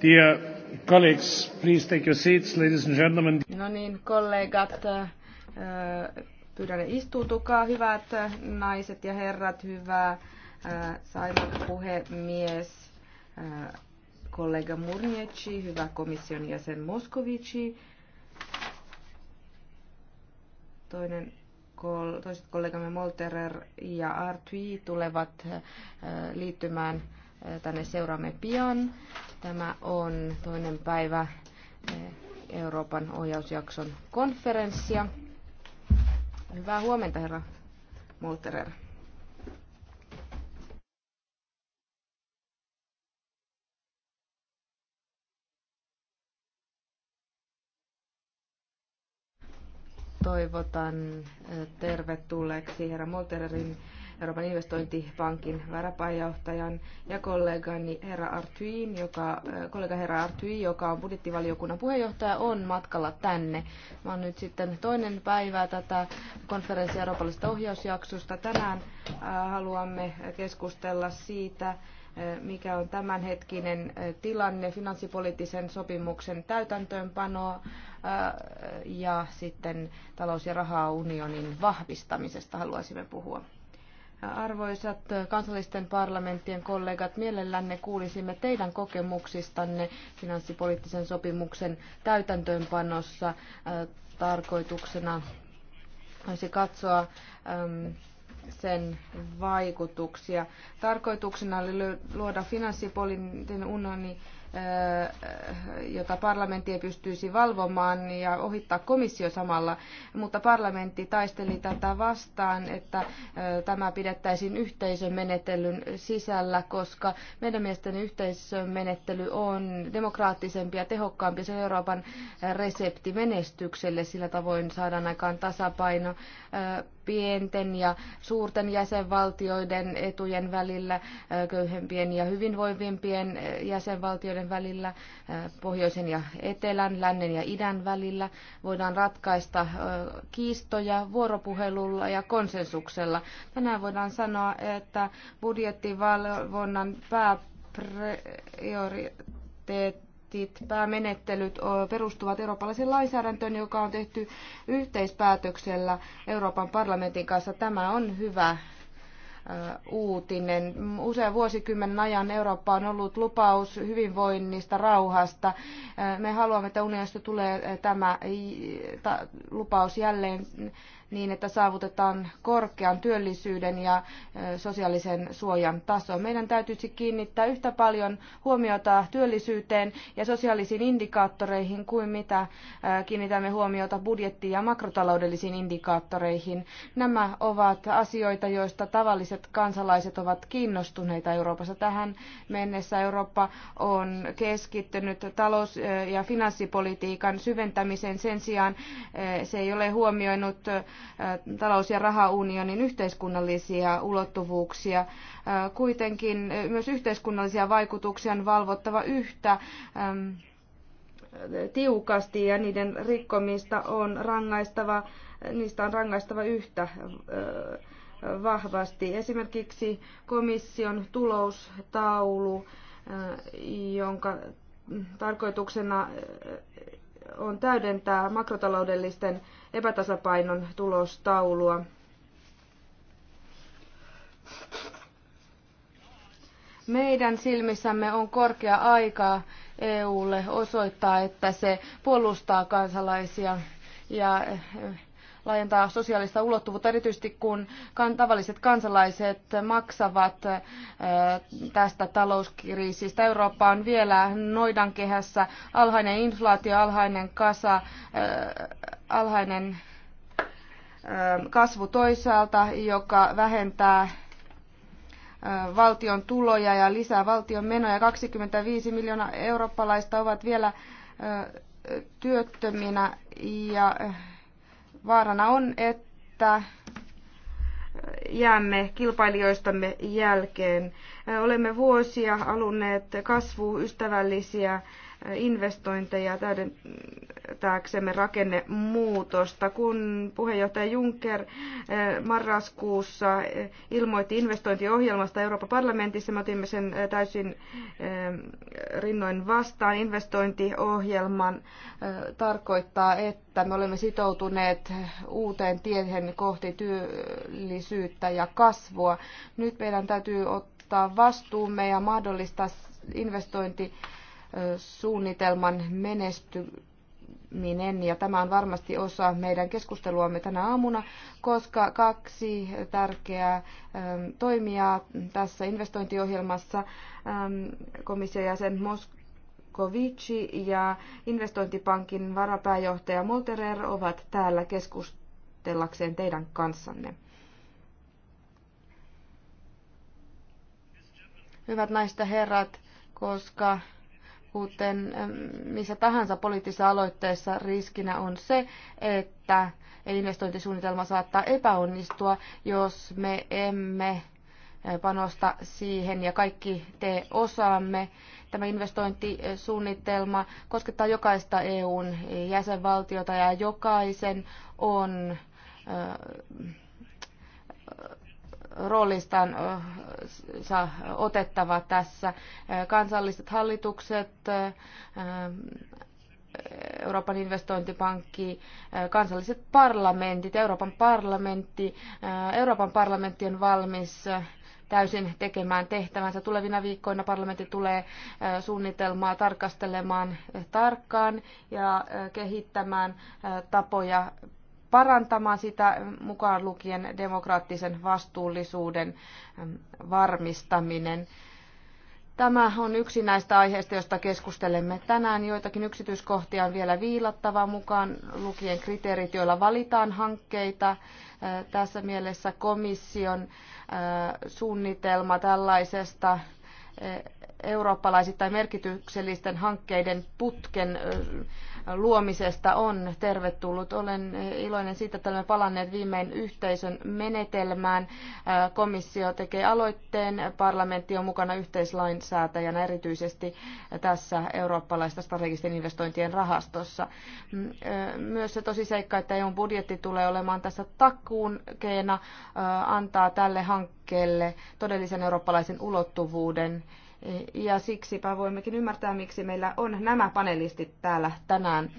Dear colleagues, please take your seats, ladies and gentlemen. No niin, kollegat, äh, pyydän istuutukaa, hyvät äh, naiset ja herrat, hyvä äh, Saiman puhemies, kollega Murnieci, hyvä komission jäsen Moskovici, toinen toiset kollegamme Molterer ja Artui tulevat liittymään tänne seuraamme pian. Tämä on toinen päivä eh, Euroopan ohjausjakson konferenssia. Hyvää huomenta, herra Molterer. Toivotan eh, tervetulleeksi herra Moltererin Euroopan investointipankin varapääjohtajan ja kollegani herra Artuin, joka, äh, kollega herra Artui, joka on budjettivaliokunnan puheenjohtaja, on matkalla tänne. Mä oon nyt sitten toinen päivä tätä konferenssia eurooppalaisesta ohjausjaksosta. Tänään äh, haluamme keskustella siitä, äh, mikä on tämänhetkinen tilanne, finanssipoliittisen sopimuksen täytäntöönpanoa ja sitten talous- ja rahaunionin vahvistamisesta haluaisimme puhua. Arvoisat kansallisten parlamenttien kollegat, mielellänne kuulisimme teidän kokemuksistanne finanssipoliittisen sopimuksen täytäntöönpanossa. Äh, tarkoituksena olisi katsoa ähm, sen vaikutuksia. Tarkoituksena oli luoda finanssipoliittinen unioni jota parlamentti ei pystyisi valvomaan ja ohittaa komissio samalla, mutta parlamentti taisteli tätä vastaan, että tämä pidettäisiin menettelyn sisällä, koska meidän mielestäni menettely on demokraattisempi ja tehokkaampi. Se Euroopan resepti menestykselle, sillä tavoin saadaan aikaan tasapaino pienten ja suurten jäsenvaltioiden etujen välillä, köyhempien ja hyvinvoivimpien jäsenvaltioiden välillä, pohjoisen ja etelän, lännen ja idän välillä. Voidaan ratkaista kiistoja vuoropuhelulla ja konsensuksella. Tänään voidaan sanoa, että budjettivalvonnan pääprioriteetti mandaatit, päämenettelyt perustuvat eurooppalaisen lainsäädäntöön, joka on tehty yhteispäätöksellä Euroopan parlamentin kanssa. Tämä on hyvä uutinen. Usean vuosikymmenen ajan Eurooppa on ollut lupaus hyvinvoinnista, rauhasta. Me haluamme, että unionista tulee tämä lupaus jälleen niin, että saavutetaan korkean työllisyyden ja sosiaalisen suojan taso. Meidän täytyisi kiinnittää yhtä paljon huomiota työllisyyteen ja sosiaalisiin indikaattoreihin kuin mitä kiinnitämme huomiota budjetti- ja makrotaloudellisiin indikaattoreihin. Nämä ovat asioita, joista tavalliset kansalaiset ovat kiinnostuneita Euroopassa. Tähän mennessä Eurooppa on keskittynyt talous- ja finanssipolitiikan syventämiseen sen sijaan, se ei ole huomioinut talous- ja rahaunionin yhteiskunnallisia ulottuvuuksia. Kuitenkin myös yhteiskunnallisia vaikutuksia on valvottava yhtä tiukasti ja niiden rikkomista on rangaistava, niistä on rangaistava yhtä vahvasti. Esimerkiksi komission tuloustaulu, jonka tarkoituksena on täydentää makrotaloudellisten epätasapainon tulostaulua. Meidän silmissämme on korkea aika EUlle osoittaa, että se puolustaa kansalaisia ja laajentaa sosiaalista ulottuvuutta, erityisesti kun tavalliset kansalaiset maksavat tästä talouskriisistä. Eurooppa on vielä noidankehässä, alhainen inflaatio, alhainen kasa, alhainen kasvu toisaalta, joka vähentää valtion tuloja ja lisää valtion menoja. 25 miljoonaa eurooppalaista ovat vielä työttöminä ja Vaarana on, että jäämme kilpailijoistamme jälkeen. Olemme vuosia alunneet kasvuystävällisiä investointeja täydentääksemme rakennemuutosta. Kun puheenjohtaja Juncker eh, marraskuussa eh, ilmoitti investointiohjelmasta Euroopan parlamentissa, me otimme sen eh, täysin rinnoin vastaan. Investointiohjelman tarkoittaa, että me olemme sitoutuneet uuteen tiehen kohti työllisyyttä ja kasvua. Nyt meidän täytyy ottaa vastuumme ja mahdollistaa investointi suunnitelman menestyminen. Ja tämä on varmasti osa meidän keskusteluamme tänä aamuna, koska kaksi tärkeää toimijaa tässä investointiohjelmassa, komission jäsen Mosk Kovici ja investointipankin varapääjohtaja Molterer ovat täällä keskustellakseen teidän kanssanne. Hyvät naiset herrat, koska kuten ähm, missä tahansa poliittisessa aloitteessa riskinä on se, että investointisuunnitelma saattaa epäonnistua, jos me emme äh, panosta siihen ja kaikki te osaamme. Tämä investointisuunnitelma koskettaa jokaista EUn jäsenvaltiota ja jokaisen on äh, roolistaan otettava tässä. Kansalliset hallitukset, Euroopan investointipankki, kansalliset parlamentit, Euroopan parlamentti. Euroopan parlamentti on valmis täysin tekemään tehtävänsä. Tulevina viikkoina parlamentti tulee suunnitelmaa tarkastelemaan tarkkaan ja kehittämään tapoja parantamaan sitä mukaan lukien demokraattisen vastuullisuuden varmistaminen. Tämä on yksi näistä aiheista, joista keskustelemme tänään. Joitakin yksityiskohtia on vielä viilattava mukaan lukien kriteerit, joilla valitaan hankkeita. Tässä mielessä komission suunnitelma tällaisesta eurooppalaisittain merkityksellisten hankkeiden putken luomisesta on tervetullut. Olen iloinen siitä, että olemme palanneet viimein yhteisön menetelmään. Komissio tekee aloitteen, parlamentti on mukana yhteislainsäätäjänä erityisesti tässä eurooppalaista strategisten investointien rahastossa. Mm, myös se tosiseikka, että EUn budjetti tulee olemaan tässä takuunkeena, antaa tälle hankkeelle todellisen eurooppalaisen ulottuvuuden ja siksipä voimmekin ymmärtää, miksi meillä on nämä panelistit täällä tänään.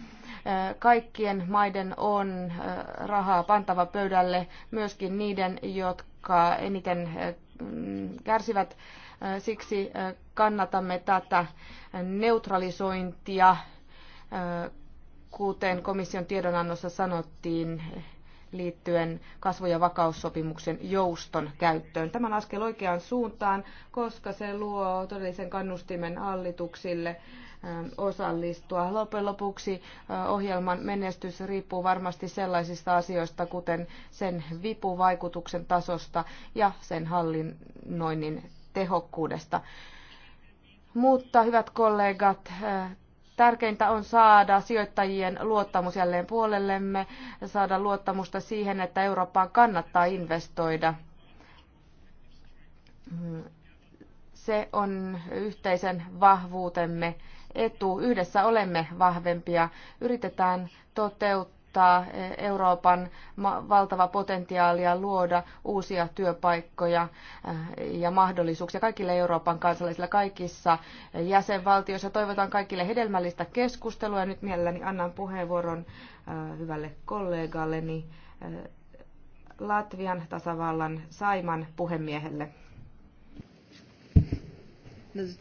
Kaikkien maiden on rahaa pantava pöydälle, myöskin niiden, jotka eniten kärsivät. Siksi kannatamme tätä neutralisointia, kuten komission tiedonannossa sanottiin liittyen kasvu- ja vakaussopimuksen jouston käyttöön. Tämä on askel oikeaan suuntaan, koska se luo todellisen kannustimen hallituksille ähm, osallistua. Loppujen lopuksi äh, ohjelman menestys riippuu varmasti sellaisista asioista, kuten sen vipuvaikutuksen tasosta ja sen hallinnoinnin tehokkuudesta. Mutta hyvät kollegat, äh, Tärkeintä on saada sijoittajien luottamus jälleen puolellemme, saada luottamusta siihen, että Eurooppaan kannattaa investoida. Se on yhteisen vahvuutemme etu. Yhdessä olemme vahvempia. Yritetään toteuttaa osoittaa e, Euroopan valtava potentiaalia luoda uusia työpaikkoja e, ja mahdollisuuksia kaikille Euroopan kansalaisille kaikissa jäsenvaltioissa. Toivotan kaikille hedelmällistä keskustelua ja nyt mielelläni annan puheenvuoron e, hyvälle kollegalleni Latvian tasavallan Saiman puhemiehelle.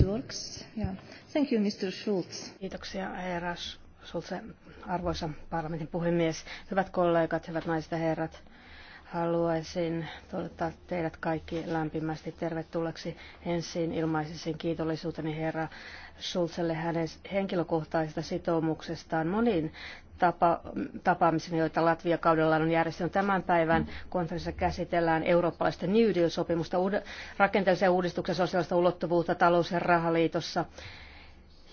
works. Yeah. Thank you, Mr. Schulz. Kiitoksia, herra Schulze arvoisa parlamentin puhemies, hyvät kollegat, hyvät naiset ja herrat. Haluaisin toivottaa teidät kaikki lämpimästi tervetulleeksi. Ensin ilmaisisin kiitollisuuteni herra Schulzelle hänen henkilökohtaisesta sitoumuksestaan moniin tapa, tapaamisiin, joita Latvia kaudellaan on järjestänyt. Tämän päivän konferenssissa käsitellään eurooppalaista New Deal-sopimusta, rakenteellisia uudistuksia, sosiaalista ulottuvuutta talous- ja rahaliitossa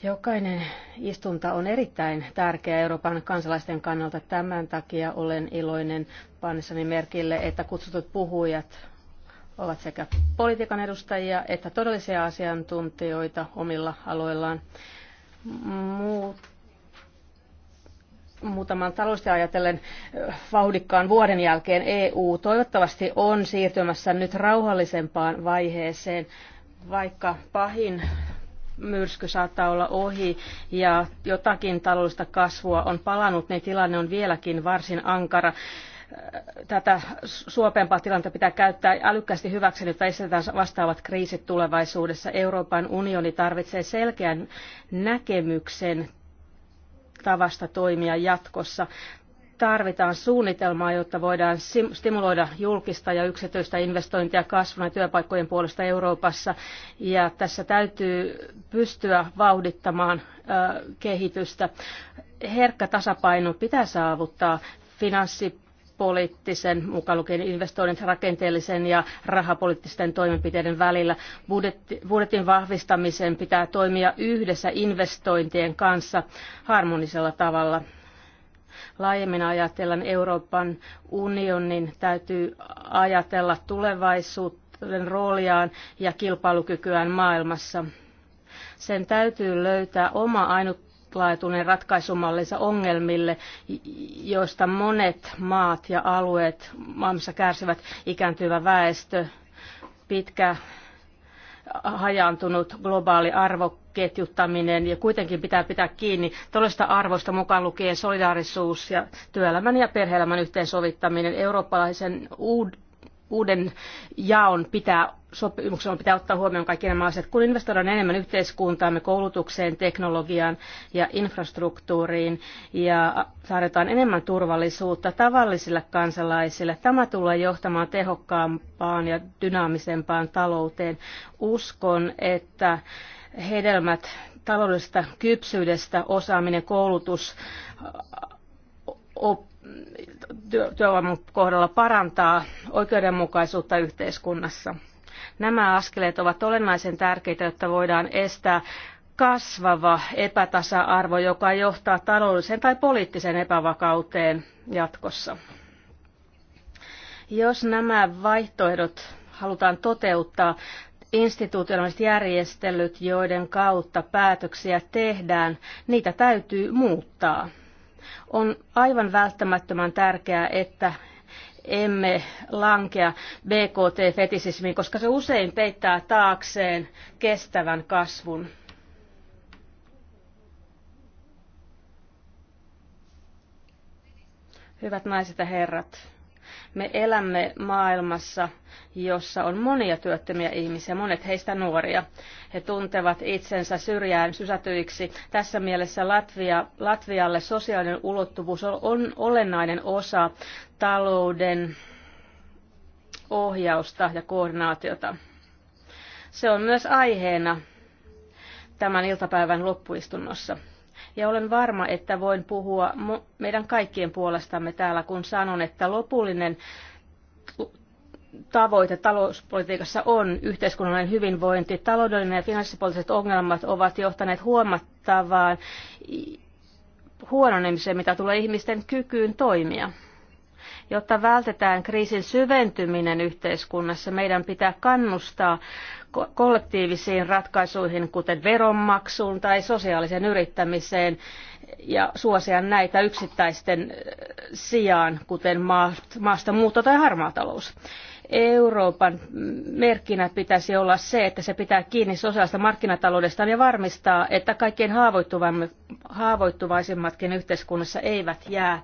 Jokainen istunta on erittäin tärkeä Euroopan kansalaisten kannalta. Tämän takia olen iloinen pannessani merkille, että kutsutut puhujat ovat sekä politiikan edustajia että todellisia asiantuntijoita omilla aloillaan. Muut muutaman taloudellisesti ajatellen vauhdikkaan vuoden jälkeen EU toivottavasti on siirtymässä nyt rauhallisempaan vaiheeseen, vaikka pahin myrsky saattaa olla ohi ja jotakin taloudellista kasvua on palannut, niin tilanne on vieläkin varsin ankara. Tätä suopeampaa tilannetta pitää käyttää älykkäästi hyväksi, jotta estetään vastaavat kriisit tulevaisuudessa. Euroopan unioni tarvitsee selkeän näkemyksen tavasta toimia jatkossa tarvitaan suunnitelmaa, jotta voidaan stimuloida julkista ja yksityistä investointia kasvun ja työpaikkojen puolesta Euroopassa. Ja tässä täytyy pystyä vauhdittamaan kehitystä. Herkkä tasapaino pitää saavuttaa finanssi poliittisen, mukaan lukien investoinnit rakenteellisen ja rahapoliittisten toimenpiteiden välillä. Budjetti, budjetin vahvistamisen pitää toimia yhdessä investointien kanssa harmonisella tavalla. Laajemmin ajatellen Euroopan unionin täytyy ajatella tulevaisuuden rooliaan ja kilpailukykyään maailmassa. Sen täytyy löytää oma ainutlaatuinen ratkaisumallinsa ongelmille, joista monet maat ja alueet maailmassa kärsivät ikääntyvä väestö, pitkä hajaantunut globaali arvokkuus ketjuttaminen ja kuitenkin pitää pitää kiinni tuollaisista arvoista mukaan lukien solidaarisuus ja työelämän ja perheelämän yhteensovittaminen. Eurooppalaisen uud- uuden jaon pitää sopimuksella pitää ottaa huomioon kaikki nämä asiat. Kun investoidaan enemmän yhteiskuntaamme, koulutukseen, teknologiaan ja infrastruktuuriin ja tarjotaan enemmän turvallisuutta tavallisille kansalaisille, tämä tulee johtamaan tehokkaampaan ja dynaamisempaan talouteen. Uskon, että hedelmät taloudellisesta kypsyydestä, osaaminen, koulutus, op, työ, työvoiman kohdalla parantaa oikeudenmukaisuutta yhteiskunnassa. Nämä askeleet ovat olennaisen tärkeitä, jotta voidaan estää kasvava epätasa-arvo, joka johtaa taloudelliseen tai poliittiseen epävakauteen jatkossa. Jos nämä vaihtoehdot halutaan toteuttaa, institutionaaliset järjestelyt, joiden kautta päätöksiä tehdään, niitä täytyy muuttaa. On aivan välttämättömän tärkeää, että emme lankea BKT-fetisismiin, koska se usein peittää taakseen kestävän kasvun. Hyvät naiset ja herrat, me elämme maailmassa, jossa on monia työttömiä ihmisiä, monet heistä nuoria. He tuntevat itsensä syrjään sysätyiksi. Tässä mielessä Latvia, Latvialle sosiaalinen ulottuvuus on, on olennainen osa talouden ohjausta ja koordinaatiota. Se on myös aiheena tämän iltapäivän loppuistunnossa. Ja olen varma, että voin puhua meidän kaikkien puolestamme täällä, kun sanon, että lopullinen tavoite talouspolitiikassa on yhteiskunnallinen hyvinvointi. Taloudellinen ja finanssipoliittiset ongelmat ovat johtaneet huomattavaan huononemiseen, mitä tulee ihmisten kykyyn toimia. Jotta vältetään kriisin syventyminen yhteiskunnassa, meidän pitää kannustaa kollektiivisiin ratkaisuihin, kuten veronmaksuun tai sosiaaliseen yrittämiseen, ja suosia näitä yksittäisten sijaan, kuten maastamuutto tai harmaa talous. Euroopan merkkinä pitäisi olla se, että se pitää kiinni sosiaalista markkinataloudesta ja varmistaa, että kaikkein haavoittuvaisimmatkin yhteiskunnassa eivät jää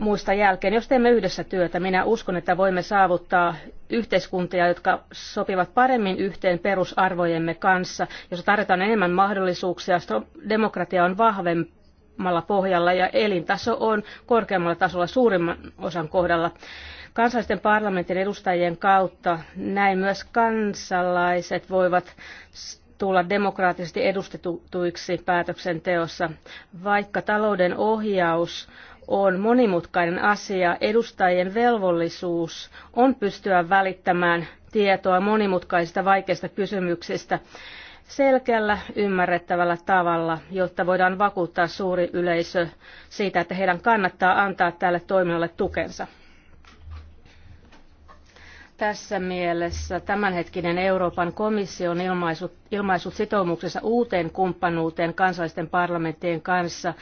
muista jälkeen. Jos teemme yhdessä työtä, minä uskon, että voimme saavuttaa yhteiskuntia, jotka sopivat paremmin yhteen perusarvojemme kanssa, jos tarjotaan enemmän mahdollisuuksia, demokratia on vahvemmalla pohjalla ja elintaso on korkeammalla tasolla suurimman osan kohdalla. Kansallisten parlamentin edustajien kautta näin myös kansalaiset voivat tulla demokraattisesti edustetuiksi päätöksenteossa, vaikka talouden ohjaus on monimutkainen asia. Edustajien velvollisuus on pystyä välittämään tietoa monimutkaisista vaikeista kysymyksistä selkeällä, ymmärrettävällä tavalla, jotta voidaan vakuuttaa suuri yleisö siitä, että heidän kannattaa antaa tälle toiminnalle tukensa. Tässä mielessä tämänhetkinen Euroopan komission ilmaisut, ilmaisut sitoumuksessa uuteen kumppanuuteen kansallisten parlamenttien kanssa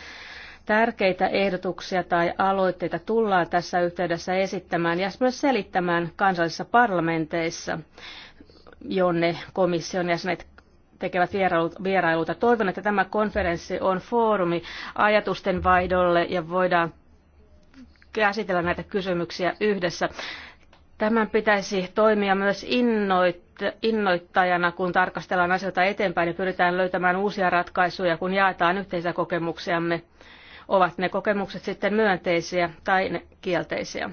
Tärkeitä ehdotuksia tai aloitteita tullaan tässä yhteydessä esittämään ja myös selittämään kansallisissa parlamenteissa, jonne komission jäsenet tekevät vierailuita. Toivon, että tämä konferenssi on foorumi ajatusten vaihdolle ja voidaan käsitellä näitä kysymyksiä yhdessä. Tämän pitäisi toimia myös innoittajana, kun tarkastellaan asioita eteenpäin ja pyritään löytämään uusia ratkaisuja, kun jaetaan yhteisiä kokemuksiamme ovat ne kokemukset sitten myönteisiä tai kielteisiä.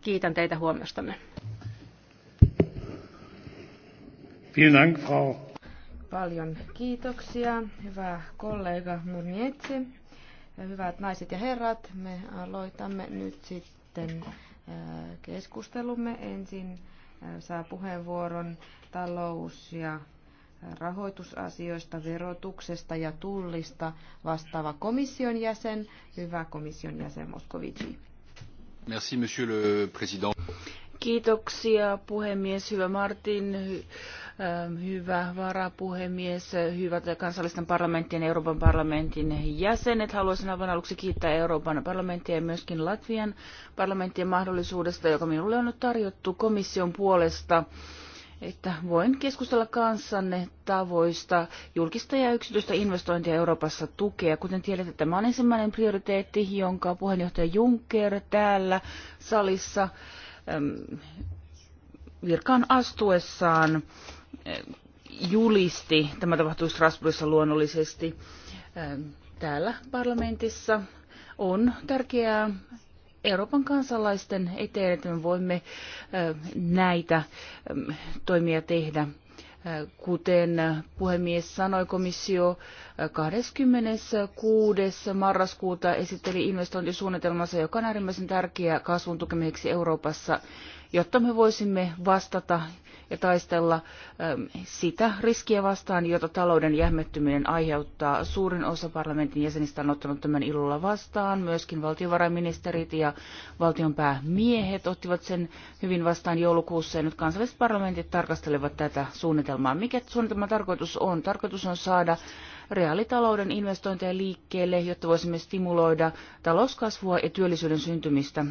Kiitän teitä huomiostanne. Paljon kiitoksia, hyvä kollega Murnietsi. Hyvät naiset ja herrat, me aloitamme nyt sitten äh, keskustelumme. Ensin äh, saa puheenvuoron talous- ja rahoitusasioista, verotuksesta ja tullista vastaava komission jäsen, hyvä komission jäsen Moskovici. Merci, monsieur le président. Kiitoksia puhemies, hyvä Martin, ähm, hyvä varapuhemies, hyvät kansallisten parlamenttien ja Euroopan parlamentin jäsenet. Haluaisin aivan aluksi kiittää Euroopan parlamenttia ja myöskin Latvian parlamenttien mahdollisuudesta, joka minulle on nyt tarjottu komission puolesta äh, että voin keskustella kanssanne tavoista julkista ja yksityistä investointia Euroopassa tukea. Kuten tiedätte, tämä on ensimmäinen prioriteetti, jonka puheenjohtaja Juncker täällä salissa virkaan astuessaan julisti. Tämä tapahtui Strasbourgissa luonnollisesti. Täällä parlamentissa on tärkeää Euroopan kansalaisten eteen, että me voimme näitä toimia tehdä. Kuten puhemies sanoi, komissio 26. marraskuuta esitteli investointisuunnitelmansa, joka on äärimmäisen tärkeä kasvun tukemiseksi Euroopassa, jotta me voisimme vastata ja taistella ähm, sitä riskiä vastaan, jota talouden jähmettyminen aiheuttaa. Suurin osa parlamentin jäsenistä on ottanut tämän ilolla vastaan. Myöskin valtiovarainministerit ja valtionpäämiehet ottivat sen hyvin vastaan joulukuussa. Ja nyt kansalliset parlamentit tarkastelevat tätä suunnitelmaa. Mikä suunnitelman tarkoitus on? Tarkoitus on saada reaalitalouden investointeja liikkeelle, jotta voisimme stimuloida talouskasvua ja työllisyyden syntymistä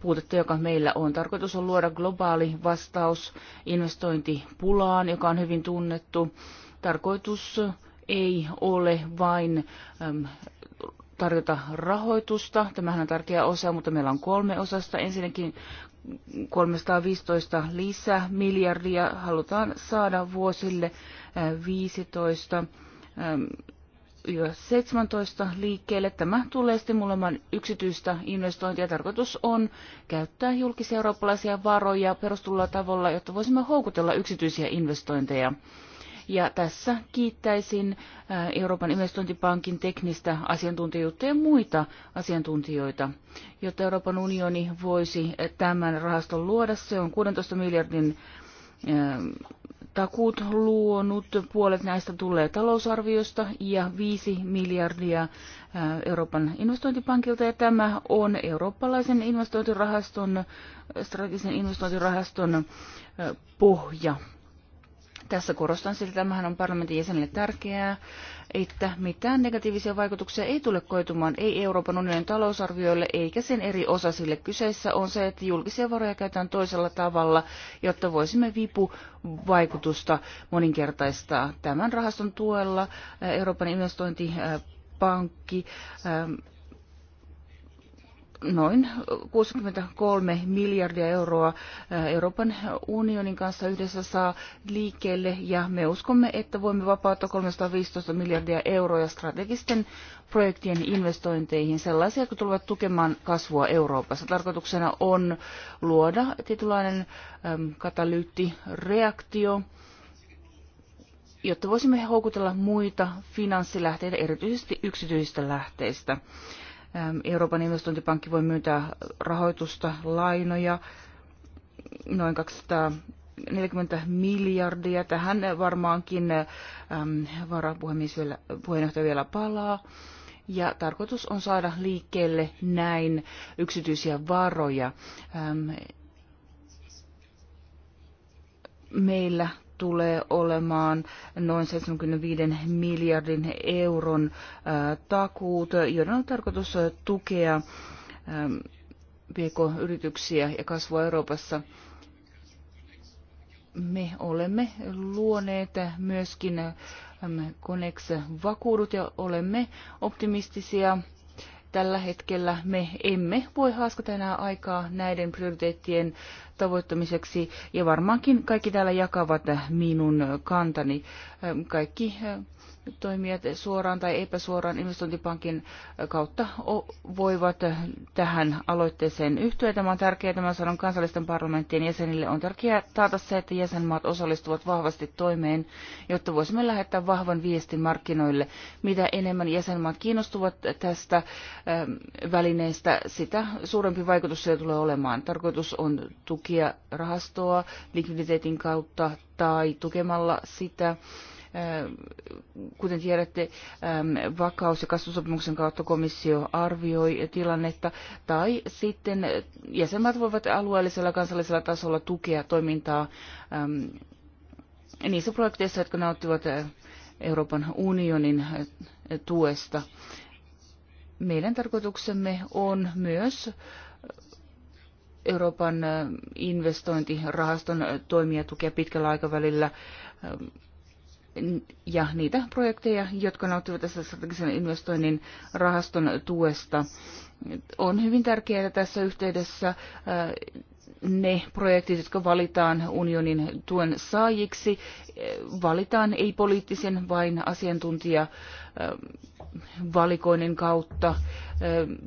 puutetta, joka meillä on. Tarkoitus on luoda globaali vastaus investointipulaan, joka on hyvin tunnettu. Tarkoitus ei ole vain tarjota rahoitusta. Tämähän on tärkeä osa, mutta meillä on kolme osasta. Ensinnäkin 315 lisää miljardia halutaan saada vuosille 15 17 liikkeelle. Tämä tulee stimuloimaan yksityistä investointia. Tarkoitus on käyttää julkisia eurooppalaisia varoja perustulla tavalla, jotta voisimme houkutella yksityisiä investointeja. Ja tässä kiittäisin Euroopan investointipankin teknistä asiantuntijuutta ja muita asiantuntijoita, jotta Euroopan unioni voisi tämän rahaston luoda. Se on 16 miljardin takuut luonut. Puolet näistä tulee talousarviosta ja 5 miljardia Euroopan investointipankilta. Ja tämä on eurooppalaisen investointirahaston, strategisen investointirahaston pohja tässä korostan, että tämähän on parlamentin jäsenille tärkeää, että mitään negatiivisia vaikutuksia ei tule koitumaan ei Euroopan unionin talousarvioille eikä sen eri osasille. Kyseessä on se, että julkisia varoja käytetään toisella tavalla, jotta voisimme vipuvaikutusta moninkertaistaa tämän rahaston tuella. Euroopan investointipankki noin 63 miljardia euroa Euroopan unionin kanssa yhdessä saa liikkeelle ja me uskomme, että voimme vapauttaa 315 miljardia euroa strategisten projektien investointeihin, sellaisia, jotka tulevat tukemaan kasvua Euroopassa. Tarkoituksena on luoda tietynlainen katalyyttireaktio, jotta voisimme houkutella muita finanssilähteitä, erityisesti yksityisistä lähteistä. Euroopan investointipankki voi myöntää rahoitusta, lainoja, noin 240 miljardia. Tähän varmaankin varapuhemies vielä, puheenjohtaja vielä palaa. Ja tarkoitus on saada liikkeelle näin yksityisiä varoja. Meillä tulee olemaan noin 75 miljardin euron äh, takuut, joiden on tarkoitus tukea ähm, pk-yrityksiä ja kasvua Euroopassa. Me olemme luoneet myöskin konex ähm, vakuudut ja olemme optimistisia tällä hetkellä me emme voi haaskata enää aikaa näiden prioriteettien tavoittamiseksi. Ja varmaankin kaikki täällä jakavat minun kantani. Kaikki toimijat suoraan tai epäsuoraan investointipankin kautta voivat tähän aloitteeseen yhtyä. Tämä on tärkeää, tämä sanon kansallisten parlamenttien jäsenille. On tärkeää taata se, että jäsenmaat osallistuvat vahvasti toimeen, jotta voisimme lähettää vahvan viestin markkinoille. Mitä enemmän jäsenmaat kiinnostuvat tästä välineestä, sitä suurempi vaikutus se tulee olemaan. Tarkoitus on tukea tukia rahastoa likviditeetin kautta tai tukemalla sitä. Äh, kuten tiedätte, ähm, vakaus- ja kasvusopimuksen kautta komissio arvioi tilannetta, tai sitten jäsenmaat voivat alueellisella ja kansallisella tasolla tukea toimintaa ähm, niissä projekteissa, jotka nauttivat äh, Euroopan unionin äh, tuesta. Meidän tarkoituksemme on myös Euroopan investointirahaston toimia tukea pitkällä aikavälillä ja niitä projekteja, jotka nauttivat tässä strategisen investoinnin rahaston tuesta. On hyvin tärkeää tässä yhteydessä ne projektit, jotka valitaan unionin tuen saajiksi, valitaan ei poliittisen, vain asiantuntija valikoinnin kautta.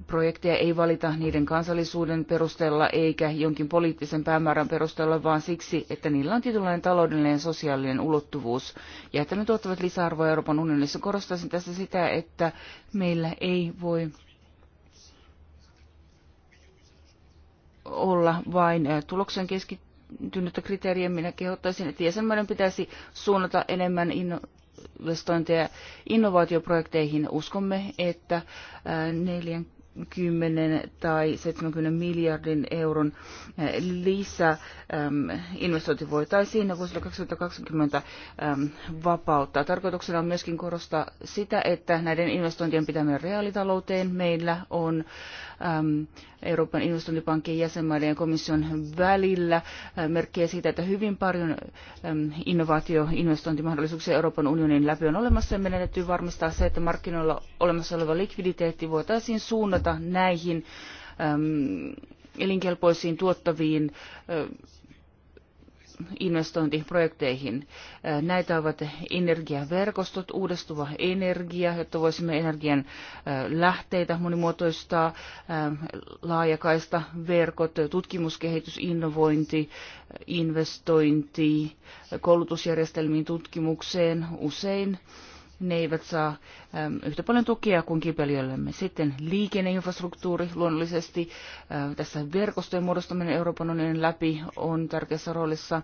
Projekteja ei valita niiden kansallisuuden perusteella eikä jonkin poliittisen päämäärän perusteella, vaan siksi, että niillä on tietynlainen taloudellinen ja sosiaalinen ulottuvuus ja että ne tuottavat lisäarvoa Euroopan unionissa. Korostaisin tässä sitä, että meillä ei voi olla vain tuloksen keskittynyt synnyttä kriteeriä, minä kehottaisin, että jäsenmaiden pitäisi suunnata enemmän investointeja innovaatioprojekteihin. Uskomme, että 40 äh, tai 70 miljardin euron äh, lisä ähm, investointi voitaisiin vuosilla 2020 ähm, vapauttaa. Tarkoituksena on myöskin korostaa sitä, että näiden investointien pitää mennä reaalitalouteen. Meillä on Ähm, Euroopan investointipankin jäsenmaiden ja komission välillä. Äh, merkkejä siitä, että hyvin paljon ähm, innovaatioinvestointimahdollisuuksia Euroopan unionin läpi on olemassa. Meidän täytyy varmistaa se, että markkinoilla olemassa oleva likviditeetti voitaisiin suunnata näihin ähm, elinkelpoisiin tuottaviin äh, investointiprojekteihin. Näitä ovat energiaverkostot, uudistuva energia, jotta voisimme energian lähteitä monimuotoistaa, laajakaista verkot, tutkimuskehitys, innovointi, investointi, koulutusjärjestelmiin, tutkimukseen usein ne eivät saa yhtä paljon tukea kuin kiipelijöillemme. Sitten liikenneinfrastruktuuri luonnollisesti. Äh, tässä verkostojen muodostaminen Euroopan unionin läpi on tärkeässä roolissa. Äh,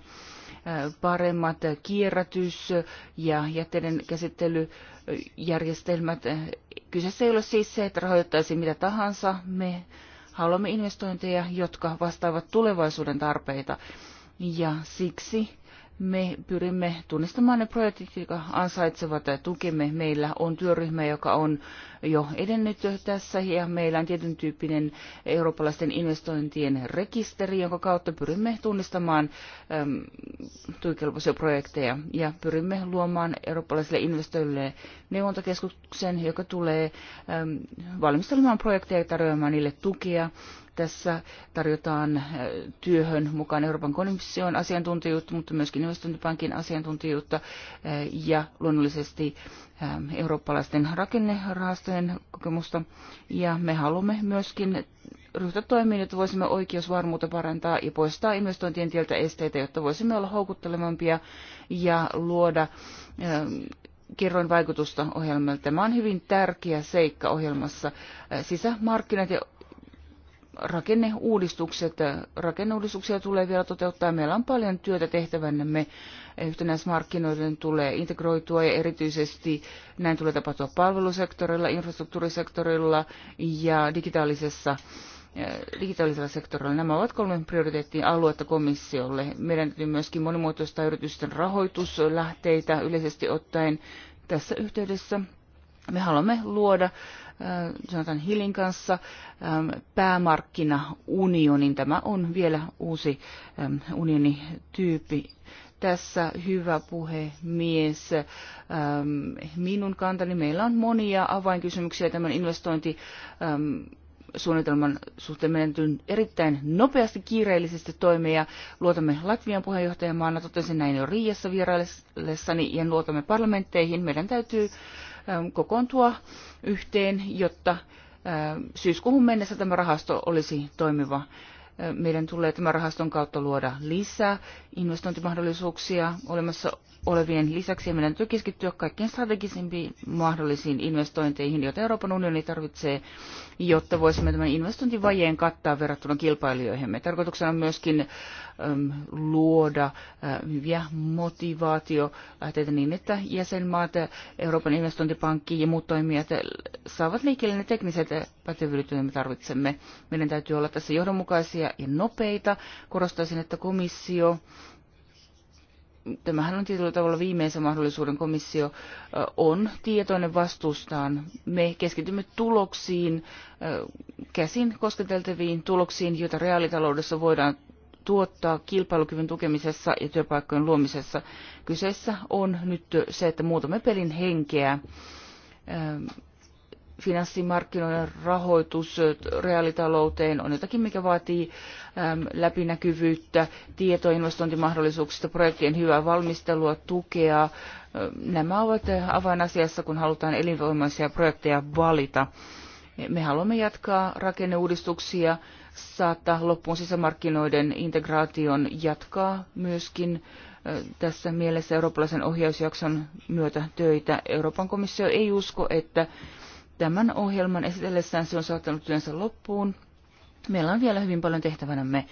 paremmat kierrätys- ja jätteiden käsittelyjärjestelmät. Kyseessä ei ole siis se, että rahoittaisiin mitä tahansa. Me haluamme investointeja, jotka vastaavat tulevaisuuden tarpeita. Ja siksi me pyrimme tunnistamaan ne projektit, jotka ansaitsevat tukemme. Meillä on työryhmä, joka on jo edennyt tässä ja meillä on tietyn tyyppinen eurooppalaisten investointien rekisteri, jonka kautta pyrimme tunnistamaan äm, tuikelpoisia projekteja ja pyrimme luomaan eurooppalaisille investoijille neuvontakeskuksen, joka tulee äm, valmistelemaan projekteja ja tarjoamaan niille tukea tässä tarjotaan äh, työhön mukaan Euroopan komission asiantuntijuutta, mutta myöskin investointipankin asiantuntijuutta äh, ja luonnollisesti äh, eurooppalaisten rakennerahastojen kokemusta. Ja me haluamme myöskin ryhtyä toimiin, että voisimme oikeusvarmuutta parantaa ja poistaa investointien tieltä esteitä, jotta voisimme olla houkuttelevampia ja luoda kerroin vaikutusta ohjelmalle. Tämä on hyvin tärkeä seikka ohjelmassa. Sisämarkkinat ja rakenneuudistukset, rakenneuudistuksia tulee vielä toteuttaa. Meillä on paljon työtä tehtävänämme. Yhtenäismarkkinoiden tulee integroitua ja erityisesti näin tulee tapahtua palvelusektorilla, infrastruktuurisektorilla ja digitaalisessa eh, digitaalisella sektorilla. Nämä ovat kolme prioriteettia aluetta komissiolle. Meidän täytyy myöskin monimuotoista yritysten rahoituslähteitä yleisesti ottaen tässä yhteydessä. Me haluamme luoda Äh, Jonathan Hillin kanssa ähm, päämarkkinaunionin. Tämä on vielä uusi ähm, unionityyppi. Tässä hyvä puhemies. Ähm, minun kantani meillä on monia avainkysymyksiä tämän investointi suunnitelman suhteen menetyn erittäin nopeasti kiireellisesti toimia. Luotamme Latvian puheenjohtajamaana, totesin näin jo Riiassa vieraillessani, ja luotamme parlamentteihin. Meidän täytyy Ähm, kokoontua yhteen, jotta äh, syyskuuhun mennessä tämä rahasto olisi toimiva meidän tulee tämän rahaston kautta luoda lisää investointimahdollisuuksia olemassa olevien lisäksi. Meidän täytyy keskittyä kaikkein strategisimpiin mahdollisiin investointeihin, joita Euroopan unioni tarvitsee, jotta voisimme tämän investointivajeen kattaa verrattuna kilpailijoihimme. Tarkoituksena on myöskin äm, luoda äh, hyviä motivaatiolähteitä niin, että jäsenmaat, Euroopan investointipankki ja muut toimijat saavat liikkeelle ne tekniset pätevyydet, joita me tarvitsemme. Meidän täytyy olla tässä johdonmukaisia selkeitä ja nopeita. Korostaisin, että komissio tämähän on tietyllä tavalla viimeisen mahdollisuuden komissio on tietoinen vastuustaan. Me keskitymme tuloksiin, käsin kosketeltaviin tuloksiin, joita reaalitaloudessa voidaan tuottaa kilpailukyvyn tukemisessa ja työpaikkojen luomisessa. Kyseessä on nyt se, että muutamme pelin henkeä finanssimarkkinoiden rahoitus reaalitalouteen on jotakin, mikä vaatii läpinäkyvyyttä, tietoa investointimahdollisuuksista, projektien hyvää valmistelua, tukea. Nämä ovat avainasiassa, kun halutaan elinvoimaisia projekteja valita. Me haluamme jatkaa rakenneuudistuksia, saattaa loppuun sisämarkkinoiden integraation jatkaa myöskin tässä mielessä eurooppalaisen ohjausjakson myötä töitä. Euroopan komissio ei usko, että Tämän ohjelman esitellessään se on saattanut työnsä loppuun. Meillä on vielä hyvin paljon tehtävänämme.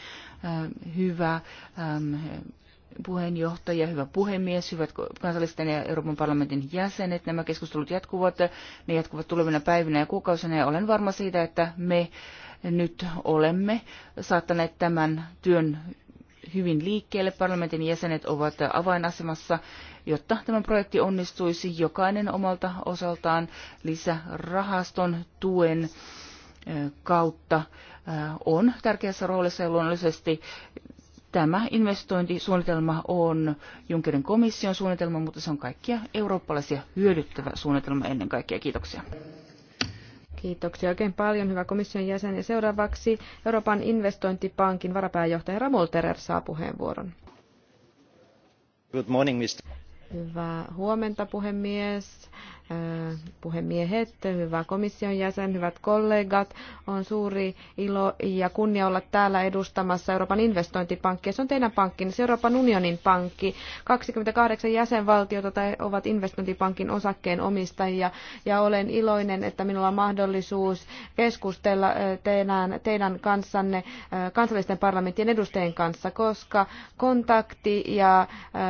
Äh, hyvä ähm, puheenjohtaja, hyvä puhemies, hyvät kansallisten ja Euroopan parlamentin jäsenet. Nämä keskustelut jatkuvat, ne jatkuvat tulevina päivinä ja kuukausina ja olen varma siitä, että me nyt olemme saattaneet tämän työn hyvin liikkeelle. Parlamentin jäsenet ovat avainasemassa jotta tämä projekti onnistuisi jokainen omalta osaltaan lisärahaston tuen kautta on tärkeässä roolissa ja luonnollisesti tämä investointisuunnitelma on Junckerin komission suunnitelma, mutta se on kaikkia eurooppalaisia hyödyttävä suunnitelma ennen kaikkea. Kiitoksia. Kiitoksia oikein paljon, hyvä komission jäsen. Ja seuraavaksi Euroopan investointipankin varapääjohtaja Ramol Terer saa puheenvuoron. Good morning, Mr. Hyvää huomenta, puhemies. Äh, puhemiehet, hyvä komission jäsen, hyvät kollegat. On suuri ilo ja kunnia olla täällä edustamassa Euroopan investointipankkia. Se on teidän pankki, se Euroopan unionin pankki. 28 jäsenvaltiota ovat investointipankin osakkeen omistajia ja olen iloinen, että minulla on mahdollisuus keskustella äh, teidän, teidän kanssanne äh, kansallisten parlamenttien edustajien kanssa, koska kontakti ja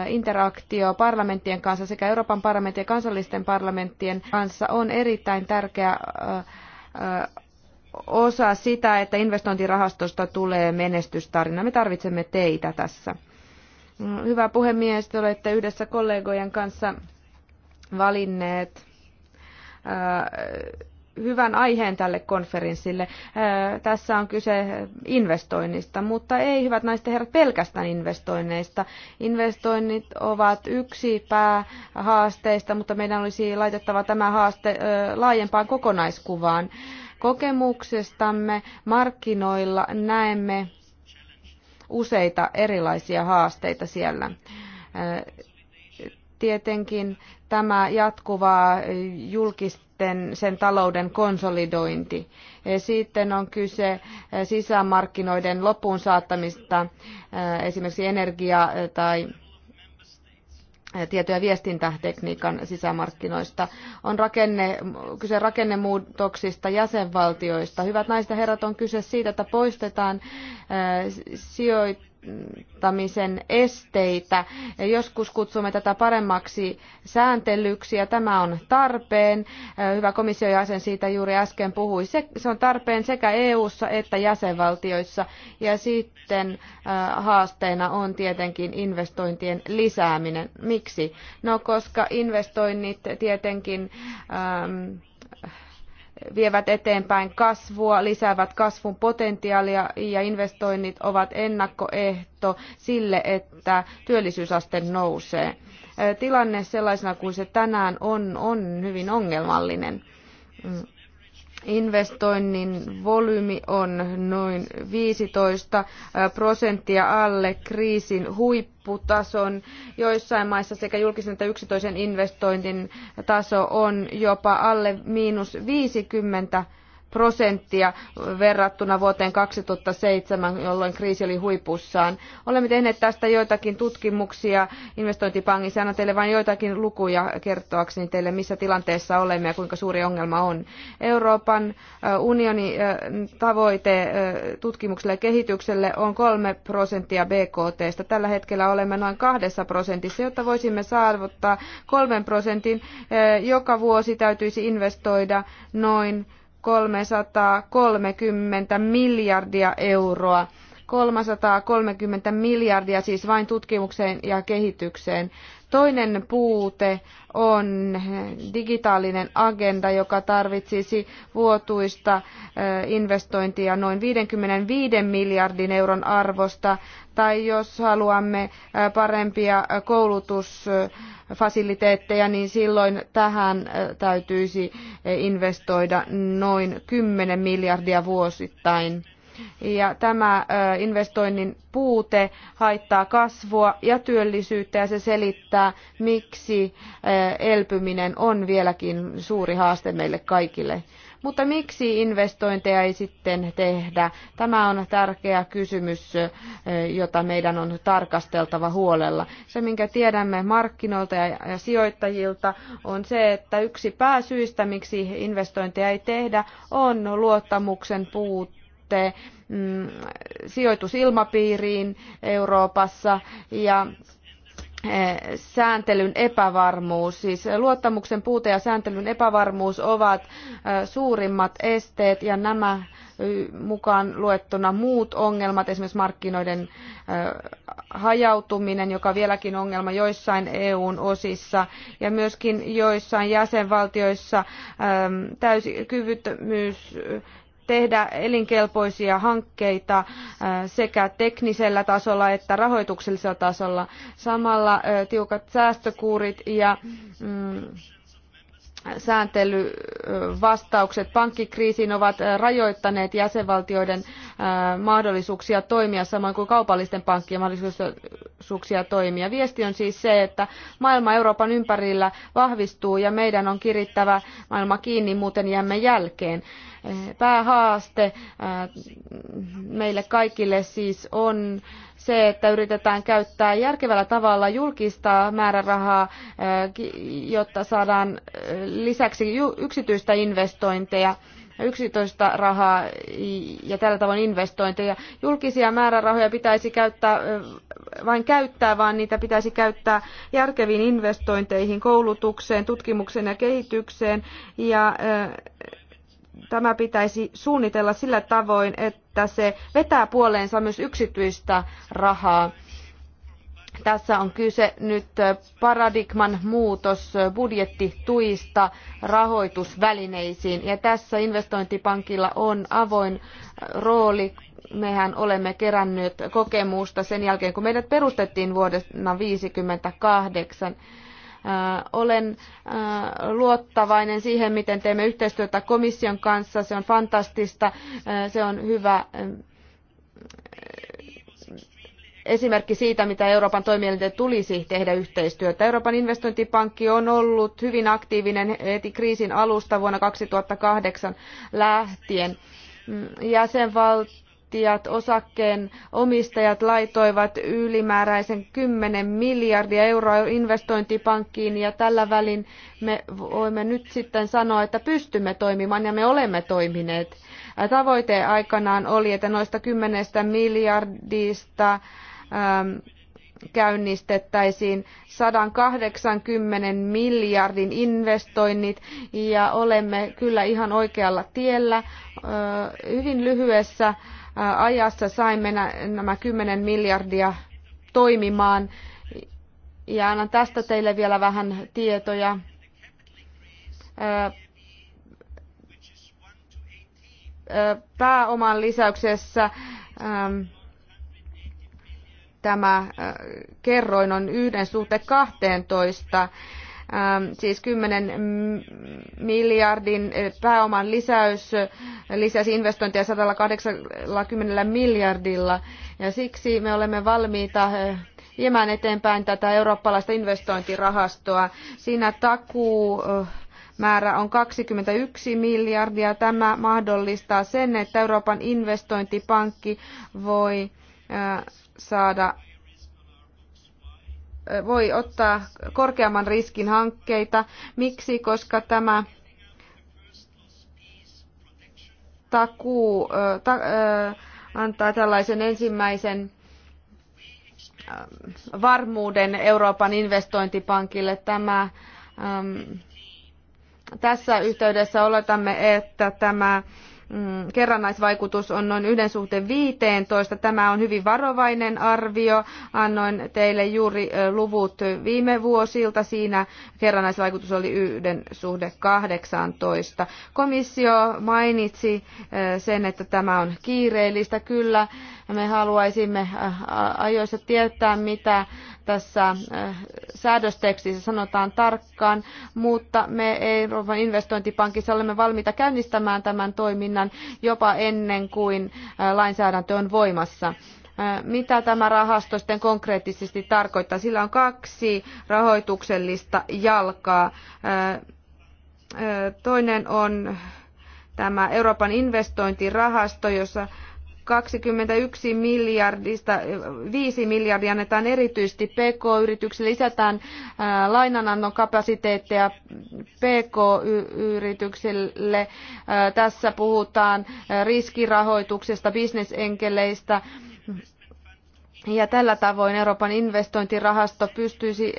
interaktio parlamenttien kanssa sekä Euroopan parlamentin ja kansallisten parlamenttien parlamenttien kanssa on erittäin tärkeä osa sitä, että investointirahastosta tulee menestystarina. Me tarvitsemme teitä tässä. Hyvä puhemies, te olette yhdessä kollegojen kanssa valinneet hyvän aiheen tälle konferenssille. Tässä on kyse investoinnista, mutta ei, hyvät naiset ja herrat, pelkästään investoinneista. Investoinnit ovat yksi päähaasteista, mutta meidän olisi laitettava tämä haaste laajempaan kokonaiskuvaan. Kokemuksestamme markkinoilla näemme useita erilaisia haasteita siellä tietenkin tämä jatkuva julkista sitten sen talouden konsolidointi. E, sitten on kyse e, sisämarkkinoiden loppuun saattamista e, esimerkiksi energia- tai tieto- ja viestintätekniikan sisämarkkinoista. On rakenne, kyse rakennemuutoksista jäsenvaltioista. Hyvät naiset ja herrat, on kyse siitä, että poistetaan sijoit noudattamisen esteitä. Joskus kutsumme tätä paremmaksi sääntelyksi ja tämä on tarpeen. Hyvä komission jäsen siitä juuri äsken puhui. Se, se on tarpeen sekä EU:ssa että jäsenvaltioissa ja sitten haasteena on tietenkin investointien lisääminen. Miksi? No koska investoinnit tietenkin ähm, vievät eteenpäin kasvua, lisäävät kasvun potentiaalia ja investoinnit ovat ennakkoehto sille, että työllisyysaste nousee. Tilanne sellaisena kuin se tänään on, on hyvin ongelmallinen. Mm investoinnin volyymi on noin 15 äh, prosenttia alle kriisin huipputason. Joissain maissa sekä julkisen että yksityisen investointin taso on jopa alle miinus 50 prosenttia prosenttia verrattuna vuoteen 2007, jolloin kriisi oli huipussaan. Olemme tehneet tästä joitakin tutkimuksia investointipankissa. Annan teille vain joitakin lukuja kertoakseni teille, missä tilanteessa olemme ja kuinka suuri ongelma on. Euroopan unionin tavoite tutkimukselle ja kehitykselle on 3 prosenttia BKTstä. Tällä hetkellä olemme noin kahdessa prosentissa, jotta voisimme saavuttaa kolmen prosentin. Joka vuosi täytyisi investoida noin 330 miljardia euroa. 330 miljardia siis vain tutkimukseen ja kehitykseen. Toinen puute on digitaalinen agenda, joka tarvitsisi vuotuista eh, investointia noin 55 miljardin euron arvosta. Tai jos haluamme eh, parempia eh, koulutus- fasiliteetteja, niin silloin tähän täytyisi investoida noin 10 miljardia vuosittain. Ja tämä investoinnin puute haittaa kasvua ja työllisyyttä ja se selittää, miksi elpyminen on vieläkin suuri haaste meille kaikille. Mutta miksi investointeja ei sitten tehdä? Tämä on tärkeä kysymys, eh, jota meidän on tarkasteltava huolella. Se, minkä tiedämme markkinoilta ja sijoittajilta, on se, että yksi pääsyistä, miksi investointeja ei tehdä, on luottamuksen puute mm, sijoitusilmapiiriin Euroopassa ja Eh, sääntelyn epävarmuus. Siis luottamuksen puute ja sääntelyn epävarmuus ovat eh, suurimmat esteet ja nämä mukaan luettuna muut ongelmat, esimerkiksi markkinoiden eh, hajautuminen, joka on vieläkin ongelma joissain EUn osissa ja myöskin joissain jäsenvaltioissa täysikyvyttömyys tehdä elinkelpoisia hankkeita äh, sekä teknisellä tasolla että rahoituksellisella tasolla. Samalla äh, tiukat säästökuurit ja mm, sääntelyvastaukset pankkikriisiin ovat äh, rajoittaneet jäsenvaltioiden äh, mahdollisuuksia toimia, samoin kuin kaupallisten pankkien mahdollisuuksia toimia. Viesti on siis se, että maailma Euroopan ympärillä vahvistuu ja meidän on kirittävä maailma kiinni, muuten jäämme jälkeen. Äh, päähaaste meille kaikille siis on se, että yritetään käyttää järkevällä tavalla julkista määrärahaa, eh, jotta saadaan eh, lisäksi yksityistä investointeja yksityistä rahaa ja tällä tavoin investointeja. Julkisia määrärahoja pitäisi käyttää, eh, vain käyttää, vaan niitä pitäisi käyttää järkeviin investointeihin, koulutukseen, tutkimukseen ja kehitykseen ja tämä pitäisi suunnitella sillä tavoin, että se vetää puoleensa myös yksityistä rahaa. Tässä on kyse nyt paradigman muutos budjettituista rahoitusvälineisiin. Ja tässä investointipankilla on avoin rooli. Mehän olemme keränneet kokemusta sen jälkeen, kun meidät perustettiin vuodesta 1958 Äh, olen äh, luottavainen siihen, miten teemme yhteistyötä komission kanssa. Se on fantastista, äh, se on hyvä esimerkki siitä, mitä Euroopan toimielinten tulisi tehdä yhteistyötä. Euroopan investointipankki on ollut hyvin aktiivinen heti kriisin alusta vuonna 2008 lähtien. Mm, Jäsenvaltio sijoittajat, osakkeen omistajat laitoivat ylimääräisen 10 miljardia euroa investointipankkiin ja tällä välin me voimme nyt sitten sanoa, että pystymme toimimaan ja me olemme toimineet. Tavoite aikanaan oli, että noista 10 miljardista ähm, käynnistettäisiin 180 miljardin investoinnit ja olemme kyllä ihan oikealla tiellä. Hyvin lyhyessä ajassa saimme nämä 10 miljardia toimimaan. Ja annan tästä teille vielä vähän tietoja. Pääoman lisäyksessä tämä kerroin on yhden suhte 12. Ähm, siis 10 miljardin äh, pääoman lisäys äh, lisäsi investointeja 180 miljardilla. Ja siksi me olemme valmiita äh, viemään eteenpäin tätä eurooppalaista investointirahastoa. Siinä takuu määrä on 21 miljardia. Tämä mahdollistaa sen, että Euroopan investointipankki voi saada voi ottaa korkeamman riskin hankkeita. Miksi? Koska tämä takuu ta, antaa tällaisen ensimmäisen varmuuden Euroopan investointipankille. Tämä, tässä yhteydessä oletamme, että tämä Mm, kerrannaisvaikutus on noin yhden suhteen 15. Tämä on hyvin varovainen arvio. Annoin teille juuri luvut viime vuosilta. Siinä kerrannaisvaikutus oli yhden suhde 18. Komissio mainitsi sen, että tämä on kiireellistä. Kyllä me haluaisimme ajoissa tietää, mitä tässä säädöstekstissä sanotaan tarkkaan, mutta me Euroopan investointipankissa olemme valmiita käynnistämään tämän toiminnan hinnan jopa ennen kuin lainsäädäntö on voimassa mitä tämä rahasto sitten konkreettisesti tarkoittaa. Sillä on kaksi rahoituksellista jalkaa. Toinen on tämä Euroopan investointirahasto, jossa 21 miljardista 5 miljardia annetaan erityisesti PK-yrityksille, lisätään lainanannon kapasiteetteja PK-yrityksille. Tässä puhutaan riskirahoituksesta, bisnesenkeleistä. Ja tällä tavoin Euroopan investointirahasto pystyisi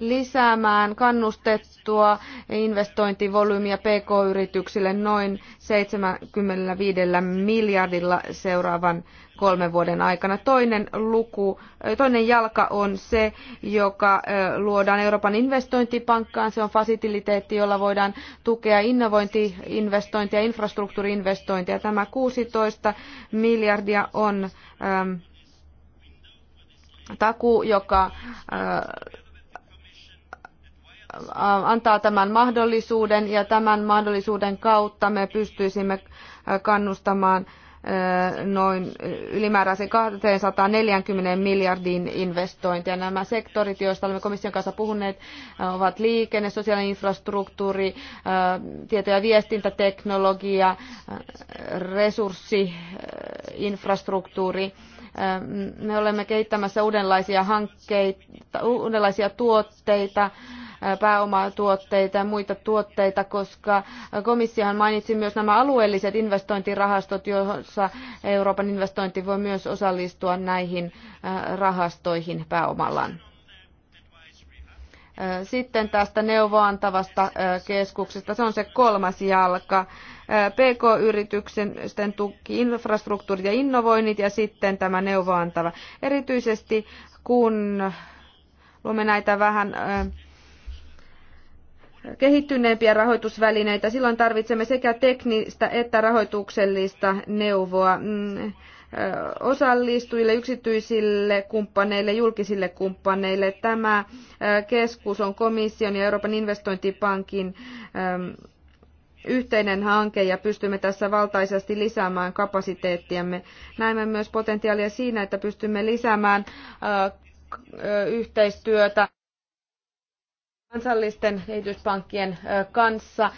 lisäämään kannustettua investointivolyymiä PK-yrityksille noin 75 miljardilla seuraavan kolmen vuoden aikana. Toinen, luku, toinen jalka on se, joka luodaan Euroopan investointipankkaan. Se on fasiliteetti, jolla voidaan tukea innovointiinvestointia, infrastruktuuriinvestointia. Tämä 16 miljardia on ähm, taku, joka äh, antaa tämän mahdollisuuden ja tämän mahdollisuuden kautta me pystyisimme kannustamaan noin ylimääräisen 240 miljardin investointia. Nämä sektorit, joista olemme komission kanssa puhuneet, ovat liikenne, sosiaalinen infrastruktuuri, tieto- ja viestintäteknologia, resurssiinfrastruktuuri. Me olemme kehittämässä uudenlaisia hankkeita, uudenlaisia tuotteita, pääomatuotteita ja muita tuotteita, koska komissiohan mainitsi myös nämä alueelliset investointirahastot, joissa Euroopan investointi voi myös osallistua näihin äh, rahastoihin pääomallaan. Äh, sitten tästä neuvoantavasta äh, keskuksesta, se on se kolmas jalka. PK-yritysten tuki, infrastruktuuri ja innovoinnit ja sitten tämä neuvoantava. Erityisesti kun luomme näitä vähän kehittyneempiä rahoitusvälineitä. Silloin tarvitsemme sekä teknistä että rahoituksellista neuvoa mm, osallistujille, yksityisille kumppaneille, julkisille kumppaneille. Tämä keskus on komission ja Euroopan investointipankin yhteinen hanke ja pystymme tässä valtaisesti lisäämään kapasiteettiamme. Näemme myös potentiaalia siinä, että pystymme lisäämään yhteistyötä kansallisten kehityspankkien kanssa,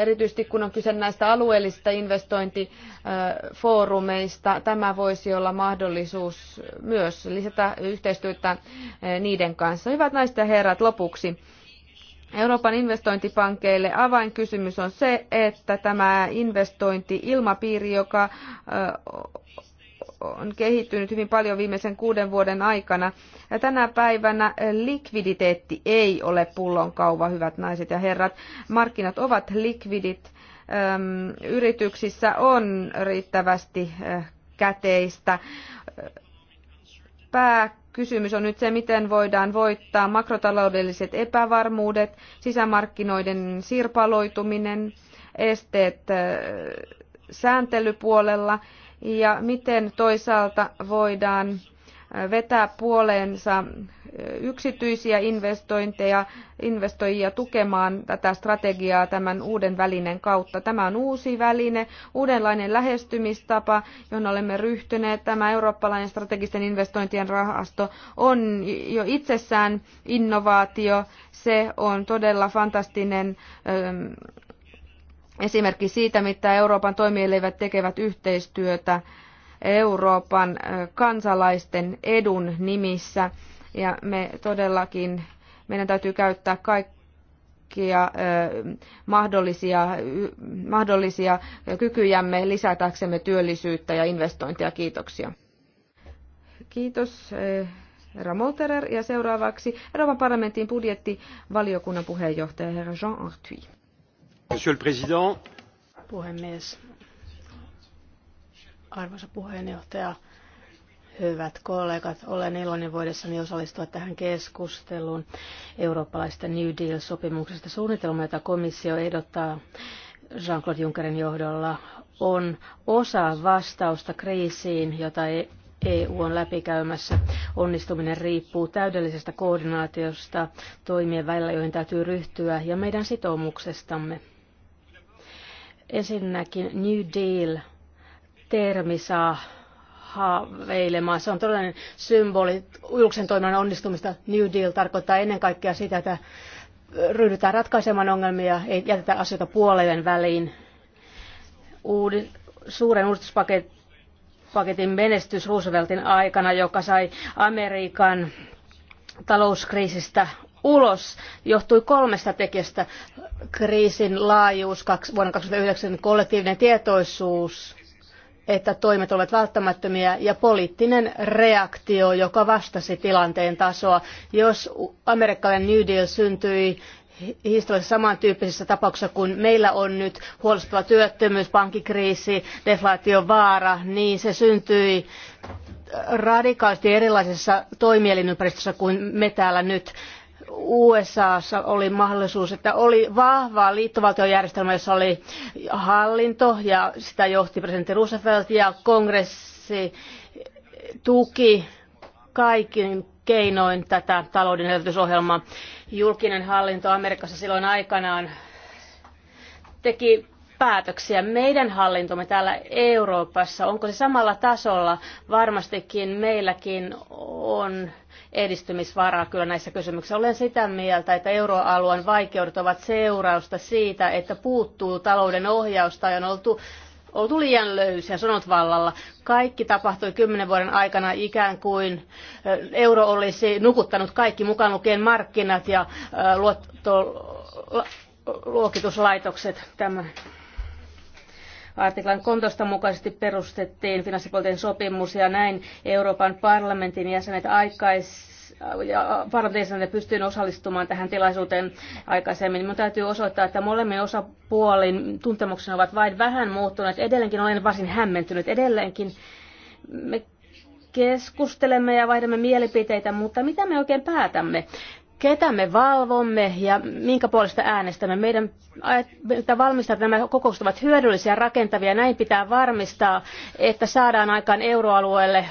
erityisesti kun on kyse näistä alueellisista investointifoorumeista. Tämä voisi olla mahdollisuus myös lisätä yhteistyötä niiden kanssa. Hyvät naiset ja herrat, lopuksi. Euroopan investointipankeille avainkysymys on se, että tämä investointi-ilmapiiri, joka on kehittynyt hyvin paljon viimeisen kuuden vuoden aikana. Ja tänä päivänä likviditeetti ei ole pullonkauva, hyvät naiset ja herrat. Markkinat ovat likvidit. Yrityksissä on riittävästi käteistä. Pääkysymys on nyt se, miten voidaan voittaa makrotaloudelliset epävarmuudet, sisämarkkinoiden sirpaloituminen, esteet sääntelypuolella ja miten toisaalta voidaan äh, vetää puoleensa äh, yksityisiä investointeja, investoijia tukemaan tätä strategiaa tämän uuden välinen kautta. Tämä on uusi väline, uudenlainen lähestymistapa, johon olemme ryhtyneet. Tämä eurooppalainen strategisten investointien rahasto on jo itsessään innovaatio. Se on todella fantastinen ähm, esimerkki siitä, mitä Euroopan toimielivät tekevät yhteistyötä Euroopan kansalaisten edun nimissä. Ja me todellakin, meidän täytyy käyttää kaikkia mahdollisia, mahdollisia kykyjämme lisätäksemme työllisyyttä ja investointia. Kiitoksia. Kiitos herra Molterer ja seuraavaksi Euroopan parlamentin budjettivaliokunnan puheenjohtaja herra Jean Arthuis. Monsieur le Président. Puhemies. Arvoisa puheenjohtaja, hyvät kollegat, olen iloinen voidessani osallistua tähän keskusteluun eurooppalaisesta New Deal-sopimuksesta. Suunnitelma, jota komissio ehdottaa Jean-Claude Junckerin johdolla, on osa vastausta kriisiin, jota EU e on läpikäymässä. Onnistuminen riippuu täydellisestä koordinaatiosta toimien välillä, joihin täytyy ryhtyä, ja meidän sitoumuksestamme Ensinnäkin New Deal-termi saa haaveilemaan. Se on todellinen symboli julkisen toiminnan onnistumista. New Deal tarkoittaa ennen kaikkea sitä, että ryhdytään ratkaisemaan ongelmia, ei jätetä asioita puolelle väliin. Uudi, suuren uudistuspaketin menestys Rooseveltin aikana, joka sai Amerikan talouskriisistä ulos johtui kolmesta tekijästä. Kriisin laajuus vuonna yhdeksän kollektiivinen tietoisuus, että toimet olivat välttämättömiä ja poliittinen reaktio, joka vastasi tilanteen tasoa. Jos amerikkalainen New Deal syntyi historiallisesti samantyyppisessä tapauksessa kuin meillä on nyt huolestuttava työttömyys, pankkikriisi, deflaation vaara, niin se syntyi radikaalisti erilaisessa toimielinympäristössä kuin me täällä nyt. USAssa oli mahdollisuus, että oli vahva liittovaltiojärjestelmä, jossa oli hallinto ja sitä johti presidentti Roosevelt ja kongressi tuki kaikin keinoin tätä talouden elvytysohjelmaa. Julkinen hallinto Amerikassa silloin aikanaan teki päätöksiä. Meidän hallintomme täällä Euroopassa, onko se samalla tasolla? Varmastikin meilläkin on edistymisvaraa kyllä näissä kysymyksissä. Olen sitä mieltä, että euroalueen vaikeudet ovat seurausta siitä, että puuttuu talouden ohjausta ja on oltu oltu liian löysiä, sanot vallalla. Kaikki tapahtui kymmenen vuoden aikana ikään kuin euro olisi nukuttanut kaikki mukaan lukien markkinat ja luottoluokituslaitokset. Tämä Artiklan 13 mukaisesti perustettiin finanssipolitiikan sopimus ja näin Euroopan parlamentin jäsenet aikais ja parlamentin pystyin osallistumaan tähän tilaisuuteen aikaisemmin. Minun täytyy osoittaa, että molemmin osapuolin tuntemukseni ovat vain vähän muuttuneet. Edelleenkin olen varsin hämmentynyt. Edelleenkin me keskustelemme ja vaihdamme mielipiteitä, mutta mitä me oikein päätämme? ketä me valvomme ja minkä puolesta äänestämme. Meidän että valmistaa, että nämä kokoukset ovat hyödyllisiä, rakentavia. Näin pitää varmistaa, että saadaan aikaan euroalueelle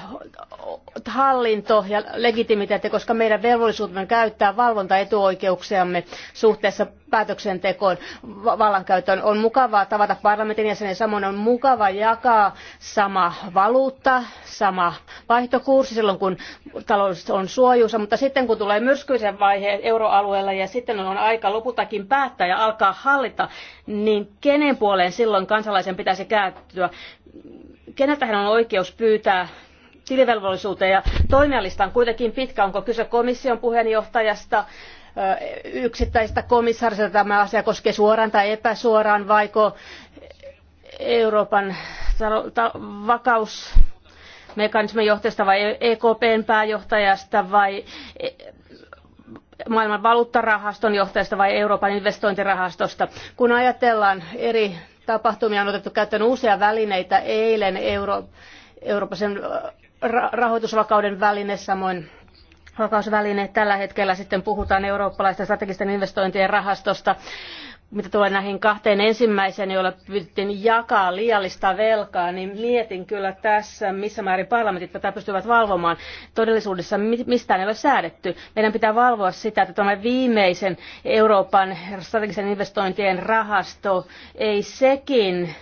hallinto ja legitimiteetti, koska meidän velvollisuutemme on käyttää valvontaetuoikeuksiamme suhteessa päätöksentekoon, vallankäyttöön. On mukavaa tavata parlamentin jäseniä, samoin on mukava jakaa sama valuutta, sama vaihtokurssi silloin, kun talous on suojussa, mutta sitten kun tulee myrskyisen vaihe euroalueella ja sitten on aika lopultakin päättää ja alkaa hallita, niin kenen puoleen silloin kansalaisen pitäisi kääntyä? Keneltä hän on oikeus pyytää tilivelvollisuuteen ja toimialista on kuitenkin pitkä, onko kyse komission puheenjohtajasta, yksittäistä komissaarista tämä asia koskee suoraan tai epäsuoraan, vaiko Euroopan vakausmekanismin johtajasta vai EKPn pääjohtajasta vai e, maailman valuuttarahaston johtajasta vai Euroopan investointirahastosta. Kun ajatellaan eri tapahtumia, on otettu käyttöön uusia välineitä eilen Euroopan rahoitusvakauden väline, samoin vakausvälineet Tällä hetkellä sitten puhutaan eurooppalaista strategisten investointien rahastosta mitä tulee näihin kahteen ensimmäiseen, joilla pyrittiin jakaa liiallista velkaa, niin mietin kyllä tässä, missä määrin parlamentit tätä pystyvät valvomaan. Todellisuudessa mistään ei ole säädetty. Meidän pitää valvoa sitä, että tämä viimeisen Euroopan strategisen investointien rahasto ei sekin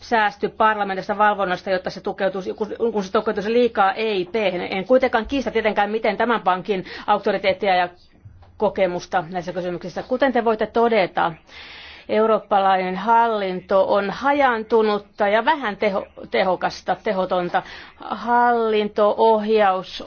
säästy parlamentista valvonnasta, jotta se tukeutuisi, kun se tukeutuisi liikaa EIP. En kuitenkaan kiistä tietenkään, miten tämän pankin auktoriteettia ja kokemusta näissä kysymyksissä. Kuten te voitte todeta, eurooppalainen hallinto on hajantunutta ja vähän teho, tehokasta, tehotonta. Hallintoohjaus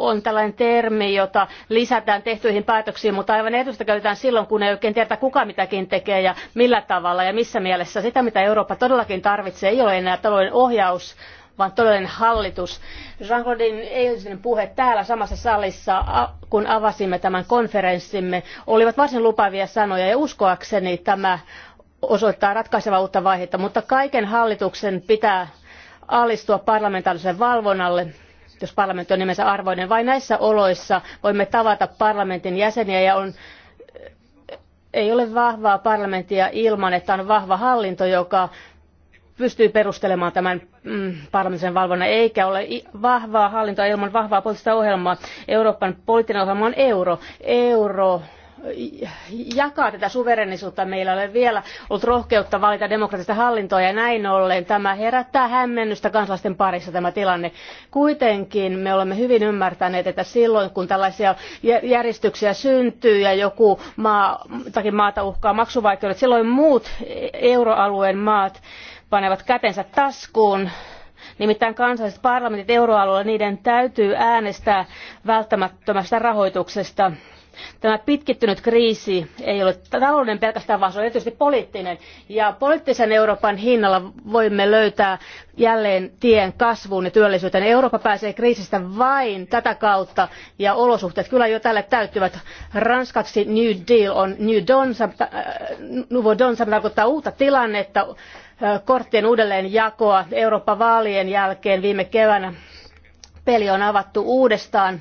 on tällainen termi, jota lisätään tehtyihin päätöksiin, mutta aivan erityisesti käytetään silloin, kun ei oikein tiedä, kuka mitäkin tekee ja millä tavalla ja missä mielessä. Sitä, mitä Eurooppa todellakin tarvitsee, ei ole enää talouden ohjaus vaan todellinen hallitus. jean Claudein eilinen puhe täällä samassa salissa, kun avasimme tämän konferenssimme, olivat varsin lupavia sanoja ja uskoakseni tämä osoittaa ratkaisevaa uutta vaihetta, mutta kaiken hallituksen pitää alistua parlamentaariselle valvonnalle jos parlamentti on nimensä arvoinen. Vain näissä oloissa voimme tavata parlamentin jäseniä ja on, ei ole vahvaa parlamenttia ilman, että on vahva hallinto, joka pystyy perustelemaan tämän mm, parlamentin valvonnan, eikä ole vahvaa hallintoa ilman vahvaa poliittista ohjelmaa. Euroopan poliittinen ohjelma on euro. Euro jakaa tätä suverenisuutta. Meillä ole vielä ollut rohkeutta valita demokraattista hallintoa ja näin ollen tämä herättää hämmennystä kansalaisten parissa tämä tilanne. Kuitenkin me olemme hyvin ymmärtäneet, että silloin kun tällaisia järjestyksiä syntyy ja joku maa, maata uhkaa maksuvaikeudet, silloin muut e- euroalueen maat panevat kätensä taskuun. Nimittäin kansalliset parlamentit euroalueella, niiden täytyy äänestää välttämättömästä rahoituksesta. Tämä pitkittynyt kriisi ei ole talouden pelkästään, vaan se on erityisesti poliittinen. Ja poliittisen Euroopan hinnalla voimme löytää jälleen tien kasvuun ja työllisyyteen. Eurooppa pääsee kriisistä vain tätä kautta, ja olosuhteet kyllä jo tälle täyttyvät. Ranskaksi New Deal on New Don äh, Nouveau Dawn, se tarkoittaa uutta tilannetta, korttien uudelleenjakoa Euroopan vaalien jälkeen viime keväänä. Peli on avattu uudestaan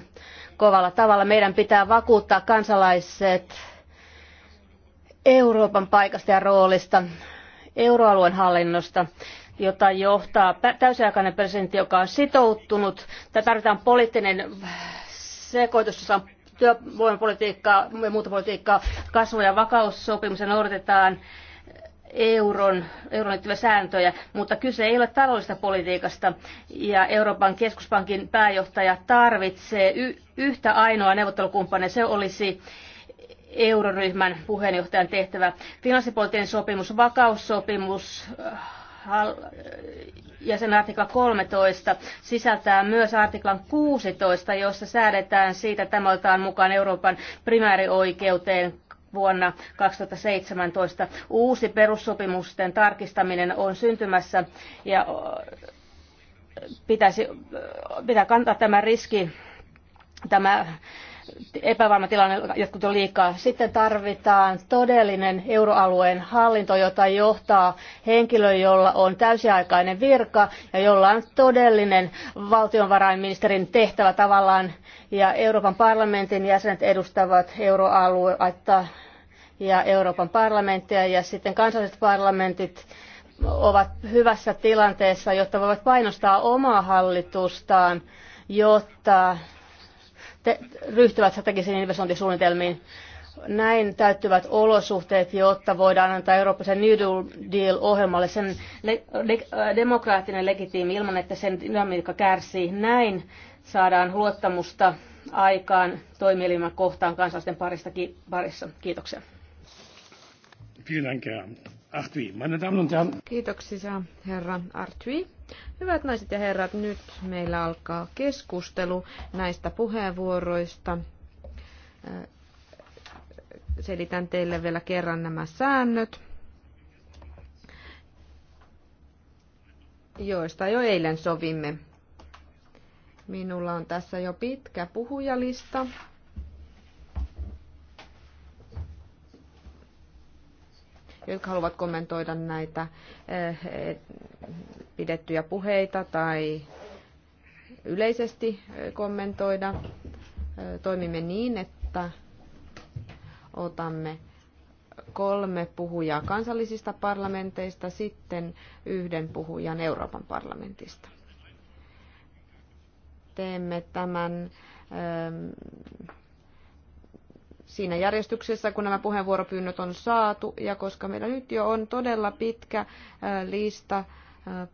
kovalla tavalla. Meidän pitää vakuuttaa kansalaiset Euroopan paikasta ja roolista, euroalueen hallinnosta, jota johtaa täysiaikainen presidentti, joka on sitoutunut. Tämä tarvitaan poliittinen sekoitus, jossa on työvoimapolitiikkaa ja muuta politiikkaa, kasvu- ja vakaussopimuksia noudatetaan euron, euron liittyviä sääntöjä, mutta kyse ei ole taloudellisesta politiikasta. Ja Euroopan keskuspankin pääjohtaja tarvitsee y- yhtä ainoa neuvottelukumppania. Se olisi euroryhmän puheenjohtajan tehtävä. Finanssipoliittinen sopimus, vakaussopimus, äh, ja sen artikla 13 sisältää myös artiklan 16, jossa säädetään siitä, että tämä otetaan mukaan Euroopan primäärioikeuteen vuonna 2017. Uusi perussopimusten tarkistaminen on syntymässä ja pitäisi, pitää kantaa tämä riski, tämä epävarma tilanne, jatkuu liikaa. Sitten tarvitaan todellinen euroalueen hallinto, jota johtaa henkilö, jolla on täysiaikainen virka ja jolla on todellinen valtionvarainministerin tehtävä tavallaan. Ja Euroopan parlamentin jäsenet edustavat euroaluetta ja Euroopan parlamenttia ja sitten kansalliset parlamentit ovat hyvässä tilanteessa, jotta voivat painostaa omaa hallitustaan, jotta te, ryhtyvät strategisiin investointisuunnitelmiin. Näin täyttyvät olosuhteet, jotta voidaan antaa Euroopan New Deal-ohjelmalle sen le- de- äh, demokraattinen legitiimi ilman, että sen dynamiikka kärsii. Näin saadaan luottamusta aikaan toimielimän kohtaan kansalaisten parista ki- parissa. Kiitoksia. Kiitoksia, herra Artui. Hyvät naiset ja herrat, nyt meillä alkaa keskustelu näistä puheenvuoroista. Selitän teille vielä kerran nämä säännöt, joista jo eilen sovimme. Minulla on tässä jo pitkä puhujalista. jotka haluavat kommentoida näitä eh, pidettyjä puheita tai yleisesti eh, kommentoida. Eh, toimimme niin, että otamme kolme puhujaa kansallisista parlamenteista, sitten yhden puhujan Euroopan parlamentista. Teemme tämän siinä järjestyksessä, kun nämä puheenvuoropyynnöt on saatu. Ja koska meillä nyt jo on todella pitkä äh, lista äh,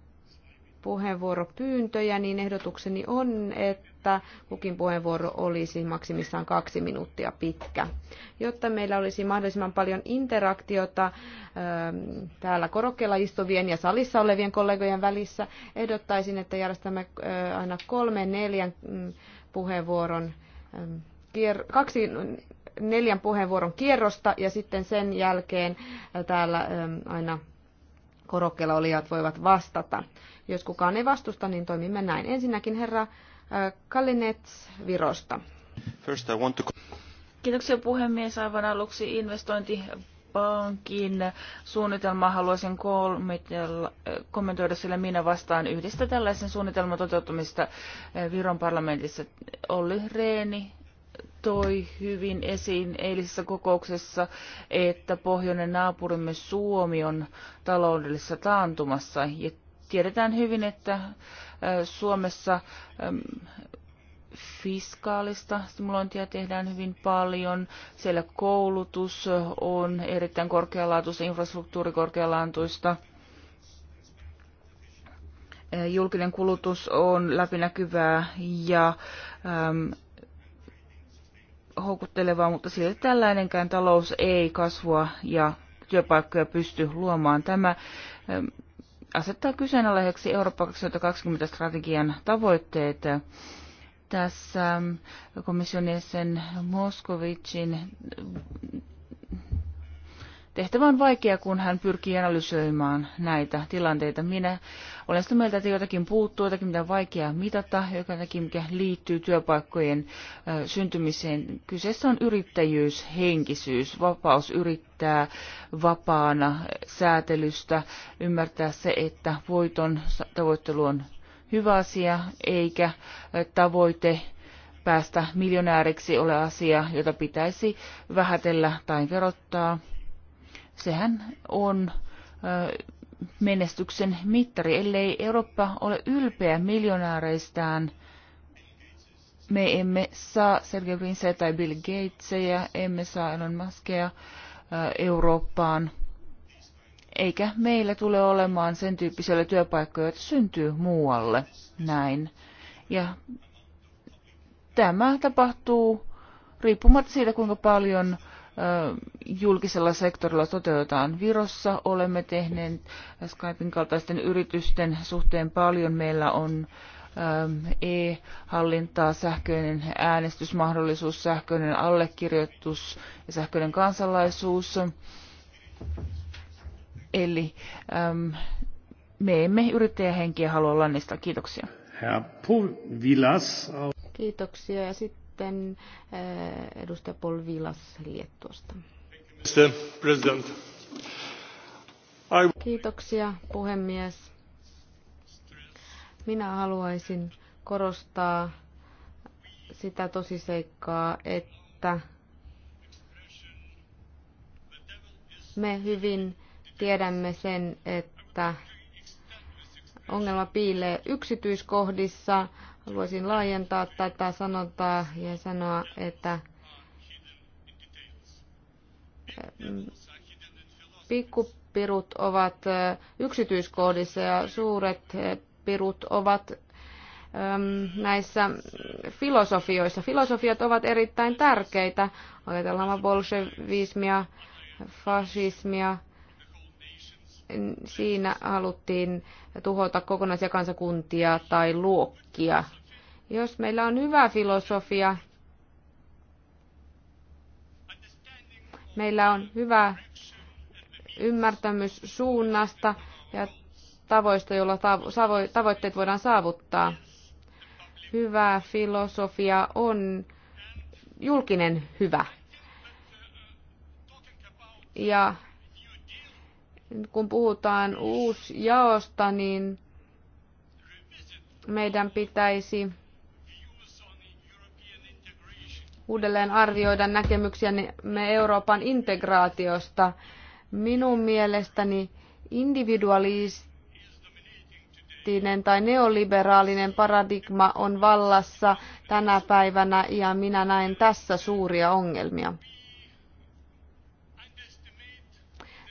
puheenvuoropyyntöjä, niin ehdotukseni on, että kukin puheenvuoro olisi maksimissaan kaksi minuuttia pitkä. Jotta meillä olisi mahdollisimman paljon interaktiota äh, täällä korokkeella istuvien ja salissa olevien kollegojen välissä, ehdottaisin, että järjestämme aina kolme neljän mm, puheenvuoron ähm, kaksi neljän puheenvuoron kierrosta ja sitten sen jälkeen täällä aina korokkeella olijat voivat vastata. Jos kukaan ei vastusta, niin toimimme näin. Ensinnäkin herra Kalinets Virosta. First I want to... Kiitoksia puhemies. Aivan aluksi investointipankin suunnitelmaa haluaisin kommentoida, sillä minä vastaan yhdestä tällaisen suunnitelman toteuttamista Viron parlamentissa. Olli Reeni toi hyvin esiin eilisessä kokouksessa, että pohjoinen naapurimme Suomi on taloudellisessa taantumassa. Ja tiedetään hyvin, että äh, Suomessa fiskaalista stimulointia tehdään hyvin paljon. Siellä koulutus on erittäin korkealaatuista, infrastruktuuri korkealaatuista. Äh, julkinen kulutus on läpinäkyvää ja houkuttelevaa, mutta silti tällainenkään talous ei kasvua ja työpaikkoja pysty luomaan. Tämä ähm, asettaa kyseenalaiseksi Eurooppa 2020 strategian tavoitteet. Tässä ähm, komission jäsen Moskovicin tehtävä on vaikea, kun hän pyrkii analysoimaan näitä tilanteita. Minä olen sitä mieltä, että jotakin puuttuu, jotakin mitä on vaikea mitata, jotakin mikä liittyy työpaikkojen syntymiseen. Kyseessä on yrittäjyys, henkisyys, vapaus yrittää vapaana säätelystä, ymmärtää se, että voiton tavoittelu on hyvä asia, eikä tavoite päästä miljonääriksi ole asia, jota pitäisi vähätellä tai verottaa. Sehän on menestyksen mittari. Ellei Eurooppa ole ylpeä miljonääreistään, me emme saa Sergei Brinseä tai Bill Gatesia, emme saa Elon Muskia Eurooppaan, eikä meillä tule olemaan sen tyyppisiä työpaikkoja, että syntyy muualle näin. Ja tämä tapahtuu riippumatta siitä, kuinka paljon julkisella sektorilla toteutetaan Virossa. Olemme tehneet Skypein kaltaisten yritysten suhteen paljon. Meillä on e-hallintaa, sähköinen äänestysmahdollisuus, sähköinen allekirjoitus ja sähköinen kansalaisuus. Eli äm, me emme yrittäjähenkiä halua lannistaa. Kiitoksia. Herr Kiitoksia. Ja sitten sitten eh, edustaja Paul Vilas Liettuosta. Kiitoksia puhemies. Minä haluaisin korostaa sitä tosiseikkaa, että me hyvin tiedämme sen, että ongelma piilee yksityiskohdissa, Haluaisin laajentaa tätä sanontaa ja sanoa, että eh, pikkupirut ovat eh, yksityiskohdissa ja suuret eh, pirut ovat ehm, näissä filosofioissa. Filosofiat ovat erittäin tärkeitä. Ajatellaan bolshevismia, fasismia, siinä haluttiin tuhota kokonaisia kansakuntia tai luokkia. Jos meillä on hyvä filosofia, meillä on hyvä ymmärtämys suunnasta ja tavoista, joilla tavoitteet voidaan saavuttaa. Hyvä filosofia on julkinen hyvä. Ja kun puhutaan uusjaosta, niin meidän pitäisi uudelleen arvioida näkemyksiämme Euroopan integraatiosta. Minun mielestäni individualistinen tai neoliberaalinen paradigma on vallassa tänä päivänä ja minä näen tässä suuria ongelmia.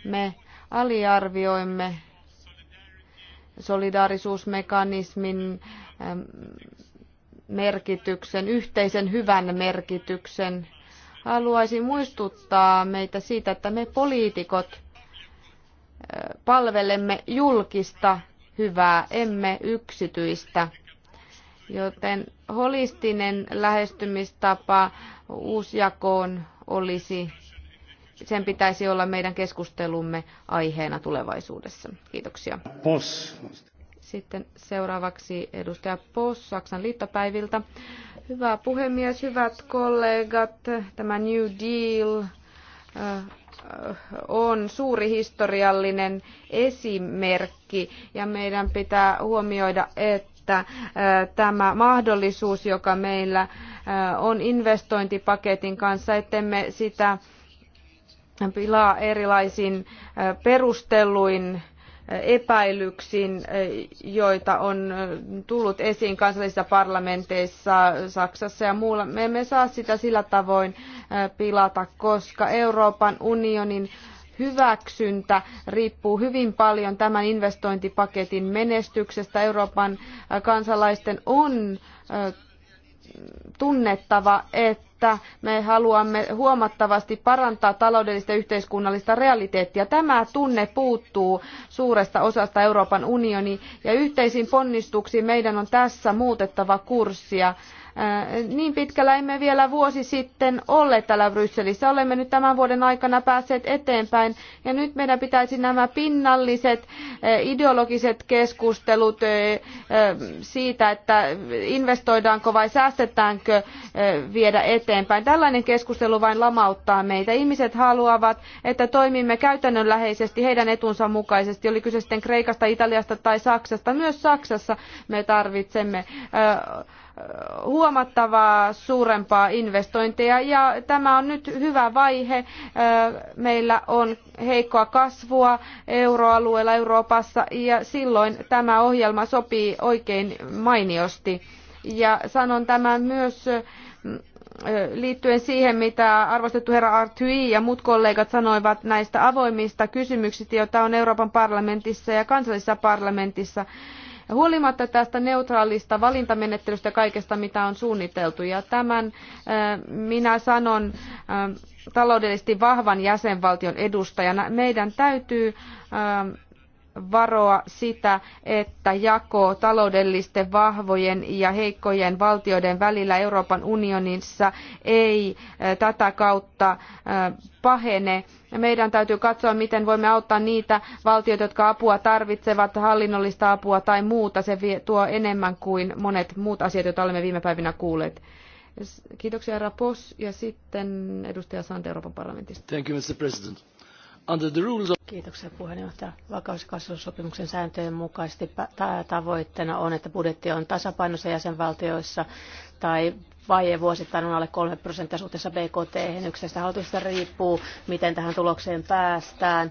Me aliarvioimme solidaarisuusmekanismin ähm, merkityksen, yhteisen hyvän merkityksen. Haluaisin muistuttaa meitä siitä, että me poliitikot äh, palvelemme julkista hyvää, emme yksityistä. Joten holistinen lähestymistapa uusjakoon olisi sen pitäisi olla meidän keskustelumme aiheena tulevaisuudessa. Kiitoksia. Pos. Sitten seuraavaksi edustaja Pos Saksan liittopäiviltä. Hyvä puhemies, hyvät kollegat, tämä New Deal äh, on suuri historiallinen esimerkki ja meidän pitää huomioida, että äh, tämä mahdollisuus, joka meillä äh, on investointipaketin kanssa, ettemme sitä pilaa erilaisin perustelluin epäilyksiin, joita on tullut esiin kansallisissa parlamenteissa Saksassa ja muulla. Me emme saa sitä sillä tavoin pilata, koska Euroopan unionin hyväksyntä riippuu hyvin paljon tämän investointipaketin menestyksestä. Euroopan kansalaisten on tunnettava, että me haluamme huomattavasti parantaa taloudellista ja yhteiskunnallista realiteettia. Tämä tunne puuttuu suuresta osasta Euroopan unioni ja yhteisin ponnistuksiin meidän on tässä muutettava kurssia. Äh, niin pitkällä emme vielä vuosi sitten ole täällä Brysselissä. Olemme nyt tämän vuoden aikana päässeet eteenpäin ja nyt meidän pitäisi nämä pinnalliset äh, ideologiset keskustelut äh, siitä, että investoidaanko vai säästetäänkö viedä eteenpäin. Tällainen keskustelu vain lamauttaa meitä. Ihmiset haluavat, että toimimme käytännönläheisesti heidän etunsa mukaisesti, oli kyse sitten Kreikasta, Italiasta tai Saksasta. Myös Saksassa me tarvitsemme huomattavaa suurempaa investointeja ja tämä on nyt hyvä vaihe. Meillä on heikkoa kasvua euroalueella Euroopassa ja silloin tämä ohjelma sopii oikein mainiosti. Ja sanon tämän myös liittyen siihen, mitä arvostettu herra Artui ja muut kollegat sanoivat näistä avoimista kysymyksistä, joita on Euroopan parlamentissa ja kansallisissa parlamentissa Huolimatta tästä neutraalista valintamenettelystä kaikesta, mitä on suunniteltu, ja tämän äh, minä sanon äh, taloudellisesti vahvan jäsenvaltion edustajana, meidän täytyy äh, varoa sitä, että jako taloudellisten vahvojen ja heikkojen valtioiden välillä Euroopan unionissa ei eh, tätä kautta eh, pahene. Meidän täytyy katsoa, miten voimme auttaa niitä valtioita, jotka apua tarvitsevat, hallinnollista apua tai muuta. Se tuo enemmän kuin monet muut asiat, joita olemme viime päivinä kuulleet. Kiitoksia, herra Pos, ja sitten edustaja Sante Euroopan parlamentista. Thank you, Mr. President Under the rules of... Kiitoksia puheenjohtaja. sääntöjen mukaisesti tavoitteena on, että budjetti on tasapainossa jäsenvaltioissa tai vaje vuosittain on alle 3 prosenttia suhteessa BKT. Yksestä hallituksesta riippuu, miten tähän tulokseen päästään.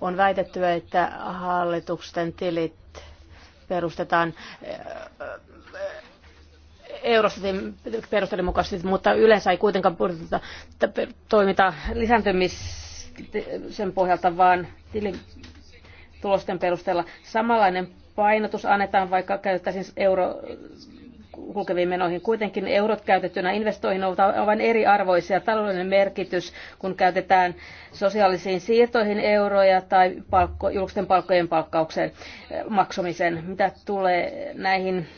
On väitetty, että hallituksen tilit perustetaan eh, eh, Eurostatin perusteiden mukaisesti, mutta yleensä ei kuitenkaan toimita lisääntymis sen pohjalta, vaan tilin tulosten perusteella. Samanlainen painotus annetaan, vaikka käytettäisiin euro kulkeviin menoihin. Kuitenkin eurot käytettynä investoihin ovat aivan eriarvoisia. Taloudellinen merkitys, kun käytetään sosiaalisiin siirtoihin euroja tai palkko, julkisten palkkojen palkkaukseen eh, maksamiseen. Mitä tulee näihin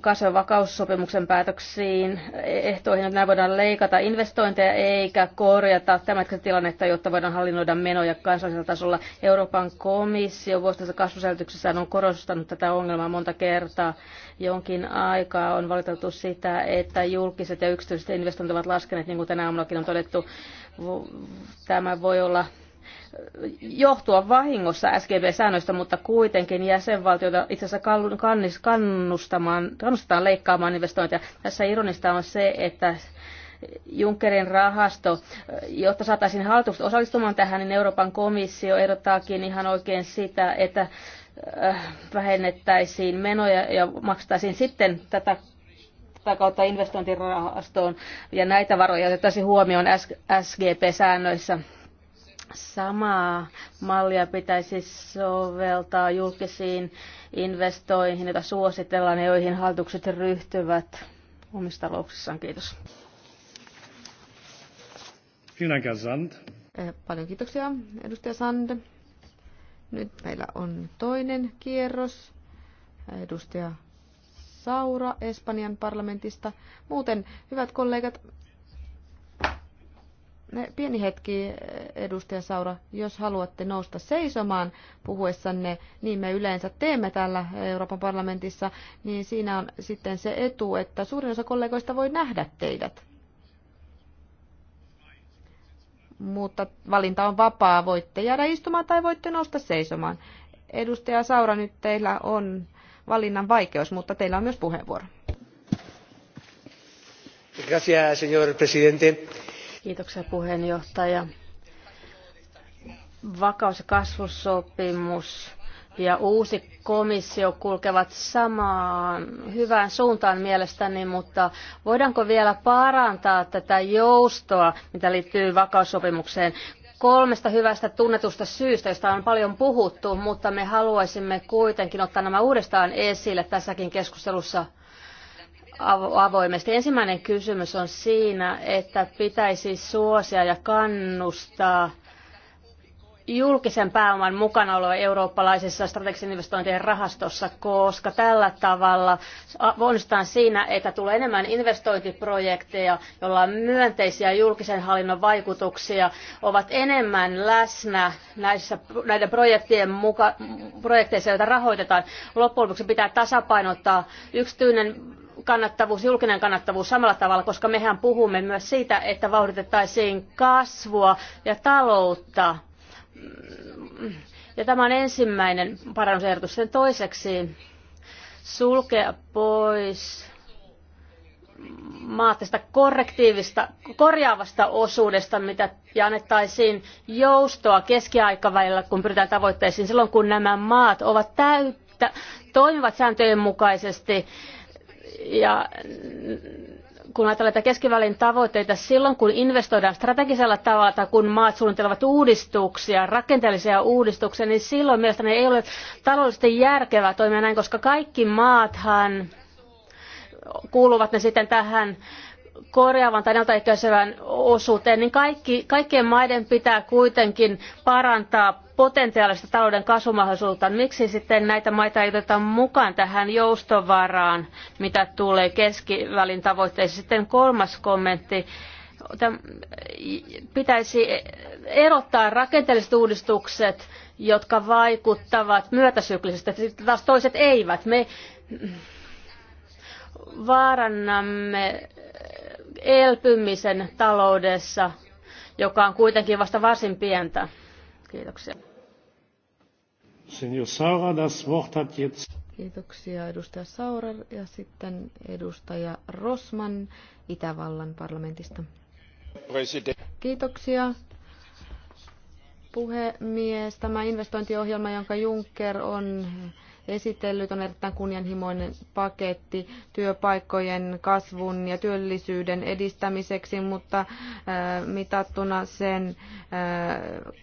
kasvu- vakaussopimuksen päätöksiin ehtoihin, että nämä voidaan leikata investointeja eikä korjata tämä tilannetta, jotta voidaan hallinnoida menoja kansallisella tasolla. Euroopan komissio vuosittaisessa kasvuselvityksessään on korostanut tätä ongelmaa monta kertaa. Jonkin aikaa on valiteltu sitä, että julkiset ja yksityiset investoinnit ovat laskeneet, niin kuin tänä aamunakin on todettu. Tämä voi olla johtua vahingossa SGB-säännöistä, mutta kuitenkin jäsenvaltioita itse asiassa kannustamaan, kannustetaan leikkaamaan investointeja. Tässä ironista on se, että Junckerin rahasto, jotta saataisiin hallitukset osallistumaan tähän, niin Euroopan komissio ehdottaakin ihan oikein sitä, että äh, vähennettäisiin menoja ja maksettaisiin sitten tätä tätä kautta investointirahastoon ja näitä varoja otettaisiin huomioon SGP-säännöissä. Samaa mallia pitäisi soveltaa julkisiin investoihin, joita suositellaan ja joihin hallitukset ryhtyvät omissa talouksissaan. Kiitos. Eh, paljon kiitoksia, edustaja Sand. Nyt meillä on toinen kierros. Edustaja Saura Espanjan parlamentista. Muuten, hyvät kollegat, pieni hetki, edustaja Saura, jos haluatte nousta seisomaan puhuessanne, niin me yleensä teemme täällä Euroopan parlamentissa, niin siinä on sitten se etu, että suurin osa kollegoista voi nähdä teidät. Mutta valinta on vapaa, voitte jäädä istumaan tai voitte nousta seisomaan. Edustaja Saura, nyt teillä on valinnan vaikeus, mutta teillä on myös puheenvuoro. Gracias, señor presidente Kiitoksia puheenjohtaja. Vakaus- ja kasvusopimus ja uusi komissio kulkevat samaan hyvään suuntaan mielestäni, mutta voidaanko vielä parantaa tätä joustoa, mitä liittyy vakaussopimukseen? kolmesta hyvästä tunnetusta syystä, josta on paljon puhuttu, mutta me haluaisimme kuitenkin ottaa nämä uudestaan esille tässäkin keskustelussa avoimesti. Ensimmäinen kysymys on siinä, että pitäisi suosia ja kannustaa julkisen pääoman mukanaoloa eurooppalaisessa strategisen investointien rahastossa, koska tällä tavalla onnistutaan siinä, että tulee enemmän investointiprojekteja, joilla on myönteisiä julkisen hallinnon vaikutuksia, ovat enemmän läsnä näissä, näiden projektien muka, projekteissa, joita rahoitetaan. Loppujen lopuksi pitää tasapainottaa yksityinen kannattavuus, julkinen kannattavuus samalla tavalla, koska mehän puhumme myös siitä, että vauhditettaisiin kasvua ja taloutta. Ja tämä on ensimmäinen parannusehdotus. Sen toiseksi sulkea pois maatesta korrektiivista, korjaavasta osuudesta, mitä annettaisiin joustoa keskiaikavälillä, kun pyritään tavoitteisiin silloin, kun nämä maat ovat täyttä, toimivat sääntöjen mukaisesti ja kun ajatellaan että keskivälin tavoitteita, silloin kun investoidaan strategisella tavalla tai kun maat suunnittelevat uudistuksia, rakenteellisia uudistuksia, niin silloin mielestäni ei ole taloudellisesti järkevää toimia näin, koska kaikki maathan kuuluvat ne sitten tähän korjaavan tai ennaltaehkäisevän osuuteen, niin kaikki, kaikkien maiden pitää kuitenkin parantaa potentiaalista talouden kasvumahdollisuutta, miksi sitten näitä maita ei oteta mukaan tähän joustovaraan, mitä tulee keskivälin tavoitteisiin? Sitten kolmas kommentti. Pitäisi erottaa rakenteelliset uudistukset, jotka vaikuttavat myötäsyklisesti, sitten taas toiset eivät. Me vaarannamme elpymisen taloudessa, joka on kuitenkin vasta varsin pientä. Kiitoksia. Senior Saura, das Wort hat jetzt... Kiitoksia edustaja Saura ja sitten edustaja Rosman Itävallan parlamentista. President. Kiitoksia puhemies. Tämä investointiohjelma, jonka Juncker on esitellyt. On erittäin kunnianhimoinen paketti työpaikkojen kasvun ja työllisyyden edistämiseksi, mutta äh, mitattuna sen äh,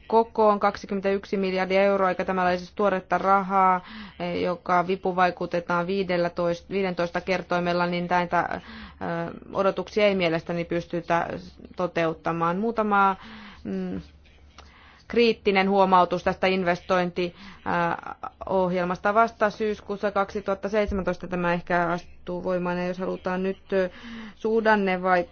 koko on 21 miljardia euroa, eikä tämä ole siis tuoretta rahaa, eh, joka vipuvaikutetaan 15, 15 kertoimella, niin näitä äh, odotuksia ei mielestäni pystytä toteuttamaan. Muutama mm, kriittinen huomautus tästä investointiohjelmasta vasta syyskuussa 2017. Tämä ehkä astuu voimaan jos halutaan nyt suhdanne vai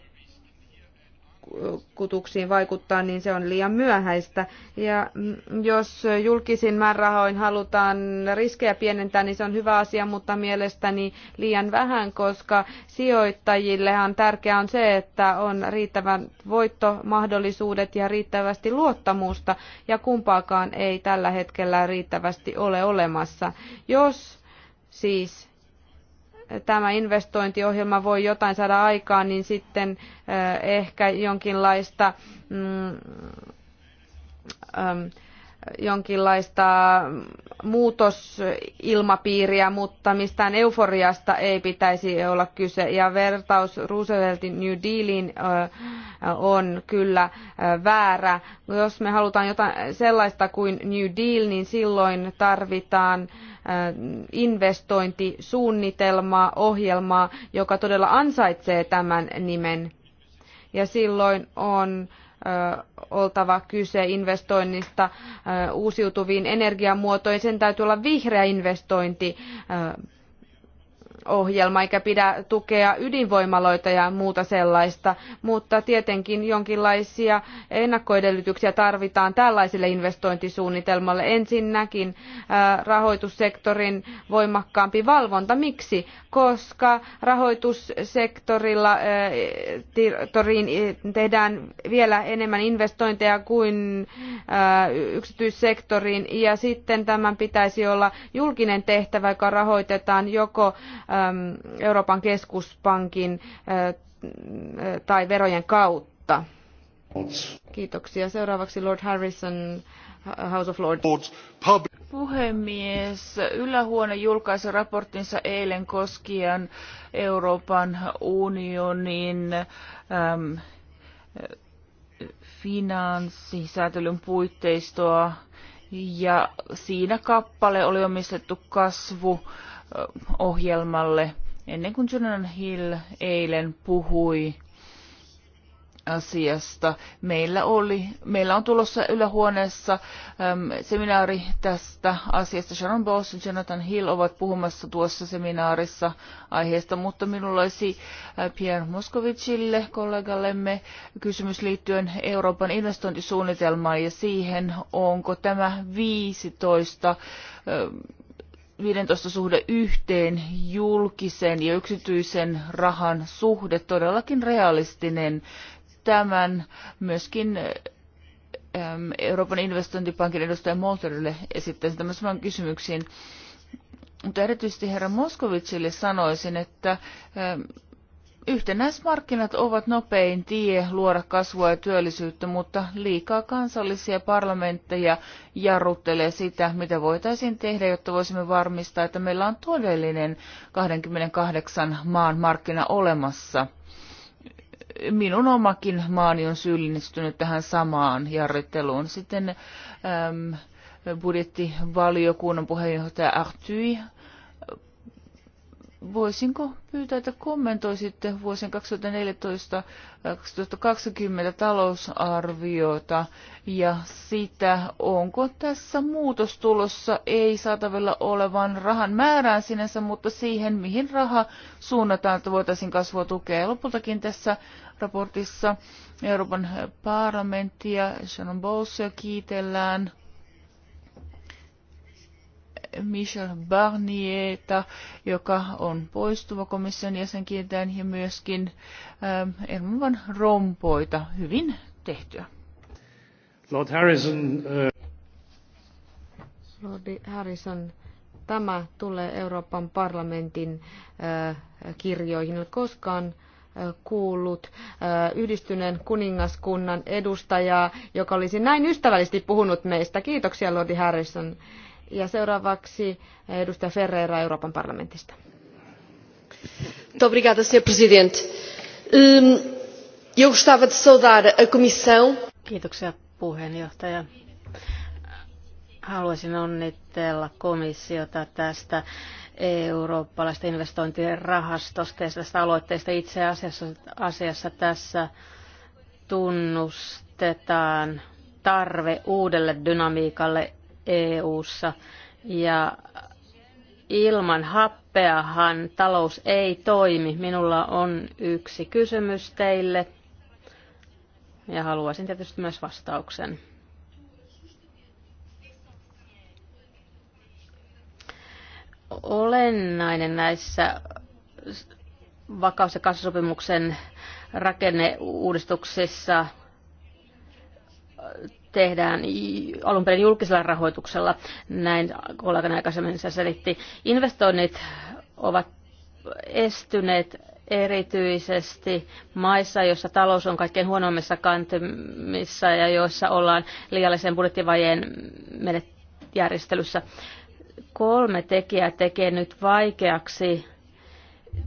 vaikutuksiin vaikuttaa, niin se on liian myöhäistä. Ja mm, jos julkisin määrärahoin halutaan riskejä pienentää, niin se on hyvä asia, mutta mielestäni liian vähän, koska sijoittajillehan tärkeää on se, että on riittävän voittomahdollisuudet ja riittävästi luottamusta, ja kumpaakaan ei tällä hetkellä riittävästi ole olemassa. Jos siis tämä investointiohjelma voi jotain saada aikaan, niin sitten eh, ehkä jonkinlaista mm, jonkinlaista muutosilmapiiriä, mutta mistään euforiasta ei pitäisi olla kyse. Ja vertaus Rooseveltin New Dealin on kyllä väärä. Jos me halutaan jotain sellaista kuin New Deal, niin silloin tarvitaan investointisuunnitelmaa, ohjelmaa, joka todella ansaitsee tämän nimen. Ja silloin on oltava kyse investoinnista uusiutuviin energiamuotoihin. Sen täytyy olla vihreä investointi ohjelma, eikä pidä tukea ydinvoimaloita ja muuta sellaista, mutta tietenkin jonkinlaisia ennakkoedellytyksiä tarvitaan tällaiselle investointisuunnitelmalle. Ensinnäkin äh, rahoitussektorin voimakkaampi valvonta. Miksi? Koska rahoitussektorilla äh, äh, tehdään vielä enemmän investointeja kuin yksityissektoriin ja sitten tämän pitäisi olla julkinen tehtävä, joka rahoitetaan joko Ähm, Euroopan keskuspankin äh, äh, tai verojen kautta. Kiitoksia. Seuraavaksi Lord Harrison, House of Lords. Puhemies, ylähuone julkaisi raporttinsa eilen koskien Euroopan unionin äm, finanssisäätelyn puitteistoa ja siinä kappale oli omistettu kasvu ohjelmalle ennen kuin Jonathan Hill eilen puhui asiasta. Meillä, oli, meillä on tulossa ylähuoneessa äm, seminaari tästä asiasta. Sharon Boss ja Jonathan Hill ovat puhumassa tuossa seminaarissa aiheesta, mutta minulla olisi äh, Pierre Moskovicille, kollegallemme, kysymys liittyen Euroopan investointisuunnitelmaan ja siihen, onko tämä 15 äm, 15 suhde yhteen julkisen ja yksityisen rahan suhde todellakin realistinen. Tämän myöskin ähm, Euroopan investointipankin edustaja Molterille esittäisin tämmöisen kysymyksiin. Mutta erityisesti herra Moskovitsille sanoisin, että ähm, Yhtenäismarkkinat ovat nopein tie luoda kasvua ja työllisyyttä, mutta liikaa kansallisia parlamentteja jarruttelee sitä, mitä voitaisiin tehdä, jotta voisimme varmistaa, että meillä on todellinen 28 maan markkina olemassa. Minun omakin maani on syyllistynyt tähän samaan jarritteluun. Sitten äm, budjettivaliokunnan puheenjohtaja Artyi Voisinko pyytää, että kommentoisitte vuosien 2014-2020 talousarviota ja sitä, onko tässä muutos tulossa ei saatavilla olevan rahan määrään sinänsä, mutta siihen, mihin raha suunnataan, että voitaisiin kasvua tukea. Ja lopultakin tässä raportissa Euroopan parlamenttia Shannon Bowlesia kiitellään – Michel Barnierta, joka on poistuva komission jäsen ja myöskin ähm, Elman Van Rompoita hyvin tehtyä. Lord Harrison, uh... Lord Harrison, tämä tulee Euroopan parlamentin uh, kirjoihin. koskaan äh, kuullut yhdistyneen kuningaskunnan edustajaa, joka olisi näin ystävällisesti puhunut meistä. Kiitoksia, Lordi Harrison. Ja seuraavaksi edustaja Ferreira Euroopan parlamentista. Obrigada, senhor presidente. Eu gostava de saudar a comissão. Kiitoksia puheenjohtaja. Haluaisin onnitella komissiota tästä eurooppalaista investointirahastosta ja tästä aloitteesta. Itse asiassa, asiassa tässä tunnustetaan tarve uudelle dynamiikalle EU:ssa ja ilman happeahan talous ei toimi. Minulla on yksi kysymys teille ja haluaisin tietysti myös vastauksen. Olennainen näissä vakaus- ja kasvusopimuksen rakenneuudistuksissa tehdään alun perin julkisella rahoituksella. Näin kollegan aikaisemmin se selitti. Investoinnit ovat estyneet erityisesti maissa, joissa talous on kaikkein huonoimmissa kantimissa ja joissa ollaan liiallisen budjettivajeen järjestelyssä. Kolme tekijää tekee nyt vaikeaksi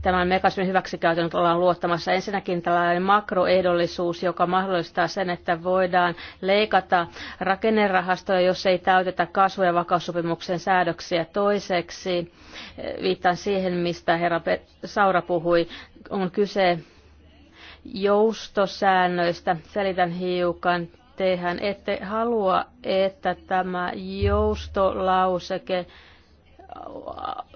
tämän mekanismin hyväksikäytön ollaan luottamassa. Ensinnäkin tällainen makroehdollisuus, joka mahdollistaa sen, että voidaan leikata rakennerahastoja, jos ei täytetä kasvu- ja vakaussopimuksen säädöksiä. Toiseksi eh, viittaan siihen, mistä herra Saura puhui, on kyse joustosäännöistä. Selitän hiukan. Tehän ette halua, että tämä joustolauseke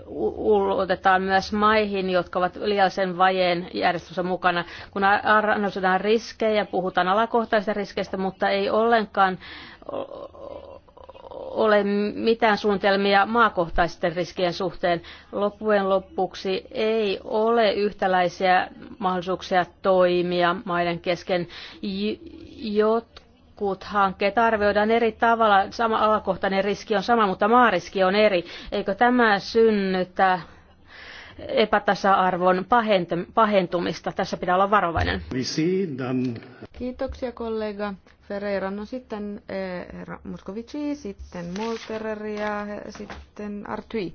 ulotetaan myös maihin, jotka ovat liiallisen vajeen järjestössä mukana, kun arvostetaan riskejä, puhutaan alakohtaisista riskeistä, mutta ei ollenkaan ole mitään suunnitelmia maakohtaisten riskien suhteen. Loppujen lopuksi ei ole yhtäläisiä mahdollisuuksia toimia maiden kesken. jotka Hankkeet arvioidaan eri tavalla, sama alakohtainen riski on sama, mutta maariski on eri. Eikö tämä synnytä epätasa-arvon pahentumista. Tässä pitää olla varovainen. Kiitoksia kollega Ferreira. No sitten eh, herra Muskovici, sitten Molterer ja eh, sitten Artui.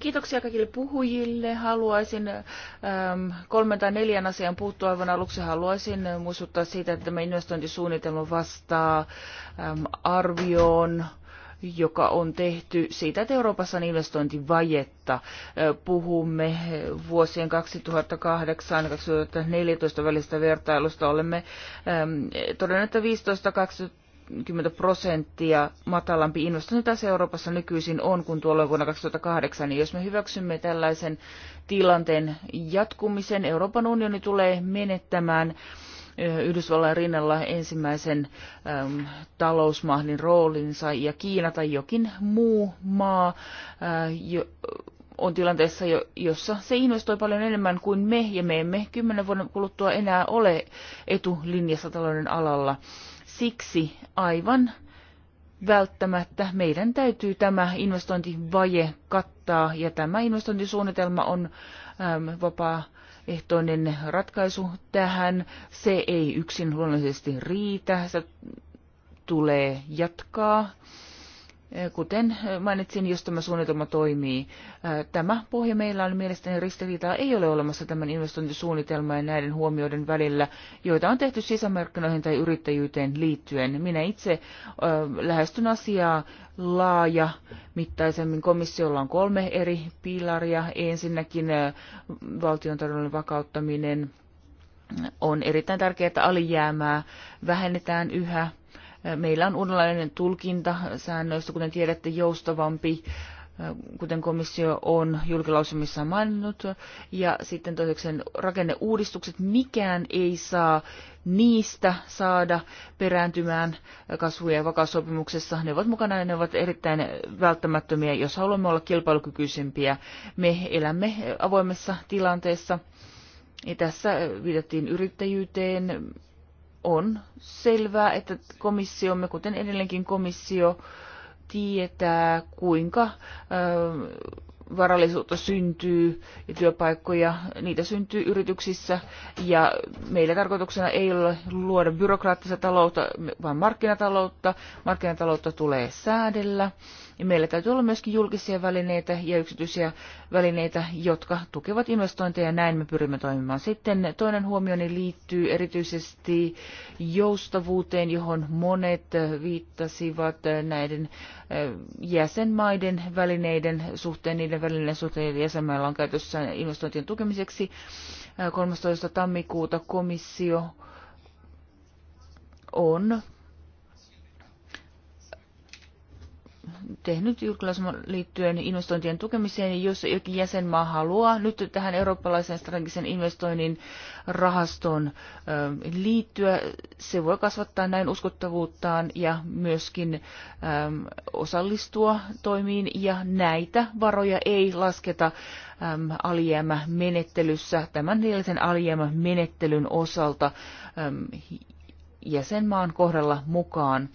Kiitoksia kaikille puhujille. Haluaisin ähm, kolmen tai neljän asian puuttua aivan aluksi. Haluaisin äh, muistuttaa siitä, että tämä investointisuunnitelma vastaa ähm, arvioon joka on tehty siitä, että Euroopassa on investointivajetta. Puhumme vuosien 2008-2014 välistä vertailusta. Olemme todennäköisesti 15-20 prosenttia matalampi investointi tässä Euroopassa nykyisin on kuin tuolloin vuonna 2008. Niin jos me hyväksymme tällaisen tilanteen jatkumisen, Euroopan unioni tulee menettämään Yhdysvallan rinnalla ensimmäisen äm, talousmahdin roolinsa ja Kiina tai jokin muu maa ää, jo, on tilanteessa, jo, jossa se investoi paljon enemmän kuin me ja me emme kymmenen vuoden kuluttua enää ole etulinjassa talouden alalla. Siksi aivan välttämättä meidän täytyy tämä investointivaje kattaa ja tämä investointisuunnitelma on äm, vapaa vaihtoehtoinen ratkaisu tähän. Se ei yksin luonnollisesti riitä, se tulee jatkaa Kuten mainitsin, jos tämä suunnitelma toimii, äh, tämä pohja meillä on mielestäni ristiriitaa ei ole olemassa tämän investointisuunnitelman ja näiden huomioiden välillä, joita on tehty sisämarkkinoihin tai yrittäjyyteen liittyen. Minä itse äh, lähestyn asiaa laaja mittaisemmin. Komissiolla on kolme eri pilaria. Ensinnäkin äh, valtion vakauttaminen on erittäin tärkeää, että alijäämää vähennetään yhä Meillä on uudenlainen tulkinta säännöistä, kuten tiedätte, joustavampi, kuten komissio on julkilausumissaan maininnut. Ja sitten toiseksi rakenneuudistukset, mikään ei saa niistä saada perääntymään kasvu- ja vakaussopimuksessa. Ne ovat mukana ja ne ovat erittäin välttämättömiä, jos haluamme olla kilpailukykyisempiä. Me elämme avoimessa tilanteessa. Ja tässä viitattiin yrittäjyyteen, on selvää, että komissiomme, kuten edelleenkin komissio, tietää, kuinka varallisuutta syntyy ja työpaikkoja, niitä syntyy yrityksissä ja meillä tarkoituksena ei ole luoda byrokraattista taloutta, vaan markkinataloutta. Markkinataloutta tulee säädellä ja meillä täytyy olla myöskin julkisia välineitä ja yksityisiä välineitä, jotka tukevat investointeja. Näin me pyrimme toimimaan. Sitten toinen huomioni liittyy erityisesti joustavuuteen, johon monet viittasivat näiden eh, jäsenmaiden välineiden suhteen, niiden välineiden suhteen, joita jäsenmailla on käytössä investointien tukemiseksi. 13. Eh, tammikuuta komissio on tehnyt julkilausuman liittyen investointien tukemiseen, jos jokin jäsenmaa haluaa nyt tähän eurooppalaisen strategisen investoinnin rahastoon liittyä, se voi kasvattaa näin uskottavuuttaan ja myöskin osallistua toimiin, ja näitä varoja ei lasketa alijäämämenettelyssä, tämän neljäsen alijäämämenettelyn osalta jäsenmaan kohdalla mukaan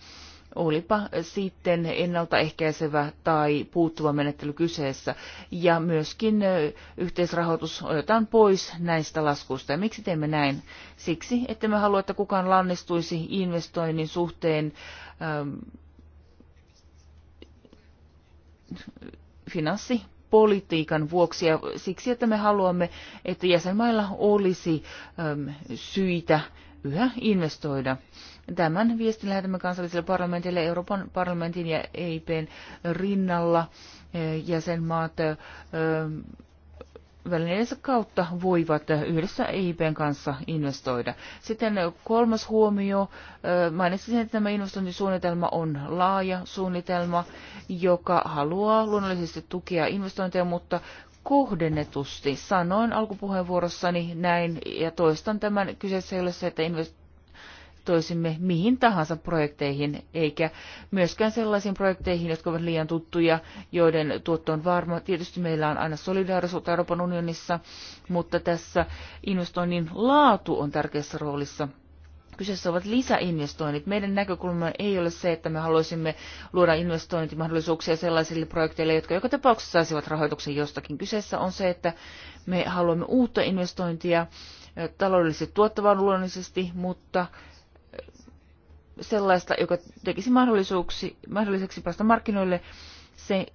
olipa sitten ennaltaehkäisevä tai puuttuva menettely kyseessä. Ja myöskin yhteisrahoitus otetaan pois näistä laskuista. Ja miksi teemme näin? Siksi, että me haluamme, että kukaan lannistuisi investoinnin suhteen ähm, finanssi politiikan vuoksi ja siksi, että me haluamme, että jäsenmailla olisi äm, syitä yhä investoida. Tämän viestin lähetämme kansalliselle parlamentille Euroopan parlamentin ja EIPn rinnalla jäsenmaat välineensä kautta voivat yhdessä EIPn kanssa investoida. Sitten kolmas huomio, mainitsin, että tämä investointisuunnitelma on laaja suunnitelma, joka haluaa luonnollisesti tukea investointeja, mutta kohdennetusti. Sanoin alkupuheenvuorossani näin ja toistan tämän. Kyseessä ei ole se, että investoisimme mihin tahansa projekteihin, eikä myöskään sellaisiin projekteihin, jotka ovat liian tuttuja, joiden tuotto on varma. Tietysti meillä on aina solidaarisuutta Euroopan unionissa, mutta tässä investoinnin laatu on tärkeässä roolissa – Kyseessä ovat lisäinvestoinnit. Meidän näkökulma ei ole se, että me haluaisimme luoda investointimahdollisuuksia sellaisille projekteille, jotka joka tapauksessa saisivat rahoituksen jostakin. Kyseessä on se, että me haluamme uutta investointia taloudellisesti tuottavaa luonnollisesti, mutta sellaista, joka tekisi mahdolliseksi päästä markkinoille se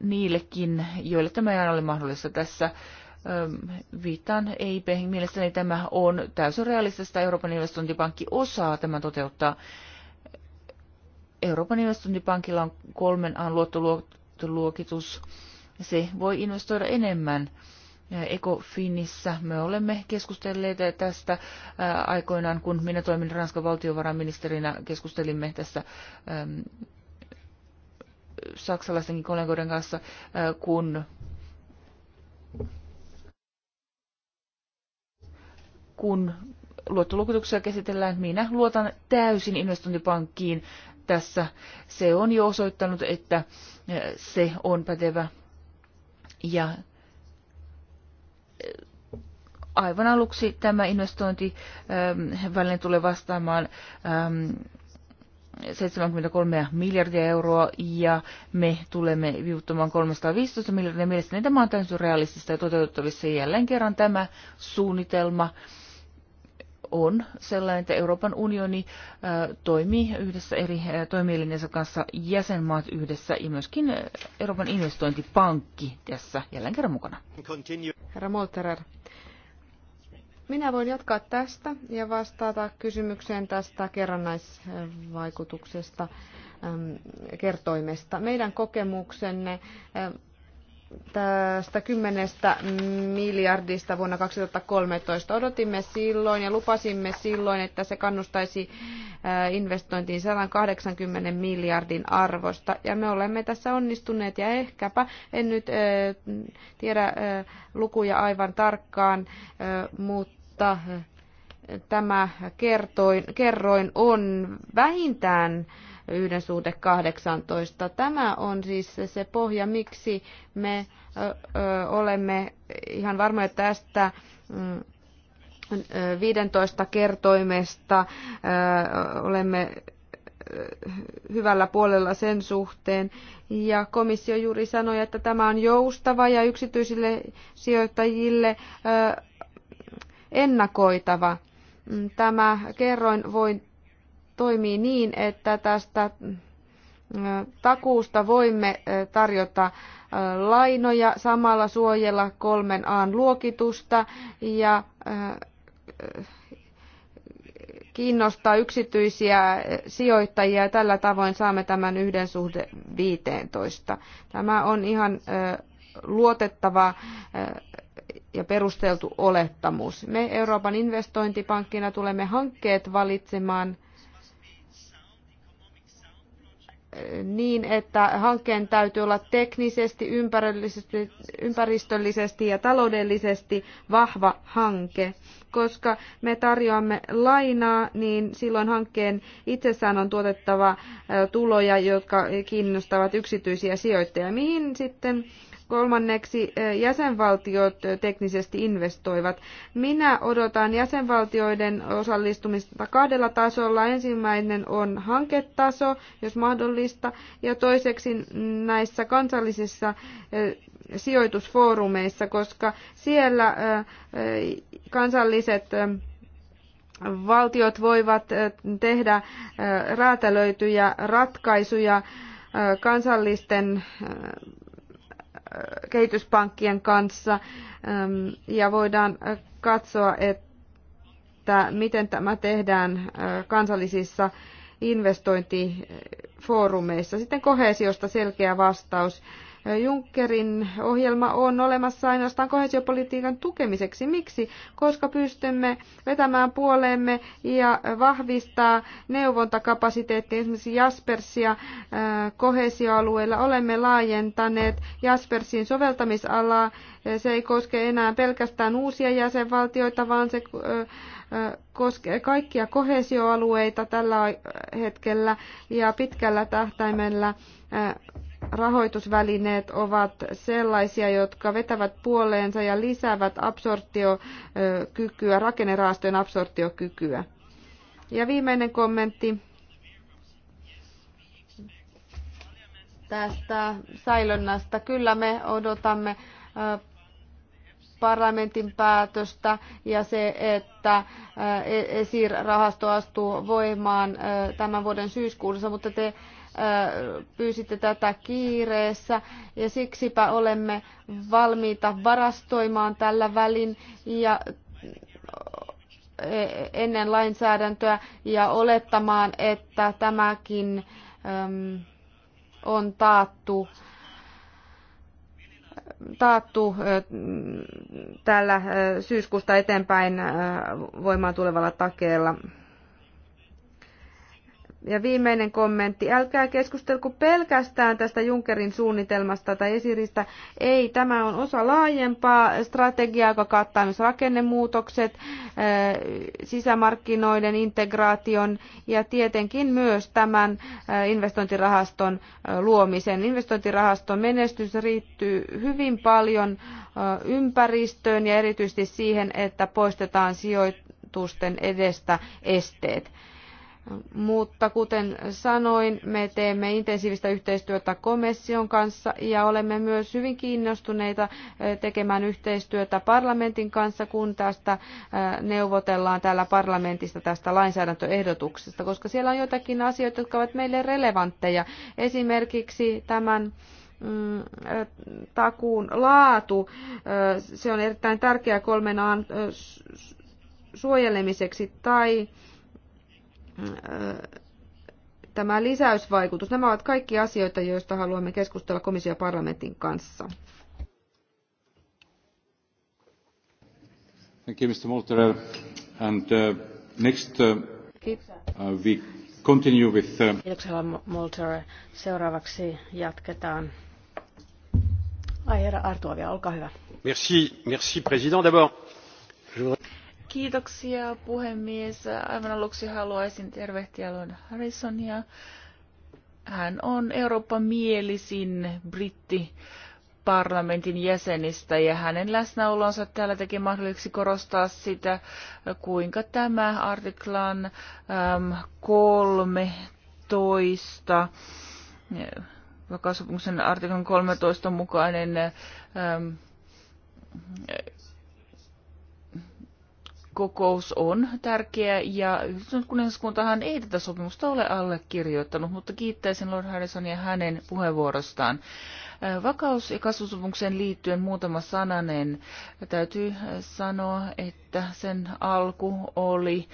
niillekin, joille tämä ei aina ole mahdollista. Tässä viittaan EIP. Mielestäni tämä on täysin realistista. Euroopan investointipankki osaa tämän toteuttaa. Euroopan investointipankilla on kolmen A luottoluokitus. Se voi investoida enemmän. Ecofinissä me olemme keskustelleet tästä aikoinaan, kun minä toimin Ranskan valtiovarainministerinä, keskustelimme tässä saksalaistenkin kollegoiden kanssa, kun kun luottolukutuksia käsitellään, minä luotan täysin investointipankkiin tässä. Se on jo osoittanut, että eh, se on pätevä. Ja eh, aivan aluksi tämä investointiväline eh, tulee vastaamaan 73 ehm, miljardia euroa ja me tulemme viuttamaan 315 miljardia. Mielestäni tämä on täysin realistista ja toteutettavissa jälleen kerran tämä suunnitelma on sellainen, että Euroopan unioni toimii yhdessä eri toimielinensä kanssa, jäsenmaat yhdessä ja myöskin Euroopan investointipankki tässä jälleen kerran mukana. Herra Molterer, minä voin jatkaa tästä ja vastata kysymykseen tästä kerrannaisvaikutuksesta kertoimesta. Meidän kokemuksenne tästä 10 miljardista vuonna 2013. Odotimme silloin ja lupasimme silloin, että se kannustaisi äh, investointiin 180 miljardin arvosta. Ja me olemme tässä onnistuneet ja ehkäpä, en nyt äh, tiedä äh, lukuja aivan tarkkaan, mutta tämä kertoin, kerroin on vähintään yhden suhde 18. Tämä on siis se pohja, miksi me olemme ihan varmoja tästä 15 mm, kertoimesta olemme hyvällä puolella sen suhteen. Ja komissio juuri sanoi, että tämä on joustava ja yksityisille sijoittajille ennakoitava. Mm, tämä kerroin voi toimii niin, että tästä äh, takuusta voimme äh, tarjota äh, lainoja, samalla suojella kolmen an luokitusta ja kiinnostaa yksityisiä sijoittajia ja tällä tavoin saamme tämän yhden suhde 15. Tämä on ihan luotettava ja perusteltu olettamus. Me Euroopan investointipankkina tulemme hankkeet valitsemaan – niin, että hankkeen täytyy olla teknisesti, ympäristöllisesti ja taloudellisesti vahva hanke. Koska me tarjoamme lainaa, niin silloin hankkeen itsessään on tuotettava tuloja, jotka kiinnostavat yksityisiä sijoittajia. Mihin sitten Kolmanneksi jäsenvaltiot teknisesti investoivat. Minä odotan jäsenvaltioiden osallistumista kahdella tasolla. Ensimmäinen on hanketaso, jos mahdollista, ja toiseksi näissä kansallisissa sijoitusfoorumeissa, koska siellä kansalliset valtiot voivat tehdä räätälöityjä ratkaisuja kansallisten kehityspankkien kanssa ähm, ja voidaan äh, katsoa, että miten tämä tehdään äh, kansallisissa investointifoorumeissa. Sitten kohesiosta selkeä vastaus. Junckerin ohjelma on olemassa ainoastaan kohesiopolitiikan tukemiseksi. Miksi? Koska pystymme vetämään puoleemme ja vahvistaa neuvontakapasiteettia esimerkiksi Jaspersia äh, kohesioalueella. Olemme laajentaneet Jaspersin soveltamisalaa. Se ei koske enää pelkästään uusia jäsenvaltioita, vaan se äh, äh, koskee kaikkia kohesioalueita tällä hetkellä ja pitkällä tähtäimellä rahoitusvälineet ovat sellaisia, jotka vetävät puoleensa ja lisäävät absorptiokykyä, rakenneraastojen absorptiokykyä. Ja viimeinen kommentti tästä säilönnästä. Kyllä me odotamme parlamentin päätöstä ja se, että ESIR-rahasto astuu voimaan tämän vuoden syyskuussa, mutta te pyysitte tätä kiireessä ja siksipä olemme valmiita varastoimaan tällä välin ja ennen lainsäädäntöä ja olettamaan, että tämäkin on taattu taattu tällä syyskuusta eteenpäin voimaan tulevalla takeella. Ja viimeinen kommentti. Älkää keskustelko pelkästään tästä Junckerin suunnitelmasta tai esiristä. Ei, tämä on osa laajempaa strategiaa, joka kattaa myös rakennemuutokset, eh, sisämarkkinoiden integraation ja tietenkin myös tämän eh, investointirahaston eh, luomisen. Investointirahaston menestys riittyy hyvin paljon ympäristöön ja erityisesti siihen, että poistetaan sijoitusten edestä esteet. Mutta kuten sanoin, me teemme intensiivistä yhteistyötä komission kanssa ja olemme myös hyvin kiinnostuneita eh, tekemään yhteistyötä parlamentin kanssa, kun tästä eh, neuvotellaan täällä parlamentista tästä lainsäädäntöehdotuksesta, koska siellä on joitakin asioita, jotka ovat meille relevantteja. Esimerkiksi tämän mm, eh, takuun laatu, se on erittäin tärkeää kolmen suojelemiseksi tai tämä lisäysvaikutus. Nämä ovat kaikki asioita, joista haluamme keskustella komission ja parlamentin kanssa. Thank you, Mr. And uh, next uh, uh, we continue with... Uh... Kiitoksia, Molterer. Seuraavaksi jatketaan. Ai herra Artuavia, olkaa hyvä. Merci, merci président. D'abord, je voudrais... Kiitoksia puhemies. Aivan aluksi haluaisin tervehtiä Lord Harrisonia. Hän on Euroopan mielisin britti parlamentin jäsenistä ja hänen läsnäolonsa täällä teki mahdolliseksi korostaa sitä, kuinka tämä artiklan 13 vakaussopimuksen artiklan 13 mukainen kokous on tärkeä ja yhdistynyt kuningaskuntahan ei tätä sopimusta ole allekirjoittanut, mutta kiittäisin Lord Harrisonia hänen puheenvuorostaan. Äh, vakaus- ja kasvusopimukseen liittyen muutama sananen. Täytyy sanoa, että sen alku oli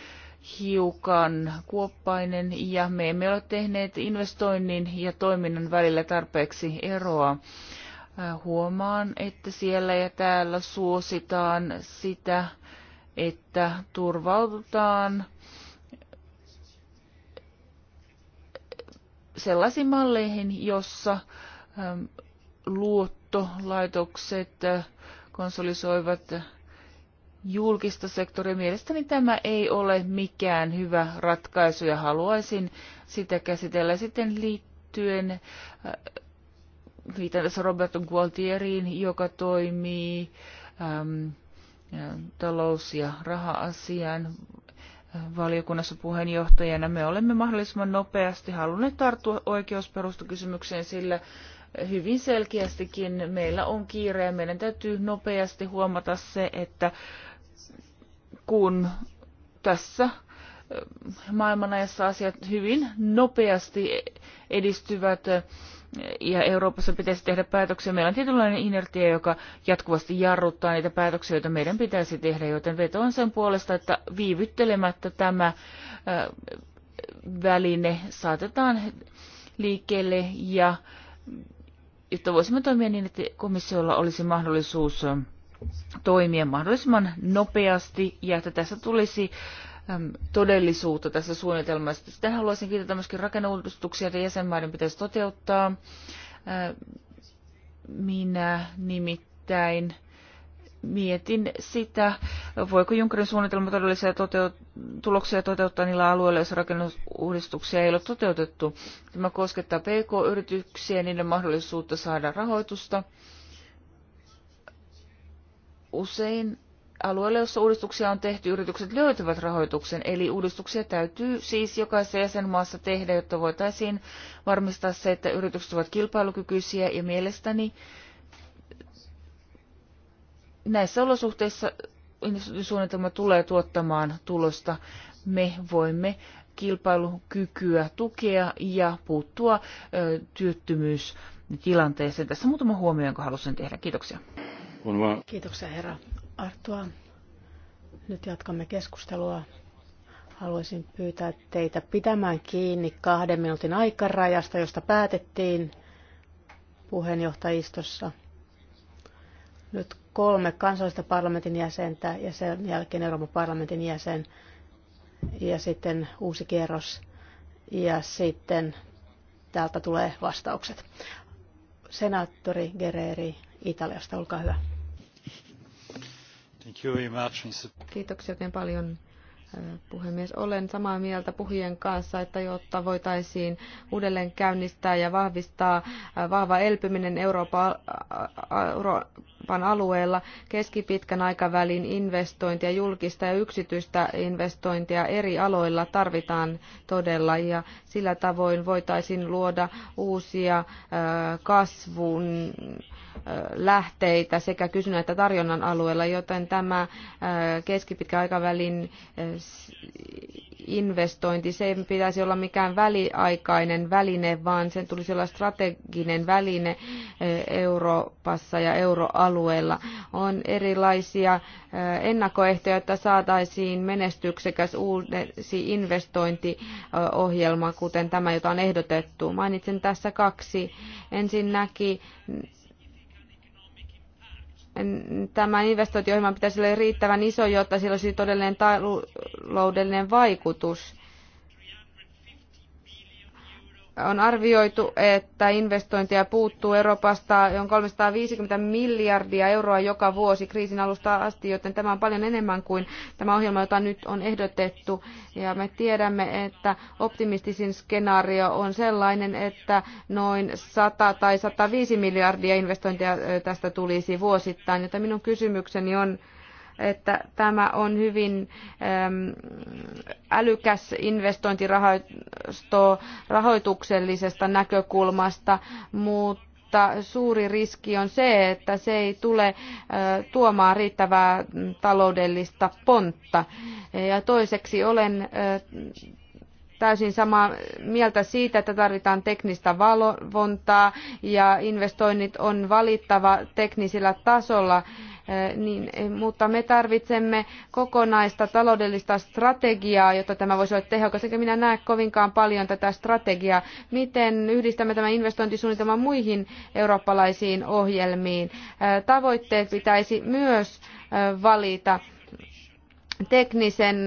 hiukan kuoppainen ja me emme ole tehneet investoinnin ja toiminnan välillä tarpeeksi eroa. Äh, huomaan, että siellä ja täällä suositaan sitä, että turvaudutaan sellaisiin malleihin, jossa ähm, luottolaitokset äh, konsolisoivat julkista sektoria. Mielestäni tämä ei ole mikään hyvä ratkaisu ja haluaisin sitä käsitellä sitten liittyen äh, viitannassa Roberto Gualtieriin, joka toimii ähm, talous- ja raha-asian valiokunnassa puheenjohtajana. Me olemme mahdollisimman nopeasti halunneet tarttua oikeusperustakysymykseen, sillä hyvin selkeästikin meillä on kiire ja meidän täytyy nopeasti huomata se, että kun tässä maailmanajassa asiat hyvin nopeasti edistyvät, ja Euroopassa pitäisi tehdä päätöksiä. Meillä on tietynlainen inertia, joka jatkuvasti jarruttaa niitä päätöksiä, joita meidän pitäisi tehdä, joten veto on sen puolesta, että viivyttelemättä tämä väline saatetaan liikkeelle ja jotta voisimme toimia niin, että komissiolla olisi mahdollisuus toimia mahdollisimman nopeasti ja että tässä tulisi todellisuutta tässä suunnitelmassa. Sitä haluaisin kiittää myöskin rakenneuudistuksia, joita jäsenmaiden pitäisi toteuttaa. Minä nimittäin mietin sitä, voiko Junckerin suunnitelma todellisia toteut- tuloksia toteuttaa niillä alueilla, joissa rakennusuudistuksia ei ole toteutettu. Tämä koskettaa PK-yrityksiä ja niiden mahdollisuutta saada rahoitusta. Usein alueella, jossa uudistuksia on tehty, yritykset löytävät rahoituksen, eli uudistuksia täytyy siis jokaisessa jäsenmaassa tehdä, jotta voitaisiin varmistaa se, että yritykset ovat kilpailukykyisiä, ja mielestäni näissä olosuhteissa investointisuunnitelma tulee tuottamaan tulosta. Me voimme kilpailukykyä tukea ja puuttua ö, työttömyystilanteeseen. Tässä muutama huomio, jonka halusin tehdä. Kiitoksia. Kiitoksia herra Artua. Nyt jatkamme keskustelua. Haluaisin pyytää teitä pitämään kiinni kahden minuutin aikarajasta, josta päätettiin puheenjohtajistossa. Nyt kolme kansallista parlamentin jäsentä ja sen jälkeen Euroopan parlamentin jäsen ja sitten uusi kierros ja sitten täältä tulee vastaukset. Senaattori Gereri Italiasta, olkaa hyvä. Kiitoksia oikein paljon puhemies. Olen samaa mieltä puhujien kanssa, että jotta voitaisiin uudelleen käynnistää ja vahvistaa vahva elpyminen Euroopan, alueella, keskipitkän aikavälin investointia, julkista ja yksityistä investointia eri aloilla tarvitaan todella ja sillä tavoin voitaisiin luoda uusia kasvun lähteitä sekä kysynnän että tarjonnan alueella, joten tämä äh, keskipitkän aikavälin äh, investointi, se ei pitäisi olla mikään väliaikainen väline, vaan sen tulisi olla strateginen väline äh, Euroopassa ja euroalueella. On erilaisia ennakkoehtoja, että saataisiin menestyksekäs uusi investointiohjelma, kuten tämä, jota on ehdotettu. Mainitsen tässä kaksi. Ensinnäkin tämän investointiohjelman pitäisi olla riittävän iso, jotta sillä olisi todellinen taloudellinen vaikutus. On arvioitu, että investointia puuttuu Euroopasta jo 350 miljardia euroa joka vuosi kriisin alusta asti, joten tämä on paljon enemmän kuin tämä ohjelma, jota nyt on ehdotettu. Ja me tiedämme, että optimistisin skenaario on sellainen, että noin 100 tai 105 miljardia investointia tästä tulisi vuosittain, joten minun kysymykseni on, että tämä on hyvin ähm, älykäs investointirahasto rahoituksellisesta näkökulmasta, mutta mutta suuri riski on se, että se ei tule äh, tuomaan riittävää taloudellista pontta. Ja toiseksi olen äh, täysin samaa mieltä siitä, että tarvitaan teknistä valvontaa ja investoinnit on valittava teknisellä tasolla, eh, niin, eh, mutta me tarvitsemme kokonaista taloudellista strategiaa, jotta tämä voisi olla tehokas, eikä minä näe kovinkaan paljon tätä strategiaa. Miten yhdistämme tämän investointisuunnitelman muihin eurooppalaisiin ohjelmiin? Eh, tavoitteet pitäisi myös valita teknisen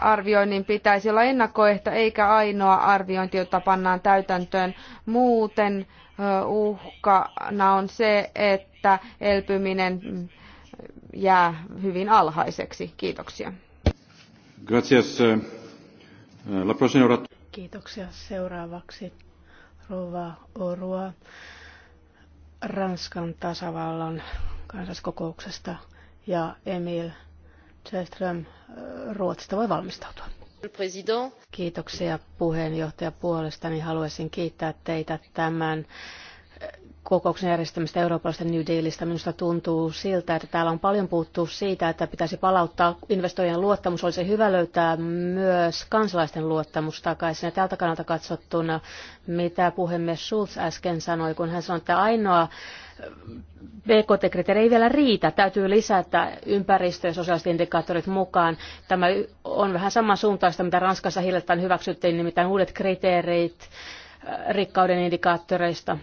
arvioinnin pitäisi olla ennakkoehto eikä ainoa arviointi, jota pannaan täytäntöön. Muuten uhkana on se, että elpyminen jää hyvin alhaiseksi. Kiitoksia. Kiitoksia. Seuraavaksi Rova Orua Ranskan tasavallan kansaskokouksesta ja Emil Sjöström, äh, Ruotsista voi valmistautua. Kiitoksia puheenjohtaja puolestani. Haluaisin kiittää teitä tämän äh, kokouksen järjestämistä eurooppalaisten New Dealista. Minusta tuntuu siltä, että täällä on paljon puhuttu siitä, että pitäisi palauttaa investoijien luottamus. Olisi hyvä löytää myös kansalaisten luottamus takaisin. Ja tältä kannalta katsottuna, mitä puhemies Schulz äsken sanoi, kun hän sanoi, että ainoa BKT-kriteeri ei vielä riitä. Täytyy lisätä ympäristö- ja sosiaaliset indikaattorit mukaan. Tämä on vähän samansuuntaista, mitä Ranskassa hiljattain hyväksyttiin, nimittäin uudet kriteerit äh, rikkauden indikaattoreista.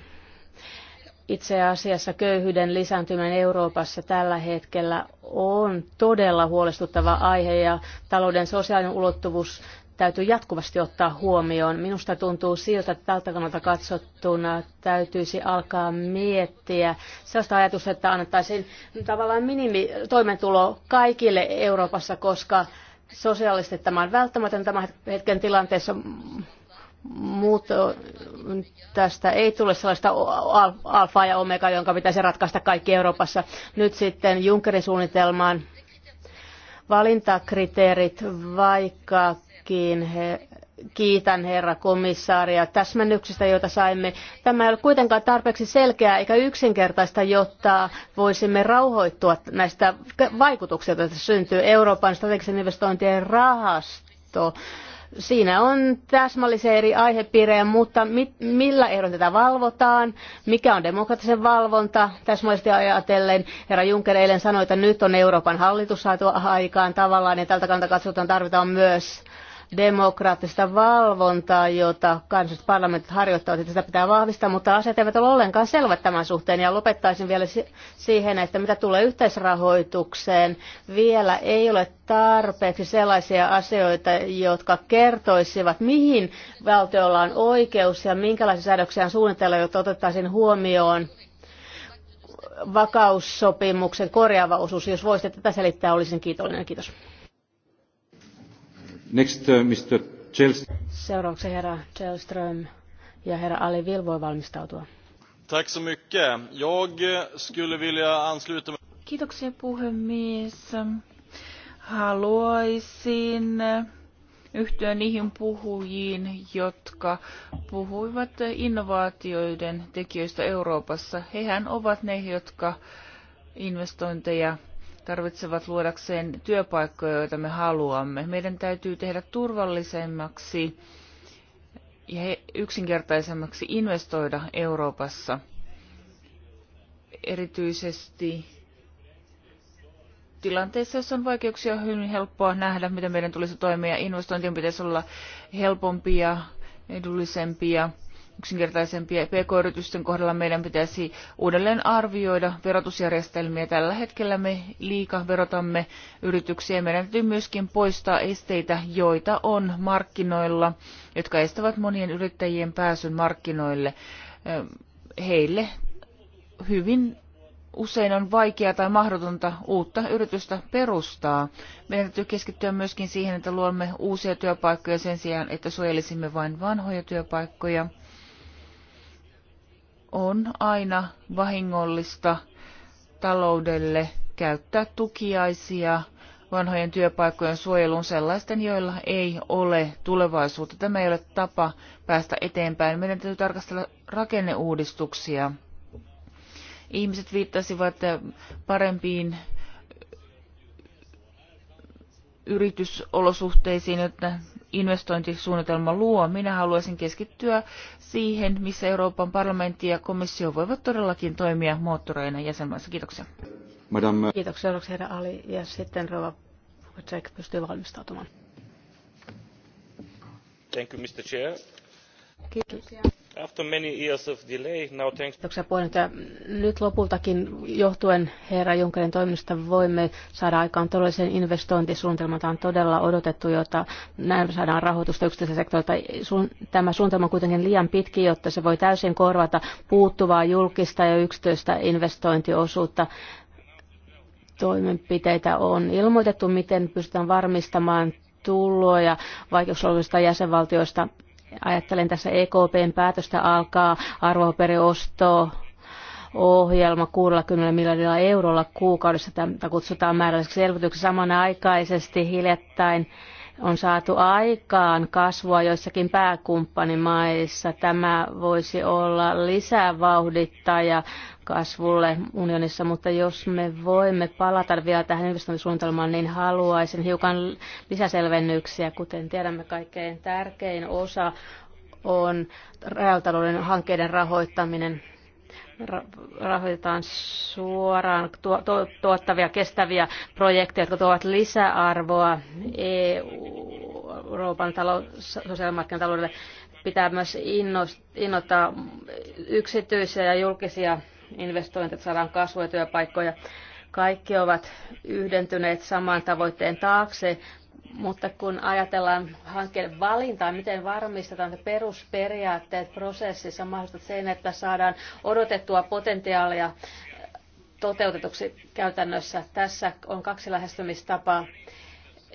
Itse asiassa köyhyyden lisääntyminen Euroopassa tällä hetkellä on todella huolestuttava aihe ja talouden sosiaalinen ulottuvuus täytyy jatkuvasti ottaa huomioon. Minusta tuntuu siltä, että tältä kannalta katsottuna täytyisi alkaa miettiä sellaista ajatusta, että annettaisiin tavallaan minimi kaikille Euroopassa, koska sosiaalisesti tämä on välttämätön tämän hetken tilanteessa muut tästä ei tule sellaista alfa ja omega, jonka pitäisi ratkaista kaikki Euroopassa. Nyt sitten Junckerin suunnitelmaan valintakriteerit, vaikka Ensinnäkin he, kiitän herra komissaaria täsmennyksistä, joita saimme. Tämä ei ole kuitenkaan tarpeeksi selkeää eikä yksinkertaista, jotta voisimme rauhoittua näistä vaikutuksista, joita syntyy Euroopan strategisen investointien rahasto. Siinä on täsmällisiä eri aihepiirejä, mutta mi- millä ehdoin tätä valvotaan, mikä on demokraattisen valvonta täsmällisesti ajatellen. Herra Juncker eilen sanoi, että nyt on Euroopan hallitus saatu aikaan tavallaan ja tältä kannalta katsotaan tarvitaan myös demokraattista valvontaa, jota kansalliset parlamentit harjoittavat, että sitä pitää vahvistaa, mutta asiat eivät ole ollenkaan selvät tämän suhteen. Ja lopettaisin vielä siihen, että mitä tulee yhteisrahoitukseen, vielä ei ole tarpeeksi sellaisia asioita, jotka kertoisivat, mihin valtiolla on oikeus ja minkälaisia säädöksiä on suunnitella, jotta otettaisiin huomioon vakaussopimuksen korjaava osuus. Jos voisitte tätä selittää, olisin kiitollinen. Kiitos. Next, uh, Mr. Chelsea. Seuraavaksi herra Chelström ja herra Ali Vil voi valmistautua. Tack så mycket. Jag eh, skulle vilja ansluta mig... Kiitoksia puhemies. Haluaisin eh, yhtyä niihin puhujiin, jotka puhuivat innovaatioiden tekijöistä Euroopassa. Hehän ovat ne, jotka investointeja tarvitsevat luodakseen työpaikkoja, joita me haluamme. Meidän täytyy tehdä turvallisemmaksi ja yksinkertaisemmaksi investoida Euroopassa. Erityisesti tilanteessa, jossa on vaikeuksia, on hyvin helppoa nähdä, miten meidän tulisi toimia. Investointien pitäisi olla helpompia, edullisempia yksinkertaisempien pk-yritysten kohdalla meidän pitäisi uudelleen arvioida verotusjärjestelmiä. Tällä hetkellä me liika verotamme yrityksiä ja meidän täytyy myös poistaa esteitä, joita on markkinoilla, jotka estävät monien yrittäjien pääsyn markkinoille. Heille hyvin usein on vaikeaa tai mahdotonta uutta yritystä perustaa. Meidän täytyy keskittyä myöskin siihen, että luomme uusia työpaikkoja sen sijaan, että suojelisimme vain vanhoja työpaikkoja on aina vahingollista taloudelle käyttää tukiaisia vanhojen työpaikkojen suojeluun sellaisten, joilla ei ole tulevaisuutta. Tämä ei ole tapa päästä eteenpäin. Meidän täytyy tarkastella rakenneuudistuksia. Ihmiset viittasivat parempiin yritysolosuhteisiin, että investointisuunnitelma luo. Minä haluaisin keskittyä siihen, missä Euroopan parlamentti ja komissio voivat todellakin toimia moottoreina jäsenmaissa. Kiitoksia. Madame. Kiitoksia, seuraavaksi herra Ali. Ja sitten rouva Kutsäk pystyy valmistautumaan. Thank you, Mr. Chair. Kiitoksia arvoisa puhemies Nyt lopultakin johtuen herra Junckerin toiminnasta voimme saada aikaan todellisen investointisuunnitelman. Tämä on todella odotettu, jotta näin saadaan rahoitusta yksityiseltä sektorilta. Tämä suunnitelma on kuitenkin liian pitki, jotta se voi täysin korvata puuttuvaa julkista ja yksityistä investointiosuutta toimenpiteitä on ilmoitettu, miten pystytään varmistamaan tuloja vaikeusoloisista jäsenvaltioista Ajattelen tässä EKPn päätöstä alkaa arvopaperiosto ohjelma 60 miljardilla eurolla kuukaudessa. Tämä kutsutaan määrälliseksi elvytykseksi samanaikaisesti hiljattain on saatu aikaan kasvua joissakin pääkumppanimaissa. Tämä voisi olla lisävauhdittaja kasvulle unionissa, mutta jos me voimme palata vielä tähän investointisuunnitelmaan, niin haluaisin hiukan lisäselvennyksiä. Kuten tiedämme, kaikkein tärkein osa on rajatalouden hankkeiden rahoittaminen rahoitetaan suoraan tuottavia, kestäviä projekteja, jotka tuovat lisäarvoa e Euroopan sosiaalimarkkinataloudelle. Pitää myös innostaa yksityisiä ja julkisia että saadaan kasvua ja työpaikkoja. Kaikki ovat yhdentyneet saman tavoitteen taakse, mutta kun ajatellaan hankkeen valintaa, miten varmistetaan, että perusperiaatteet prosessissa mahdollistat sen, että saadaan odotettua potentiaalia toteutetuksi käytännössä. Tässä on kaksi lähestymistapaa,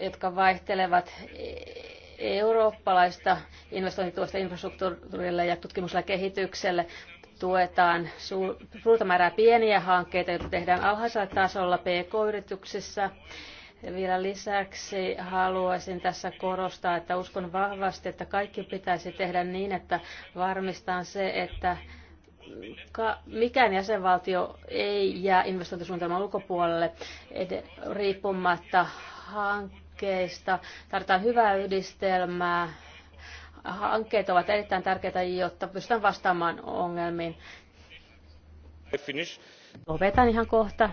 jotka vaihtelevat e-, eurooppalaista investointituosta infrastruktuurille ja tutkimukselle ja kehitykselle, tuetaan suurta määrää pieniä hankkeita, joita tehdään alhaisella tasolla PK-yrityksissä. Vielä lisäksi haluaisin tässä korostaa, että uskon vahvasti, että kaikki pitäisi tehdä niin, että varmistaan se, että mikään jäsenvaltio ei jää investointisuunnitelman ulkopuolelle riippumatta hankkeista. Tarvitaan hyvää yhdistelmää hankkeet ovat erittäin tärkeitä, jotta pystytään vastaamaan ongelmiin. Lopetan no, ihan kohta.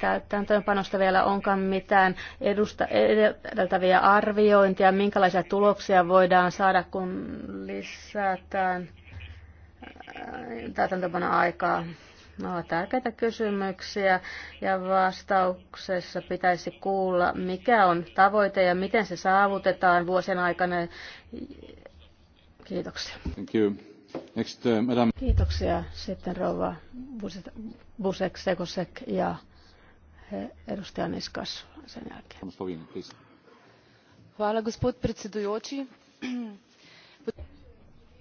Täytäntöönpanosta vielä onkaan mitään edusta, edeltäviä arviointia, minkälaisia tuloksia voidaan saada, kun lisätään äh, täytäntöönpanoaikaa. aikaa ne ovat tärkeitä kysymyksiä ja vastauksessa pitäisi kuulla, mikä on tavoite ja miten se saavutetaan vuosien aikana. Kiitoksia. Thank you. Next, uh, madam. Kiitoksia. Sitten rouva Busek, Sekosek ja edustaja Niskas sen jälkeen. Hvala,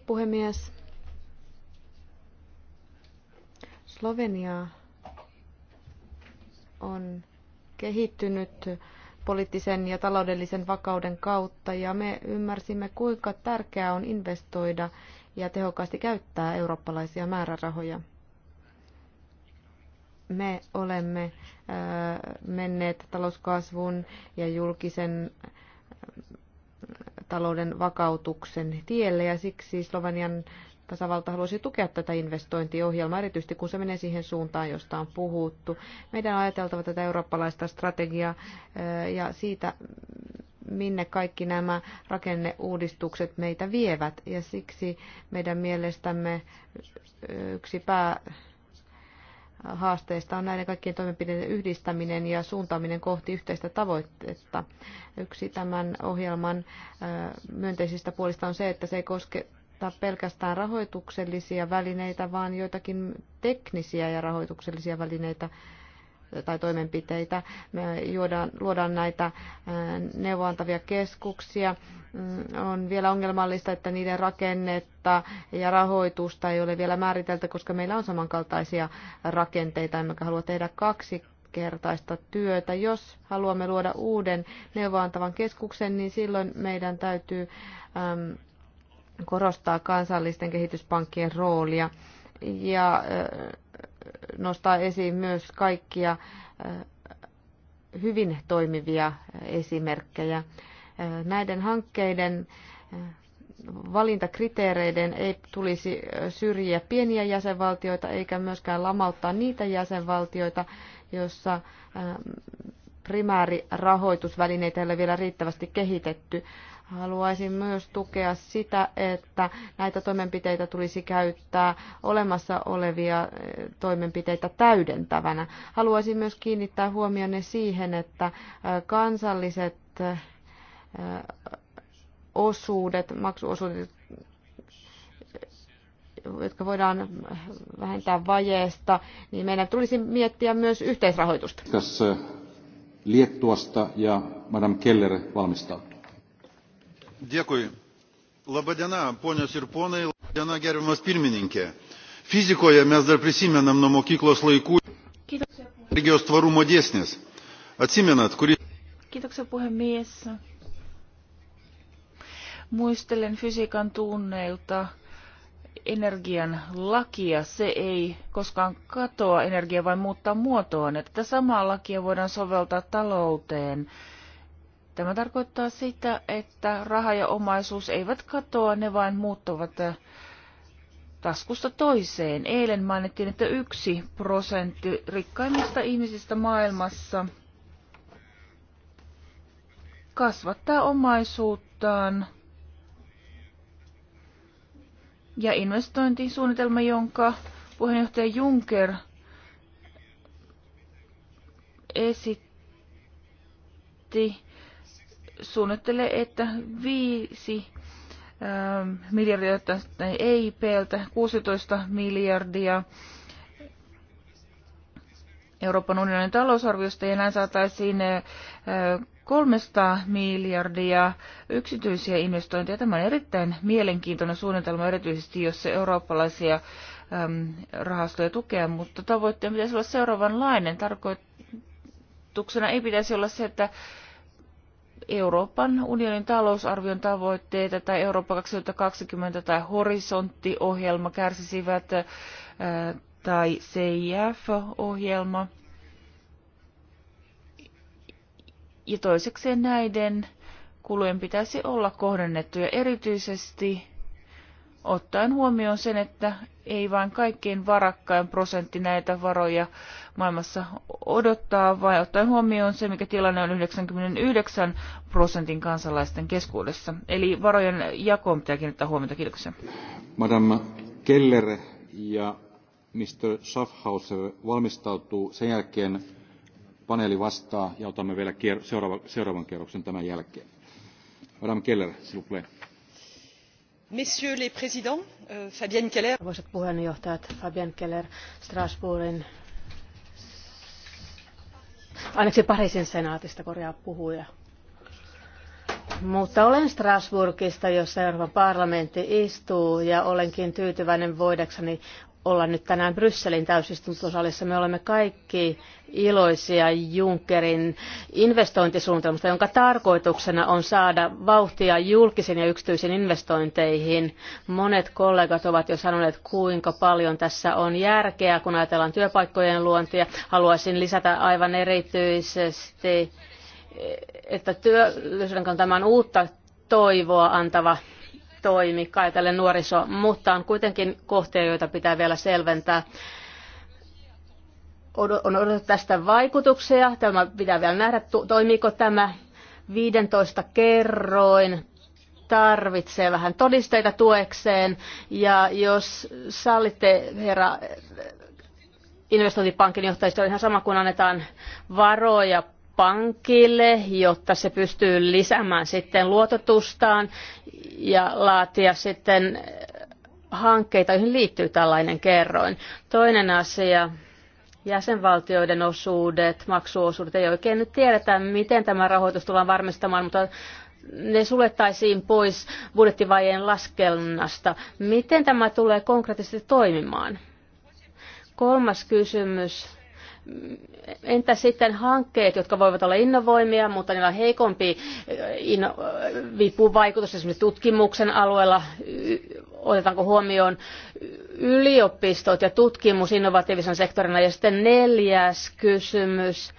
Puhemies, Slovenia on kehittynyt poliittisen ja taloudellisen vakauden kautta ja me ymmärsimme, kuinka tärkeää on investoida ja tehokkaasti käyttää eurooppalaisia määrärahoja. Me olemme menneet talouskasvun ja julkisen talouden vakautuksen tielle ja siksi Slovenian tasavalta haluaisi tukea tätä investointiohjelmaa, erityisesti kun se menee siihen suuntaan, josta on puhuttu. Meidän on ajateltava tätä eurooppalaista strategiaa eh, ja siitä, minne kaikki nämä rakenneuudistukset meitä vievät. Ja siksi meidän mielestämme yksi pää haasteista on näiden kaikkien toimenpiteiden yhdistäminen ja suuntaaminen kohti yhteistä tavoitetta. Yksi tämän ohjelman eh, myönteisistä puolista on se, että se ei koske ottaa pelkästään rahoituksellisia välineitä, vaan joitakin teknisiä ja rahoituksellisia välineitä tai toimenpiteitä. Me juodaan, luodaan näitä neuvoantavia keskuksia. Mm, on vielä ongelmallista, että niiden rakennetta ja rahoitusta ei ole vielä määritelty, koska meillä on samankaltaisia rakenteita, emmekä halua tehdä kaksi kertaista työtä. Jos haluamme luoda uuden neuvoantavan keskuksen, niin silloin meidän täytyy äm, korostaa kansallisten kehityspankkien roolia ja nostaa esiin myös kaikkia hyvin toimivia esimerkkejä. Näiden hankkeiden valintakriteereiden ei tulisi syrjiä pieniä jäsenvaltioita eikä myöskään lamauttaa niitä jäsenvaltioita, joissa primäärirahoitusvälineitä ei ole vielä riittävästi kehitetty. Haluaisin myös tukea sitä, että näitä toimenpiteitä tulisi käyttää olemassa olevia eh, toimenpiteitä täydentävänä. Haluaisin myös kiinnittää huomionne siihen, että eh, kansalliset eh, osuudet, maksuosuudet, jotka voidaan vähentää vajeesta, niin meidän tulisi miettiä myös yhteisrahoitusta. Tässä Liettuasta ja Madame Keller valmistautuu laba diena ponios ir ponai laba diena gerbiamas pirmininke. fizikoje mes dar prisimenam nuo mokyklos laikų energijos tvarumo dėsnis. atsimenat kuris. Kiitoksia puhemies. Muistelen fysiikan tunneilta energian lakia. Se ei koskaan katoa energiaa, vaan muuttaa muotoaan. Tätä samaa lakia voidaan soveltaa talouteen. Tämä tarkoittaa sitä, että raha ja omaisuus eivät katoa, ne vain muuttuvat eh, taskusta toiseen. Eilen mainittiin, että yksi prosentti rikkaimmista ihmisistä maailmassa kasvattaa omaisuuttaan. Ja investointisuunnitelma, jonka puheenjohtaja Juncker esitti, suunnittelee, että 5 ähm, miljardia tästä EIPltä, 16 miljardia Euroopan unionin talousarviosta ja näin saataisiin 300 äh, miljardia yksityisiä investointeja. Tämä on erittäin mielenkiintoinen suunnitelma, erityisesti jos se eurooppalaisia ähm, rahastoja tukee, mutta tavoitteen pitäisi olla seuraavanlainen. Tarkoituksena ei pitäisi olla se, että Euroopan unionin talousarvion tavoitteita tai Eurooppa 2020 tai horisonttiohjelma kärsisivät tai CIF-ohjelma. Ja toisekseen näiden kulujen pitäisi olla kohdennettuja erityisesti ottaen huomioon sen, että ei vain kaikkein varakkain prosentti näitä varoja maailmassa odottaa, vaan ottaen huomioon se, mikä tilanne on 99 prosentin kansalaisten keskuudessa. Eli varojen jakoon pitää kiinnittää huomiota. Kiitoksia. Madame Keller ja Mr. Schaffhauser valmistautuu. Sen jälkeen paneeli vastaa ja otamme vielä seuraavan kierroksen tämän jälkeen. Madame Keller, sinulle. Messieurs les présidents, euh, Fabienne Keller. Arvoisat puheenjohtajat, Fabienne Keller, Strasbourgin Anneksi Pariisin senaatista korjaa puhuja. Mutta olen Strasbourgista, jossa Euroopan parlamentti istuu, ja olenkin tyytyväinen voidakseni olla nyt tänään Brysselin täysistuntosalissa. Me olemme kaikki iloisia Junckerin investointisuunnitelmasta, jonka tarkoituksena on saada vauhtia julkisiin ja yksityisiin investointeihin. Monet kollegat ovat jo sanoneet, kuinka paljon tässä on järkeä, kun ajatellaan työpaikkojen luontia. Haluaisin lisätä aivan erityisesti, että työllisyyden kannalta tämä on uutta toivoa antava toimi kai tälle nuoriso, mutta on kuitenkin kohtia, joita pitää vielä selventää. On odotettu tästä vaikutuksia. Tämä pitää vielä nähdä, toimiiko tämä 15 kerroin tarvitsee vähän todisteita tuekseen. Ja jos sallitte, herra investointipankin johtajista, on ihan sama kuin annetaan varoja pankille, jotta se pystyy lisäämään sitten luototustaan ja laatia sitten hankkeita, joihin liittyy tällainen kerroin. Toinen asia, jäsenvaltioiden osuudet, maksuosuudet, ei oikein nyt tiedetä, miten tämä rahoitus tullaan varmistamaan, mutta ne sulettaisiin pois budjettivajeen laskelmasta. Miten tämä tulee konkreettisesti toimimaan? Kolmas kysymys Entä sitten hankkeet, jotka voivat olla innovoimia, mutta niillä on heikompi eh, eh, vipuvaikutus esimerkiksi tutkimuksen alueella? Otetaanko huomioon yliopistot ja tutkimus innovatiivisen sektorina? Ja sitten neljäs kysymys,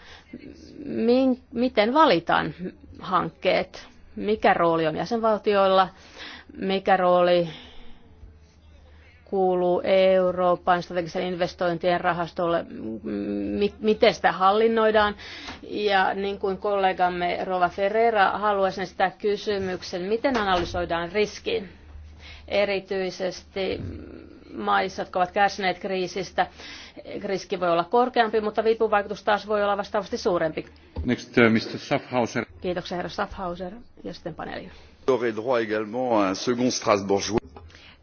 min- miten valitaan hankkeet? Mikä rooli on jäsenvaltioilla? Mikä rooli kuuluu Euroopan strategisen investointien rahastolle, miten sitä hallinnoidaan. Ja niin kuin kollegamme Rova Ferreira, haluaisin sitä kysymyksen, miten analysoidaan riski erityisesti maissa, jotka ovat kärsineet kriisistä. Riski voi olla korkeampi, mutta vipuvaikutus taas voi olla vastaavasti suurempi. Next, uh, Mr. Schaffhauser. Kiitoksia, herra Schaffhauser, ja sitten paneeli.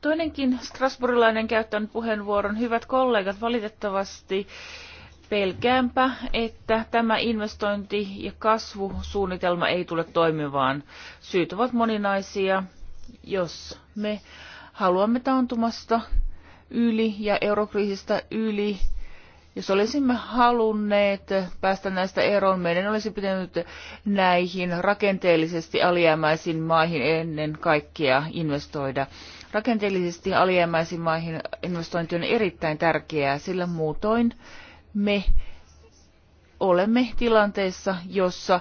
Toinenkin strasburilainen käyttänyt puheenvuoron. Hyvät kollegat, valitettavasti pelkäänpä, että tämä investointi- ja kasvusuunnitelma ei tule toimivaan. Syyt ovat moninaisia. Jos me haluamme taantumasta yli ja eurokriisistä yli, jos olisimme halunneet päästä näistä eroon, meidän olisi pitänyt näihin rakenteellisesti alijäämäisiin maihin ennen kaikkea investoida rakenteellisesti alijäämäisiin maihin investointi on erittäin tärkeää, sillä muutoin me olemme tilanteessa, jossa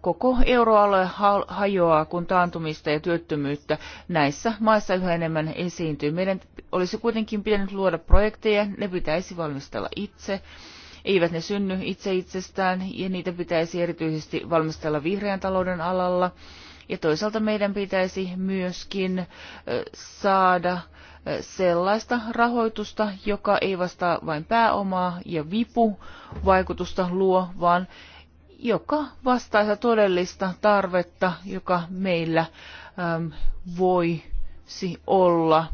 koko euroalue hajoaa, kun taantumista ja työttömyyttä näissä maissa yhä enemmän esiintyy. Meidän olisi kuitenkin pitänyt luoda projekteja, ne pitäisi valmistella itse. Eivät ne synny itse itsestään ja niitä pitäisi erityisesti valmistella vihreän talouden alalla ja toisaalta meidän pitäisi myöskin saada sellaista rahoitusta, joka ei vastaa vain pääomaa ja vaikutusta luo, vaan joka vastaa todellista tarvetta, joka meillä äm, voisi olla.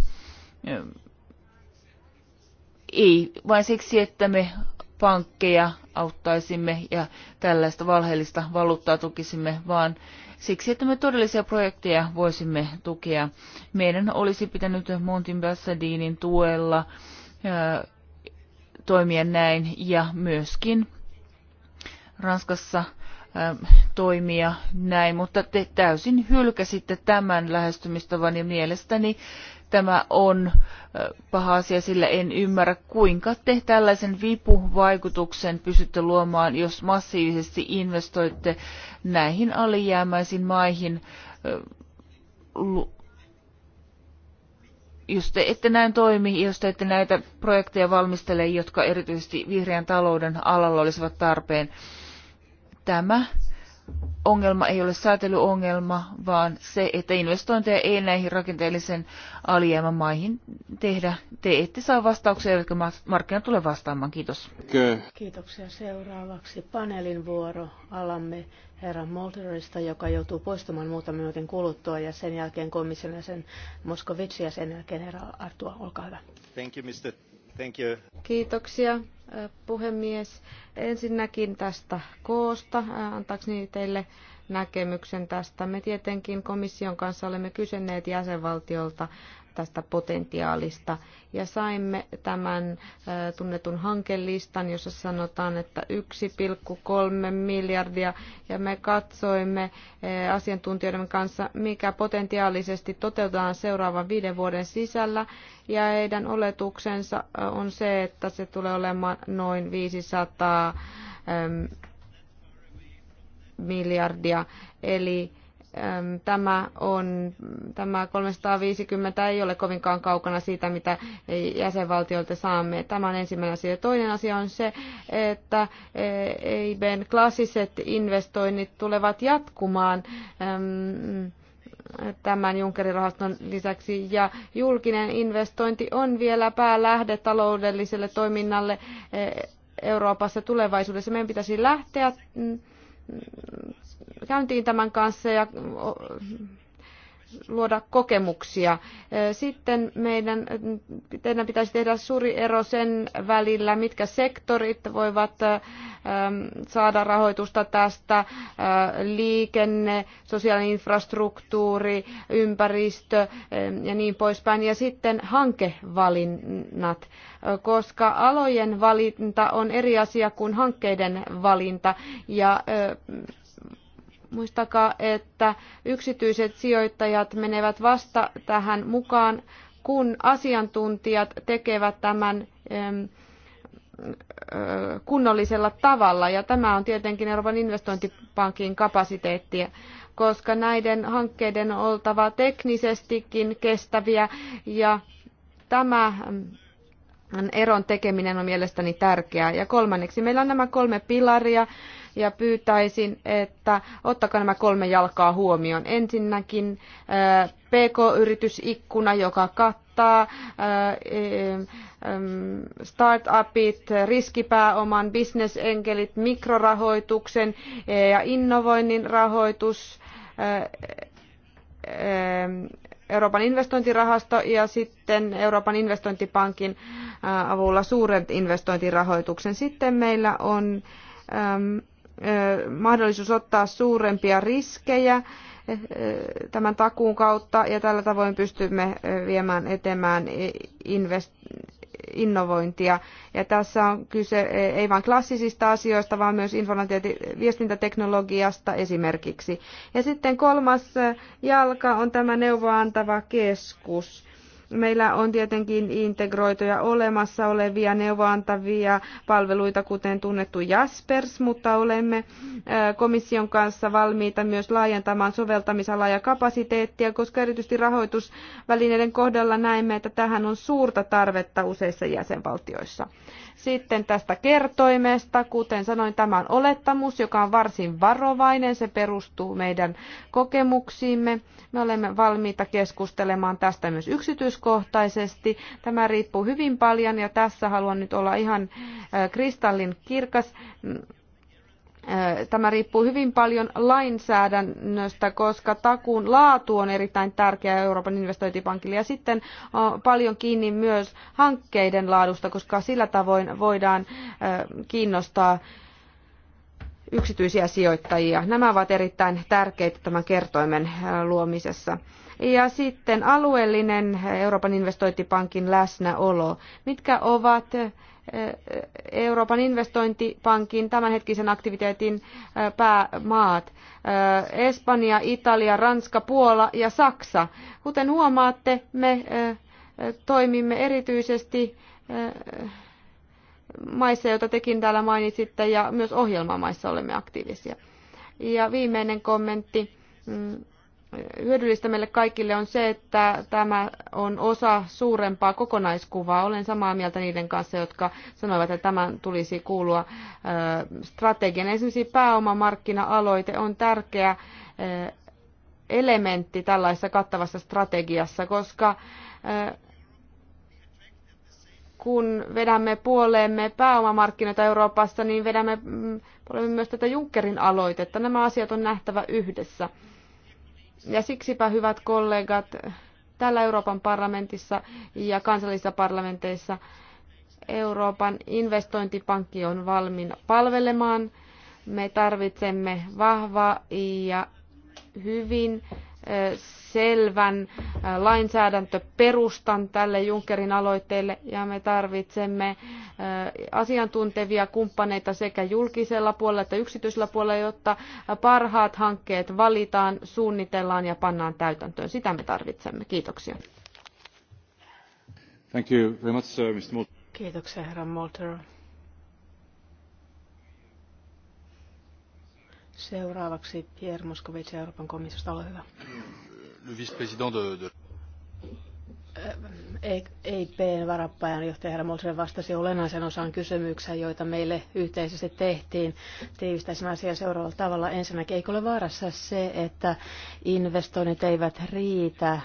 Ei vain siksi, että me pankkeja auttaisimme ja tällaista valheellista valuuttaa tukisimme, vaan siksi, että me todellisia projekteja voisimme tukea. Meidän olisi pitänyt Montin Bassadinin tuella toimia näin ja myöskin Ranskassa toimia näin, mutta te täysin hylkäsitte tämän lähestymistavan ja mielestäni Tämä on paha asia, sillä en ymmärrä, kuinka te tällaisen vipuvaikutuksen pystytte luomaan, jos massiivisesti investoitte näihin alijäämäisiin maihin. Jos te ette näin toimi, jos te ette näitä projekteja valmistele, jotka erityisesti vihreän talouden alalla olisivat tarpeen, tämä ongelma ei ole säätelyongelma, vaan se, että investointeja ei näihin rakenteellisen alijäämän maihin tehdä. Te ette saa vastauksia, eivätkä markkinat tule vastaamaan. Kiitos. Kiitoksia. Seuraavaksi paneelin vuoro. Alamme herra Molterista, joka joutuu poistumaan muutaman minuutin kuluttua, ja sen jälkeen komission jäsen Moskovitsi ja sen jälkeen herra Artua. Olkaa hyvä. Thank you, Mr. Kiitoksia puhemies. Ensinnäkin tästä koosta. Antaakseni teille näkemyksen tästä. Me tietenkin komission kanssa olemme kysyneet jäsenvaltiolta tästä potentiaalista. Ja saimme tämän tunnetun hankelistan, jossa sanotaan, että 1,3 miljardia, ja me katsoimme asiantuntijoiden kanssa, mikä potentiaalisesti toteutetaan seuraavan viiden vuoden sisällä, ja heidän oletuksensa on se, että se tulee olemaan noin 500 miljardia, eli Tämä, on, tämä 350 ei ole kovinkaan kaukana siitä, mitä jäsenvaltioilta saamme. Tämä on ensimmäinen asia. Toinen asia on se, että EIBn klassiset investoinnit tulevat jatkumaan tämän Junckerin rahaston lisäksi. Ja julkinen investointi on vielä päälähde taloudelliselle toiminnalle Euroopassa tulevaisuudessa. Meidän pitäisi lähteä mm, käyntiin tämän kanssa ja luoda kokemuksia. Sitten meidän, teidän pitäisi tehdä suuri ero sen välillä, mitkä sektorit voivat ähm, saada rahoitusta tästä, äh, liikenne, sosiaalinen infrastruktuuri, ympäristö ähm, ja niin poispäin. Ja sitten hankevalinnat, äh, koska alojen valinta on eri asia kuin hankkeiden valinta. Ja äh, Muistakaa, että yksityiset sijoittajat menevät vasta tähän mukaan, kun asiantuntijat tekevät tämän kunnollisella tavalla. Ja tämä on tietenkin Euroopan investointipankin kapasiteettia, koska näiden hankkeiden on oltava teknisestikin kestäviä ja tämä eron tekeminen on mielestäni tärkeää. Ja kolmanneksi meillä on nämä kolme pilaria, ja pyytäisin, että ottakaa nämä kolme jalkaa huomioon. Ensinnäkin äh, PK-yritysikkuna, joka kattaa äh, e, startupit, riskipääoman, bisnesenkelit, mikrorahoituksen e, ja innovoinnin rahoitus, äh, e, Euroopan investointirahasto ja sitten Euroopan investointipankin avulla suuret investointirahoituksen. Sitten meillä on mahdollisuus ottaa suurempia riskejä tämän takuun kautta ja tällä tavoin pystymme viemään etemään invest- innovointia. Ja tässä on kyse e, ei vain klassisista asioista, vaan myös informaatio- ja viestintäteknologiasta esimerkiksi. Ja sitten kolmas jalka on tämä neuvoantava keskus. Meillä on tietenkin integroituja olemassa olevia neuvoantavia palveluita, kuten tunnettu Jaspers, mutta olemme komission kanssa valmiita myös laajentamaan soveltamisalaa ja kapasiteettia, koska erityisesti rahoitusvälineiden kohdalla näemme, että tähän on suurta tarvetta useissa jäsenvaltioissa. Sitten tästä kertoimesta, kuten sanoin, tämä on olettamus, joka on varsin varovainen, se perustuu meidän kokemuksiimme. Me olemme valmiita keskustelemaan tästä myös yksityiskohtaisesti. Tämä riippuu hyvin paljon ja tässä haluan nyt olla ihan äh, kristallin kirkas. Tämä riippuu hyvin paljon lainsäädännöstä, koska takuun laatu on erittäin tärkeä Euroopan investointipankille ja sitten paljon kiinni myös hankkeiden laadusta, koska sillä tavoin voidaan kiinnostaa yksityisiä sijoittajia. Nämä ovat erittäin tärkeitä tämän kertoimen luomisessa. Ja sitten alueellinen Euroopan investointipankin läsnäolo. Mitkä ovat Euroopan investointipankin tämänhetkisen aktiviteetin päämaat. Espanja, Italia, Ranska, Puola ja Saksa. Kuten huomaatte, me toimimme erityisesti maissa, joita tekin täällä mainitsitte, ja myös ohjelmamaissa olemme aktiivisia. Ja viimeinen kommentti mm, hyödyllistä meille kaikille on se, että tämä on osa suurempaa kokonaiskuvaa. Olen samaa mieltä niiden kanssa, jotka sanoivat, että tämän tulisi kuulua strategian. Esimerkiksi pääomamarkkina-aloite on tärkeä elementti tällaisessa kattavassa strategiassa, koska kun vedämme puoleemme pääomamarkkinoita Euroopassa, niin vedämme mm, puoleemme myös tätä Junckerin aloitetta. Nämä asiat on nähtävä yhdessä. Ja siksipä, hyvät kollegat, täällä Euroopan parlamentissa ja kansallisissa parlamenteissa Euroopan investointipankki on valmiina palvelemaan. Me tarvitsemme vahvaa ja hyvin selvän lainsäädäntöperustan tälle Junckerin aloitteelle ja me tarvitsemme asiantuntevia kumppaneita sekä julkisella puolella että yksityisellä puolella, jotta parhaat hankkeet valitaan, suunnitellaan ja pannaan täytäntöön. Sitä me tarvitsemme. Kiitoksia. Thank you very much, sir, Mr. Kiitoksia, herra Seuraavaksi Pierre Moscovici Euroopan komissiosta, ole hyvä. Le vice-président de, de... EIPn varapääjohtaja herra Molsen vastasi olennaisen osan kysymyksiä, joita meille yhteisesti tehtiin. Tiivistäisin asiaa seuraavalla tavalla. Ensinnäkin, eikö ole vaarassa se, että investoinnit eivät riitä?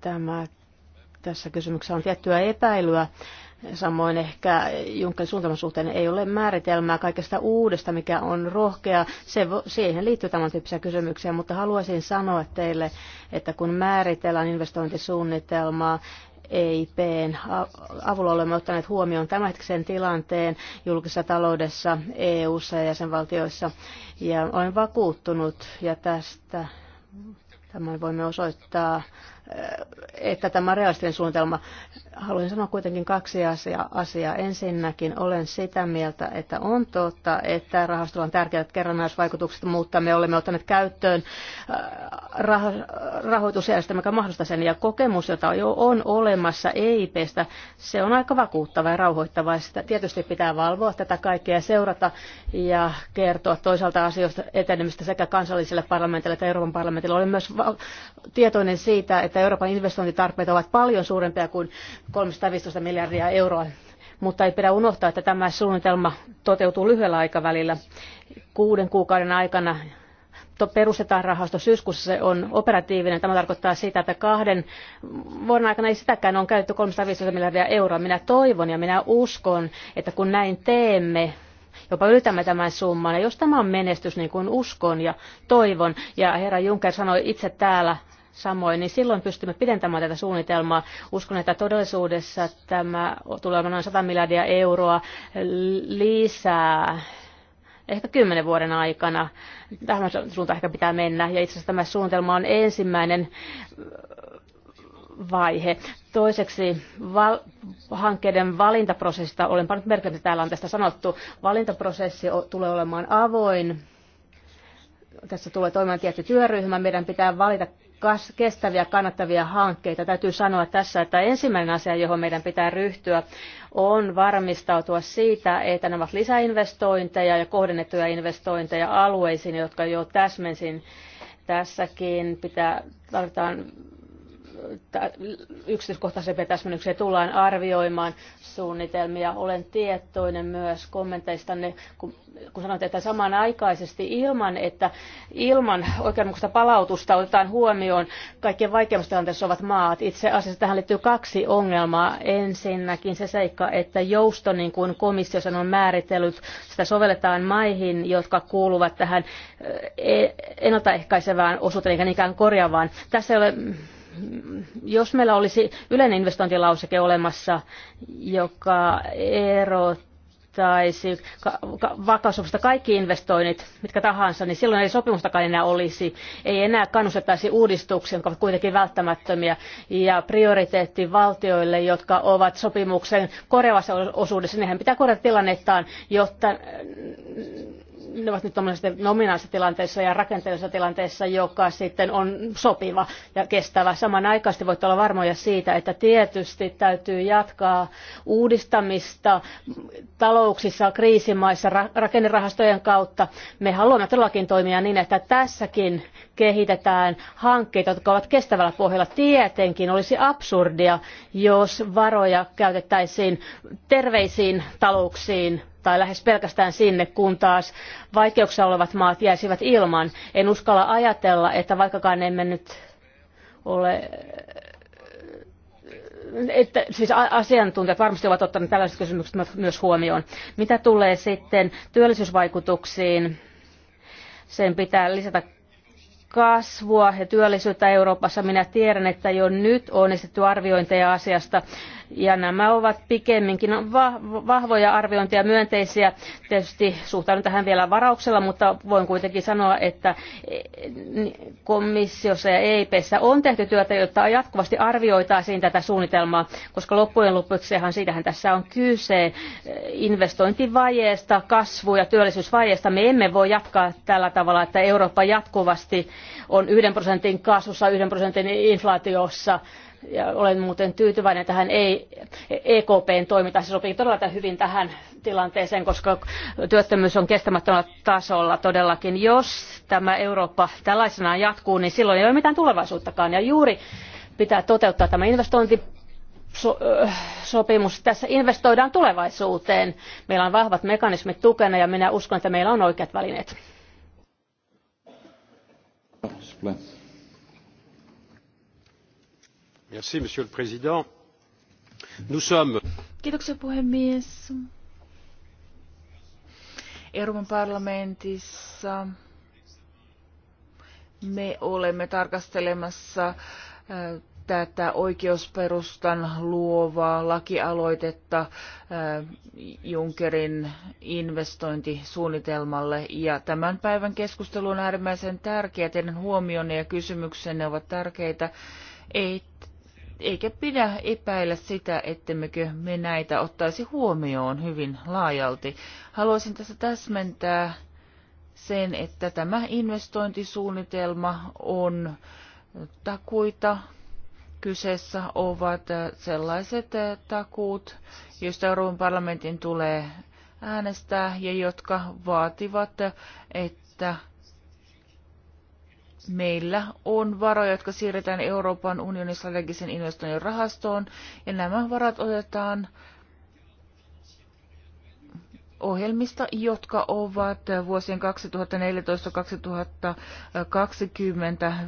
Tämä, tässä kysymyksessä on tiettyä epäilyä Samoin ehkä Junckerin suunnitelman suhteen ei ole määritelmää kaikesta uudesta, mikä on rohkea. Se siihen liittyy tämän tyyppisiä kysymyksiä, mutta haluaisin sanoa teille, että kun määritellään investointisuunnitelmaa, EIPn avulla olemme ottaneet huomioon tämänhetkisen tilanteen julkisessa taloudessa, EU-ssa ja jäsenvaltioissa. Ja olen vakuuttunut, ja tästä tämän voimme osoittaa että tämä realistinen suunnitelma. Haluan sanoa kuitenkin kaksi asiaa. Asia. Ensinnäkin olen sitä mieltä, että on totta, että rahastolla on tärkeät kerrannaisvaikutukset, mutta me olemme ottaneet käyttöön äh, raho- rahoitusjärjestelmä, joka mahdollistaa sen, ja kokemus, jota jo on olemassa EIPstä, se on aika vakuuttava ja rauhoittava. Sitä tietysti pitää valvoa tätä kaikkea ja seurata ja kertoa toisaalta asioista etenemistä sekä kansalliselle parlamentille että Euroopan parlamentille. Olen myös tietoinen siitä, että että Euroopan investointitarpeet ovat paljon suurempia kuin 315 miljardia euroa. Mutta ei pidä unohtaa, että tämä suunnitelma toteutuu lyhyellä aikavälillä. Kuuden kuukauden aikana perustetaan rahasto syyskuussa, se on operatiivinen. Tämä tarkoittaa sitä, että kahden vuoden aikana ei sitäkään ole käytetty 350 miljardia euroa. Minä toivon ja minä uskon, että kun näin teemme, jopa ylitämme tämän summan. Ja jos tämä on menestys, niin kuin uskon ja toivon, ja herra Juncker sanoi itse täällä samoin, niin silloin pystymme pidentämään tätä suunnitelmaa. Uskon, että todellisuudessa tämä tulee noin 100 miljardia euroa lisää ehkä kymmenen vuoden aikana. Tähän suuntaan ehkä pitää mennä. Ja itse asiassa tämä suunnitelma on ensimmäinen vaihe. Toiseksi val- hankkeiden valintaprosessista, olen pannut merkille, että täällä on tästä sanottu, valintaprosessi tulee olemaan avoin. Tässä tulee toimimaan tietty työryhmä. Meidän pitää valita kestäviä, kannattavia hankkeita. Täytyy sanoa tässä, että ensimmäinen asia, johon meidän pitää ryhtyä, on varmistautua siitä, että nämä ovat lisäinvestointeja ja kohdennettuja investointeja alueisiin, jotka jo täsmensin tässäkin. Pitää, tarvitaan yksityiskohtaisen täsmennyksiä tullaan arvioimaan suunnitelmia. Olen tietoinen myös kommenteistanne, kun, kun sanoit, että samanaikaisesti ilman, että ilman oikeudenmukaista palautusta otetaan huomioon kaikkien vaikeimmassa tilanteessa ovat maat. Itse asiassa tähän liittyy kaksi ongelmaa. Ensinnäkin se seikka, että jousto, niin kuin komissio on määritellyt, sitä sovelletaan maihin, jotka kuuluvat tähän e-, ennaltaehkäisevään osuuteen, eikä niinkään korjaavaan. Tässä ei ole jos meillä olisi yleinen investointilauseke olemassa, joka erottaisi vakausopista kaikki investoinnit, mitkä tahansa, niin silloin ei sopimustakaan enää olisi. Ei enää kannustettaisi uudistuksia, jotka ovat kuitenkin välttämättömiä, ja prioriteetti valtioille, jotka ovat sopimuksen korjaavassa osuudessa, nehän pitää korjata tilannettaan, jotta ne ovat nyt nominaalisessa tilanteessa ja rakenteellisessa tilanteessa, joka sitten on sopiva ja kestävä. Samanaikaisesti voitte olla varmoja siitä, että tietysti täytyy jatkaa uudistamista talouksissa, kriisimaissa, ra- rakennerahastojen kautta. Me haluamme todellakin toimia niin, että tässäkin kehitetään hankkeita, jotka ovat kestävällä pohjalla. Tietenkin olisi absurdia, jos varoja käytettäisiin terveisiin talouksiin tai lähes pelkästään sinne, kun taas vaikeuksia olevat maat jäisivät ilman. En uskalla ajatella, että vaikkakaan emme nyt ole että siis asiantuntijat varmasti ovat ottaneet tällaiset kysymykset myös huomioon. Mitä tulee sitten työllisyysvaikutuksiin, sen pitää lisätä kasvua ja työllisyyttä Euroopassa. Minä tiedän, että jo nyt on esitetty arviointeja asiasta ja nämä ovat pikemminkin vahvoja arviointeja myönteisiä. Tietysti suhtaudun tähän vielä varauksella, mutta voin kuitenkin sanoa, että e, komissiossa ja EIPssä on tehty työtä, jotta jatkuvasti arvioitaisiin tätä suunnitelmaa, koska loppujen lopuksihan siitähän tässä on kyse investointivajeesta, kasvu- ja työllisyysvajeesta. Me emme voi jatkaa tällä tavalla, että Eurooppa jatkuvasti on yhden prosentin kasvussa, yhden prosentin inflaatiossa ja olen muuten tyytyväinen tähän EKPn e toimintaan. Se sopii todella hyvin tähän tilanteeseen, koska työttömyys on kestämättömällä tasolla todellakin. Jos tämä Eurooppa tällaisenaan jatkuu, niin silloin ei ole mitään tulevaisuuttakaan. Ja juuri pitää toteuttaa tämä investointi sopimus. Tässä investoidaan tulevaisuuteen. Meillä on vahvat mekanismit tukena ja minä uskon, että meillä on oikeat välineet monsieur le président. Nous sommes... puhemies. Euroopan parlamentissa me olemme tarkastelemassa äh, tätä oikeusperustan luovaa lakialoitetta äh, Junckerin investointisuunnitelmalle. Ja tämän päivän keskustelu on äärimmäisen tärkeä. Teidän huomionne ja kysymyksenne ovat tärkeitä. Ei eikä pidä epäillä sitä, ettemmekö me näitä ottaisi huomioon hyvin laajalti. Haluaisin tässä täsmentää sen, että tämä investointisuunnitelma on takuita. Kyseessä ovat sellaiset takuut, joista Euroopan parlamentin tulee äänestää ja jotka vaativat, että meillä on varoja, jotka siirretään Euroopan unionin strategisen investoinnin rahastoon, ja nämä varat otetaan ohjelmista, jotka ovat vuosien 2014-2020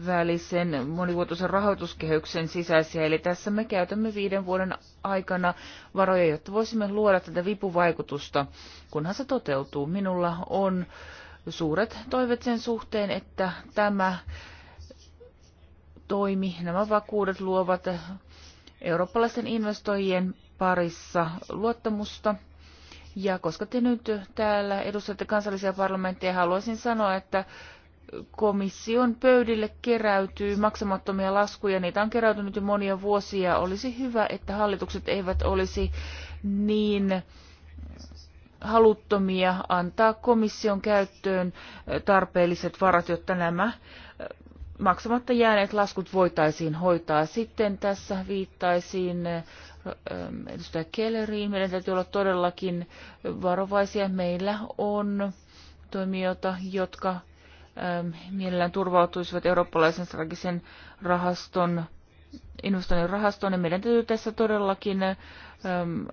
välisen monivuotoisen rahoituskehyksen sisäisiä. Eli tässä me käytämme viiden vuoden aikana varoja, jotta voisimme luoda tätä vipuvaikutusta, kunhan se toteutuu. Minulla on äh, suuret toiveet sen suhteen, että tämä toimi, nämä vakuudet luovat eurooppalaisten investoijien parissa luottamusta. Ja koska te nyt täällä edustatte kansallisia parlamentteja, haluaisin sanoa, että komission pöydille keräytyy maksamattomia laskuja. Niitä on keräytynyt jo monia vuosia. Olisi hyvä, että hallitukset eivät olisi niin äh, haluttomia antaa komission käyttöön tarpeelliset varat, jotta nämä maksamatta jääneet laskut voitaisiin hoitaa. Sitten tässä viittaisiin edustaja Kelleriin. Meidän täytyy olla todellakin varovaisia. Meillä on toimijoita, jotka mielellään turvautuisivat eurooppalaisen strategisen rahaston investoinnin rahastoon, ja meidän täytyy tässä todellakin äm,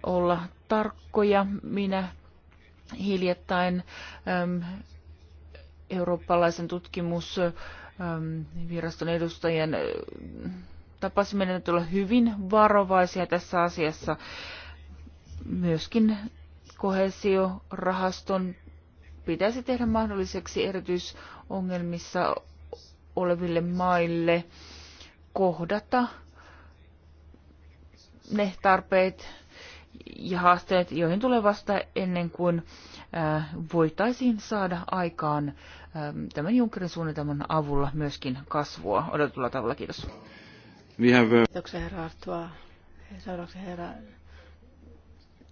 olla tarkkoja. Minä Hiljattain äm, eurooppalaisen tutkimusviraston ähm, edustajien äh, tapasimme että olla hyvin varovaisia tässä asiassa. Myöskin kohesiorahaston pitäisi tehdä mahdolliseksi erityisongelmissa oleville maille kohdata ne tarpeet, ja haasteet, joihin tulee vasta ennen kuin äh, voitaisiin saada aikaan ähm, tämän Junckerin suunnitelman avulla myöskin kasvua odotetulla tavalla. Kiitos. We have, uh... Kiitoksia herra Artua. Seuraavaksi herra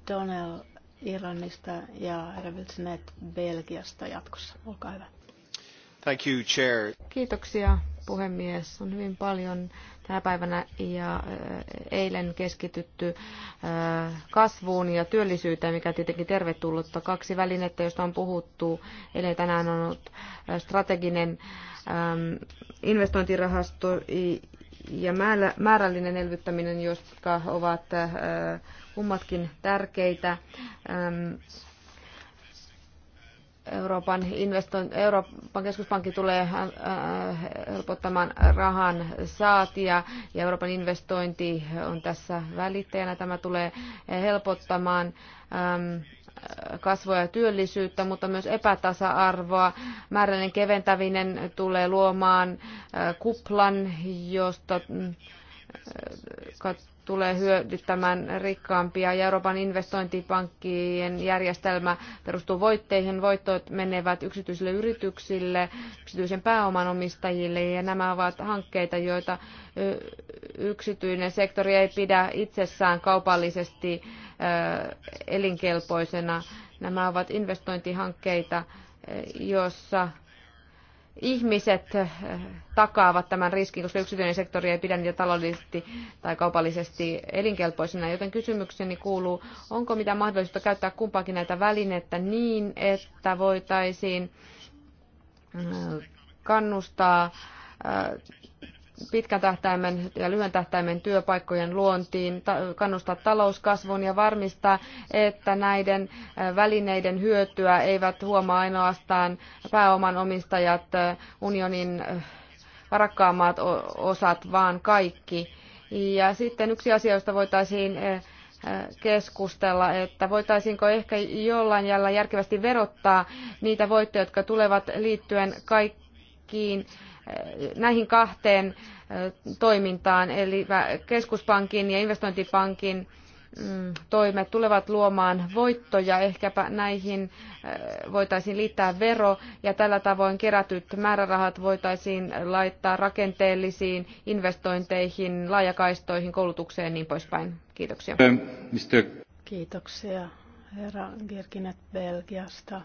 Donnell Irlannista ja herra Wilsonet Belgiasta jatkossa. Olkaa hyvä. Thank you, chair. Kiitoksia puhemies. On hyvin paljon tänä päivänä ja eilen keskitytty kasvuun ja työllisyyteen, mikä on tietenkin tervetullutta. Kaksi välinettä, joista on puhuttu, eilen tänään on ollut strateginen investointirahasto ja määrällinen elvyttäminen, jotka ovat kummatkin tärkeitä. Euroopan, investoin, Euroopan keskuspankki tulee äh, äh, helpottamaan rahan saatia ja Euroopan investointi on tässä välittäjänä. Tämä tulee helpottamaan kasvua ja työllisyyttä, mutta myös epätasa-arvoa. Määrällinen keventäminen tulee luomaan äh, kuplan, josta mm, tulee hyödyttämään rikkaampia ja Euroopan investointipankkien järjestelmä perustuu voitteihin. Voittot menevät yksityisille yrityksille, yksityisen pääoman omistajille ja nämä ovat hankkeita, joita yksityinen sektori ei pidä itsessään kaupallisesti elinkelpoisena. Nämä ovat investointihankkeita, jossa ihmiset eh, takaavat tämän riskin, koska yksityinen sektori ei pidä niitä taloudellisesti tai kaupallisesti elinkelpoisina. Joten kysymykseni kuuluu, onko mitään mahdollisuutta käyttää kumpaakin näitä välinettä niin, että voitaisiin eh, kannustaa eh, pitkän tähtäimen ja lyhyen tähtäimen työpaikkojen luontiin, kannustaa talouskasvuun ja varmistaa, että näiden äh, välineiden hyötyä eivät huomaa ainoastaan pääoman omistajat, äh, unionin äh, varakkaammat osat, vaan kaikki. Ja sitten yksi asia, josta voitaisiin keskustella, että voitaisiinko ehkä jollain jällä järkevästi verottaa niitä voittoja, jotka tulevat liittyen kaikkiin näihin kahteen toimintaan, eli keskuspankin ja investointipankin mm, toimet tulevat luomaan voittoja. Ehkäpä näihin voitaisiin liittää vero ja tällä tavoin kerätyt määrärahat voitaisiin laittaa rakenteellisiin investointeihin, laajakaistoihin, koulutukseen ja niin poispäin. Kiitoksia. Kiitoksia herra Girkinet Belgiasta.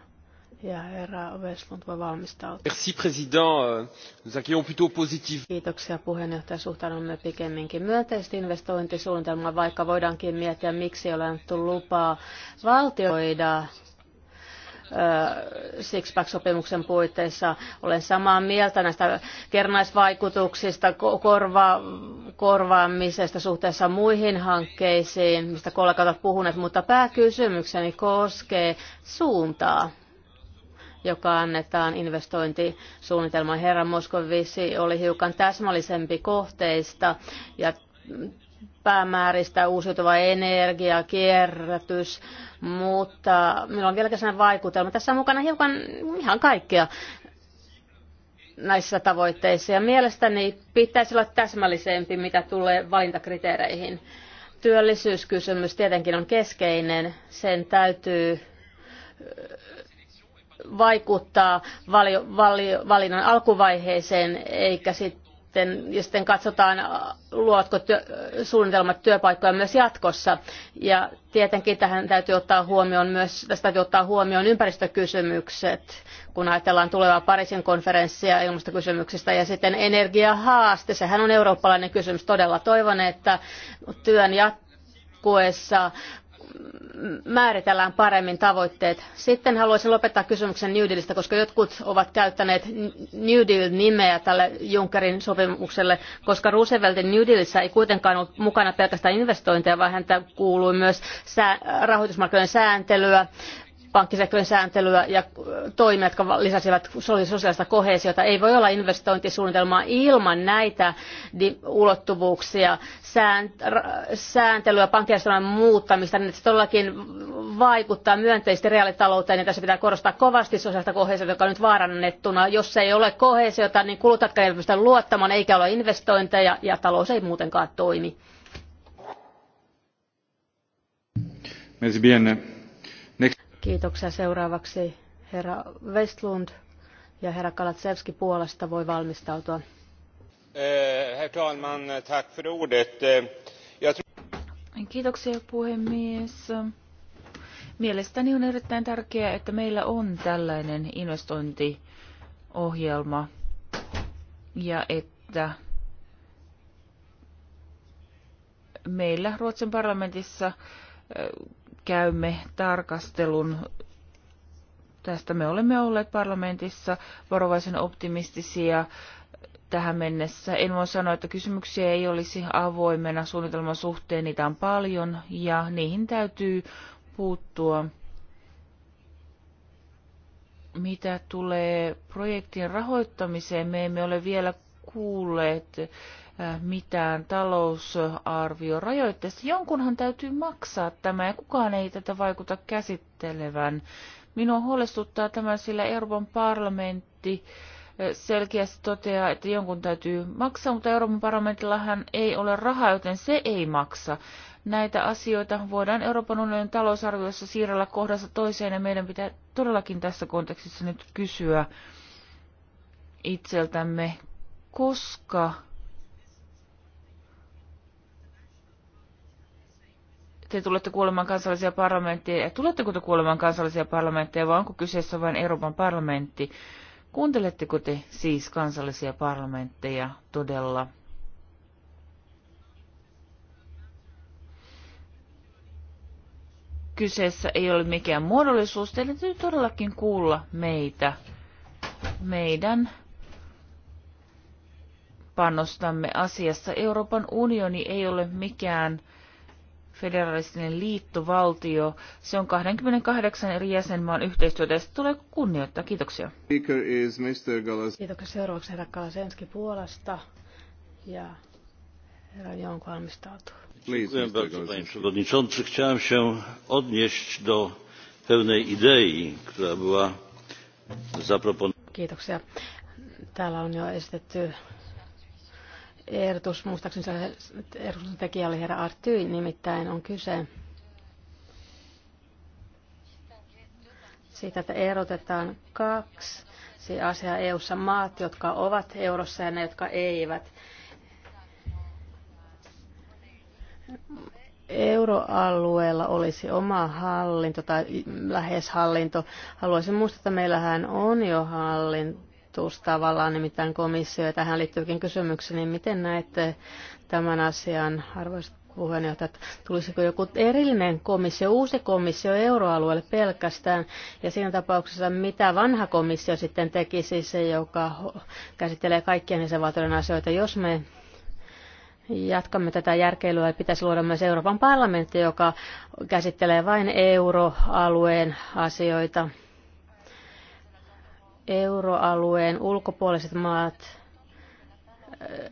Merci président. Euh, nous accueillons plutôt Kiitoksia puheenjohtaja. Suhtaudumme pikemminkin myönteisesti investointisuunnitelmaan, vaikka voidaankin miettiä, miksi ei ole annettu lupaa valtioida Sixpack-sopimuksen puitteissa. Olen samaa mieltä näistä kernaisvaikutuksista, korva, korvaamisesta suhteessa muihin hankkeisiin, mistä kollegat ovat puhuneet, mutta pääkysymykseni koskee suuntaa joka annetaan investointisuunnitelman. Herra Moskovisi oli hiukan täsmällisempi kohteista ja päämääristä uusiutuva energia, kierrätys, mutta minulla on vieläkin sellainen vaikutelma. Tässä on mukana hiukan ihan kaikkea näissä tavoitteissa ja mielestäni pitäisi olla täsmällisempi, mitä tulee valintakriteereihin. Työllisyyskysymys tietenkin on keskeinen. Sen täytyy vaikuttaa valio, valio, valinnan alkuvaiheeseen, eikä sitten, ja sitten katsotaan, äh, luotko työ, suunnitelmat työpaikkoja myös jatkossa. Ja tietenkin tähän täytyy ottaa huomioon myös, tästä täytyy ottaa huomioon ympäristökysymykset, kun ajatellaan tulevaa Pariisin konferenssia ilmastokysymyksistä ja sitten energiahaaste. Sehän on eurooppalainen kysymys todella. Toivon, että työn jatkuessa määritellään paremmin tavoitteet. Sitten haluaisin lopettaa kysymyksen New Dealista, koska jotkut ovat käyttäneet New Deal-nimeä tälle Junckerin sopimukselle, koska Rooseveltin New Dealissa ei kuitenkaan ollut mukana pelkästään investointeja, vaan häntä kuului myös rahoitusmarkkinoiden sääntelyä, pankkisektorin sääntelyä ja toimia, jotka lisäsivät sosiaalista kohesiota. Ei voi olla investointisuunnitelmaa ilman näitä ulottuvuuksia, sääntelyä, pankkijärjestelmän muuttamista, niin se todellakin vaikuttaa myönteisesti reaalitalouteen. Ja tässä pitää korostaa kovasti sosiaalista kohesiota, joka on nyt vaarannettuna. Jos ei ole kohesiota, niin kuluttajatkaan ei pysty luottamaan, eikä ole investointeja ja talous ei muutenkaan toimi. Merci bien. Kiitoksia seuraavaksi herra Westlund ja herra Kalatsevski Puolasta voi valmistautua. Eh, herr talman, tack för ordet. Eh, Kiitoksia puhemies. Mielestäni on erittäin tärkeää, että meillä on tällainen investointiohjelma ja että meillä Ruotsin parlamentissa eh, käymme tarkastelun. Tästä me olemme olleet parlamentissa varovaisen optimistisia tähän mennessä. En voi sanoa, että kysymyksiä ei olisi avoimena suunnitelman suhteen, niitä on paljon ja niihin täytyy puuttua. Mitä tulee projektin rahoittamiseen, me emme ole vielä kuulleet mitään talousarviorajoitteista. Jonkunhan täytyy maksaa tämä ja kukaan ei tätä vaikuta käsittelevän. Minua huolestuttaa tämä, sillä Euroopan parlamentti selkeästi toteaa, että jonkun täytyy maksaa, mutta Euroopan parlamentillahan ei ole rahaa, joten se ei maksa. Näitä asioita voidaan Euroopan unionin talousarviossa siirrellä kohdassa toiseen ja meidän pitää todellakin tässä kontekstissa nyt kysyä itseltämme, koska te tulette kuulemaan kansallisia parlamentteja. Tuletteko te kuulemaan kansallisia parlamentteja vai onko kyseessä vain Euroopan parlamentti? Kuunteletteko te siis kansallisia parlamentteja todella? Kyseessä ei ole mikään muodollisuus. Teidän täytyy todellakin kuulla meitä, meidän panostamme asiassa. Euroopan unioni ei ole mikään federalistinen liittovaltio. Se on 28 eri jäsenmaan yhteistyötä ja tulee kunnioittaa. Kiitoksia. Kiitoksia seuraavaksi herra Kalasenski Puolasta ja herra Jonko valmistautuu. Panie Przewodniczący, chciałem się odnieść do pewnej idei, która była zaproponowana. Kiitoksia. Täällä on jo esitetty ehdotus, muistaakseni ehdotuksen tekijä oli herra Arty, nimittäin on kyse siitä, että erotetaan kaksi siis asiaa EU-ssa maat, jotka ovat eurossa ja ne, jotka eivät. Euroalueella olisi oma hallinto tai lähes hallinto. Haluaisin muistaa, että meillähän on jo hallinto asetus tavallaan, nimittäin komissio, ja tähän liittyykin kysymykseni, niin miten näette tämän asian, arvoisat puheenjohtajat, tulisiko joku erillinen komissio, uusi komissio euroalueelle pelkästään, ja siinä tapauksessa mitä vanha komissio sitten tekisi se, joka käsittelee kaikkien jäsenvaltioiden asioita, jos me jatkamme tätä järkeilyä ja niin pitäisi luoda myös Euroopan parlamentti, joka käsittelee vain euroalueen asioita euroalueen ulkopuoliset maat Se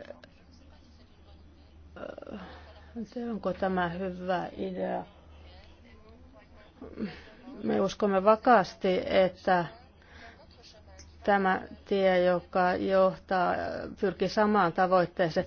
öö, öö, onko tämä hyvä idea. Me uskomme vakaasti, että tämä tie, joka johtaa, pyrkii samaan tavoitteeseen.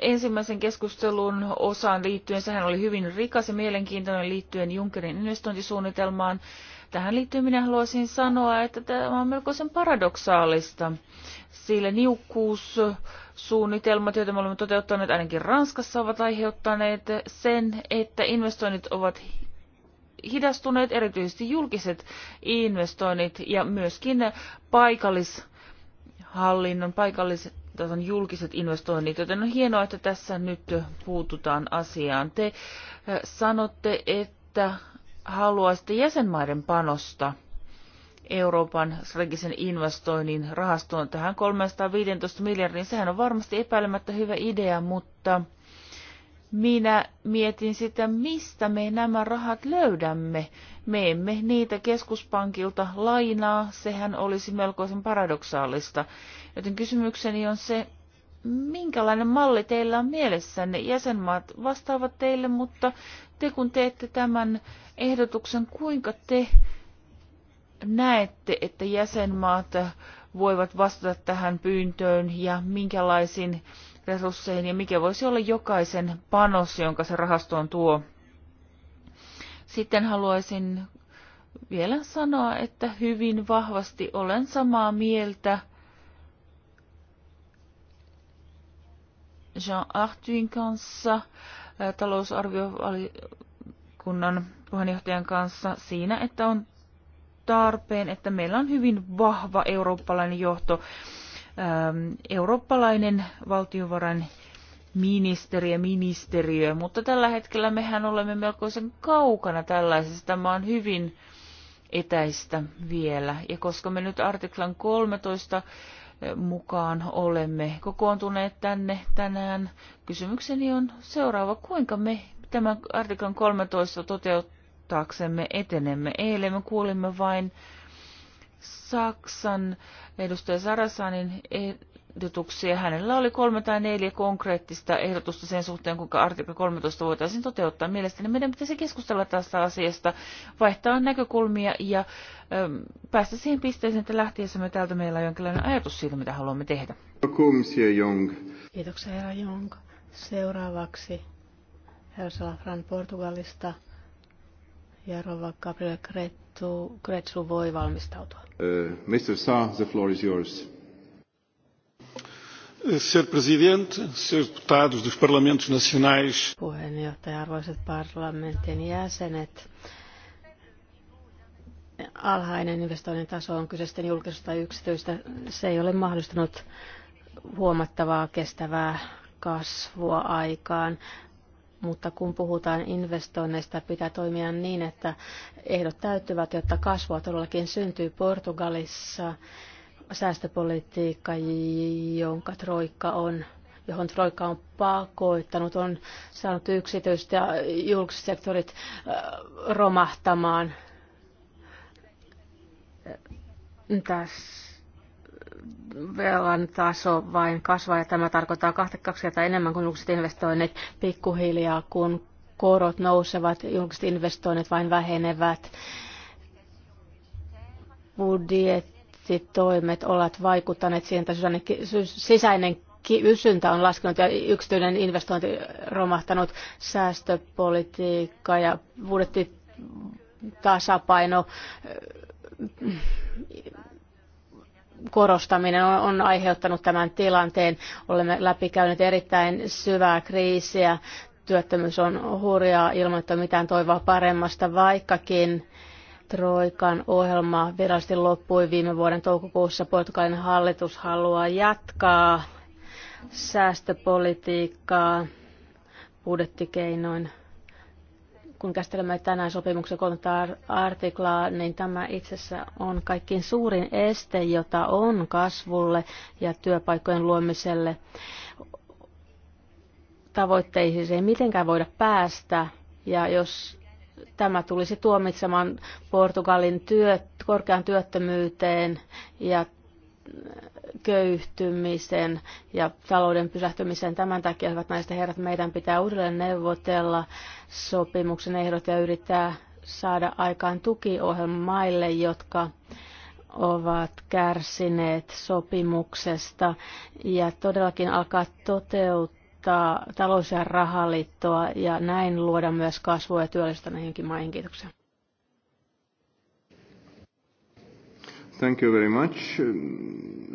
ensimmäisen keskustelun osaan liittyen. Sehän oli hyvin rikas ja mielenkiintoinen liittyen Junckerin investointisuunnitelmaan. Tähän liittyen minä haluaisin sanoa, että tämä on melkoisen paradoksaalista, sillä niukkuussuunnitelmat, joita me olemme toteuttaneet ainakin Ranskassa, ovat aiheuttaneet sen, että investoinnit ovat hidastuneet, erityisesti julkiset investoinnit ja myöskin paikallishallinnon, paikalliset on julkiset investoinnit, joten on hienoa, että tässä nyt puututaan asiaan. Te eh, sanotte, että haluaisitte jäsenmaiden panosta Euroopan strategisen investoinnin rahastoon tähän 315 miljardin. Sehän on varmasti epäilemättä hyvä idea, mutta minä mietin sitä, mistä me nämä rahat löydämme. Me emme niitä keskuspankilta lainaa, sehän olisi melkoisen paradoksaalista. Joten kysymykseni on se, minkälainen malli teillä on mielessänne? Jäsenmaat vastaavat teille, mutta te kun teette tämän ehdotuksen, kuinka te näette, että jäsenmaat voivat vastata tähän pyyntöön ja minkälaisin resursseihin ja mikä voisi olla jokaisen panos, jonka se rahastoon tuo. Sitten haluaisin vielä sanoa, että hyvin vahvasti olen samaa mieltä Jean Artuin kanssa, talousarviovaliokunnan puheenjohtajan kanssa siinä, että on tarpeen, että meillä on hyvin vahva eurooppalainen johto, eurooppalainen valtiovarain ministeri ja ministeriö, mutta tällä hetkellä mehän olemme melkoisen kaukana tällaisesta. Tämä on hyvin etäistä vielä. Ja koska me nyt artiklan 13 mukaan olemme kokoontuneet tänne tänään. Kysymykseni on seuraava, kuinka me tämän artiklan 13 toteuttaaksemme etenemme? Eilen me kuulimme vain Saksan edustaja Sarasanin e- ehdotuksia. Hänellä oli kolme tai neljä konkreettista ehdotusta sen suhteen, kuinka artikla 13 voitaisiin toteuttaa. Mielestäni meidän pitäisi keskustella tästä asiasta, vaihtaa näkökulmia ja ö, ähm, päästä siihen pisteeseen, että lähtiessämme täältä meillä on jonkinlainen ajatus siitä, mitä haluamme tehdä. Kiitoksia, herra Jong. Seuraavaksi herra Salafran Portugalista. Jarova Gabriel Kretsu, Kretsu voi valmistautua. Uh, Mr. Sa, the floor is yours. Sr. Presidente, Srs. Deputados dos Parlamentos Nacionais. Puheenjohtaja, arvoisat jäsenet. Alhainen investoinnin taso on kyse sitten julkisesta tai yksityistä. Se ei ole mahdollistanut huomattavaa kestävää kasvua aikaan mutta kun puhutaan investoinneista, pitää toimia niin, että ehdot täyttyvät, jotta kasvua todellakin syntyy Portugalissa säästöpolitiikka, jonka Troikka on johon Troika on pakoittanut, on saanut yksityiset ja julkiset sektorit äh, romahtamaan. Tässä velan taso vain kasvaa ja tämä tarkoittaa kaksi kertaa enemmän kuin julkiset investoinnit pikkuhiljaa, kun korot nousevat, julkiset investoinnit vain vähenevät. Budjetti Brexit toimet ovat vaikuttaneet siihen, että sisäinen kysyntä on laskenut ja yksityinen investointi romahtanut, säästöpolitiikka ja budjettitasapaino äh, korostaminen on, on aiheuttanut tämän tilanteen. Olemme läpikäyneet erittäin syvää kriisiä. Työttömyys on hurjaa ilman, että mitään toivoa paremmasta, vaikkakin Troikan ohjelma virallisesti loppui viime vuoden toukokuussa. Portugalin hallitus haluaa jatkaa säästöpolitiikkaa budjettikeinoin. Kun käsittelemme tänään sopimuksen kolmatta artiklaa, niin tämä itsessä on kaikkein suurin este, jota on kasvulle ja työpaikkojen luomiselle. Tavoitteisiin ei mitenkään voida päästä, ja jos tämä tulisi tuomitsemaan Portugalin työt, korkean työttömyyteen ja köyhtymisen ja talouden pysähtymisen. Tämän takia, hyvät naiset ja herrat, meidän pitää uudelleen neuvotella sopimuksen ehdot ja yrittää saada aikaan tukiohjelma maille, jotka ovat kärsineet sopimuksesta ja todellakin alkaa toteuttaa vahvistaa talous- ja rahaliittoa ja näin luoda myös kasvua ja työllistä näihinkin maihin. Kiitoksia. Thank you very much.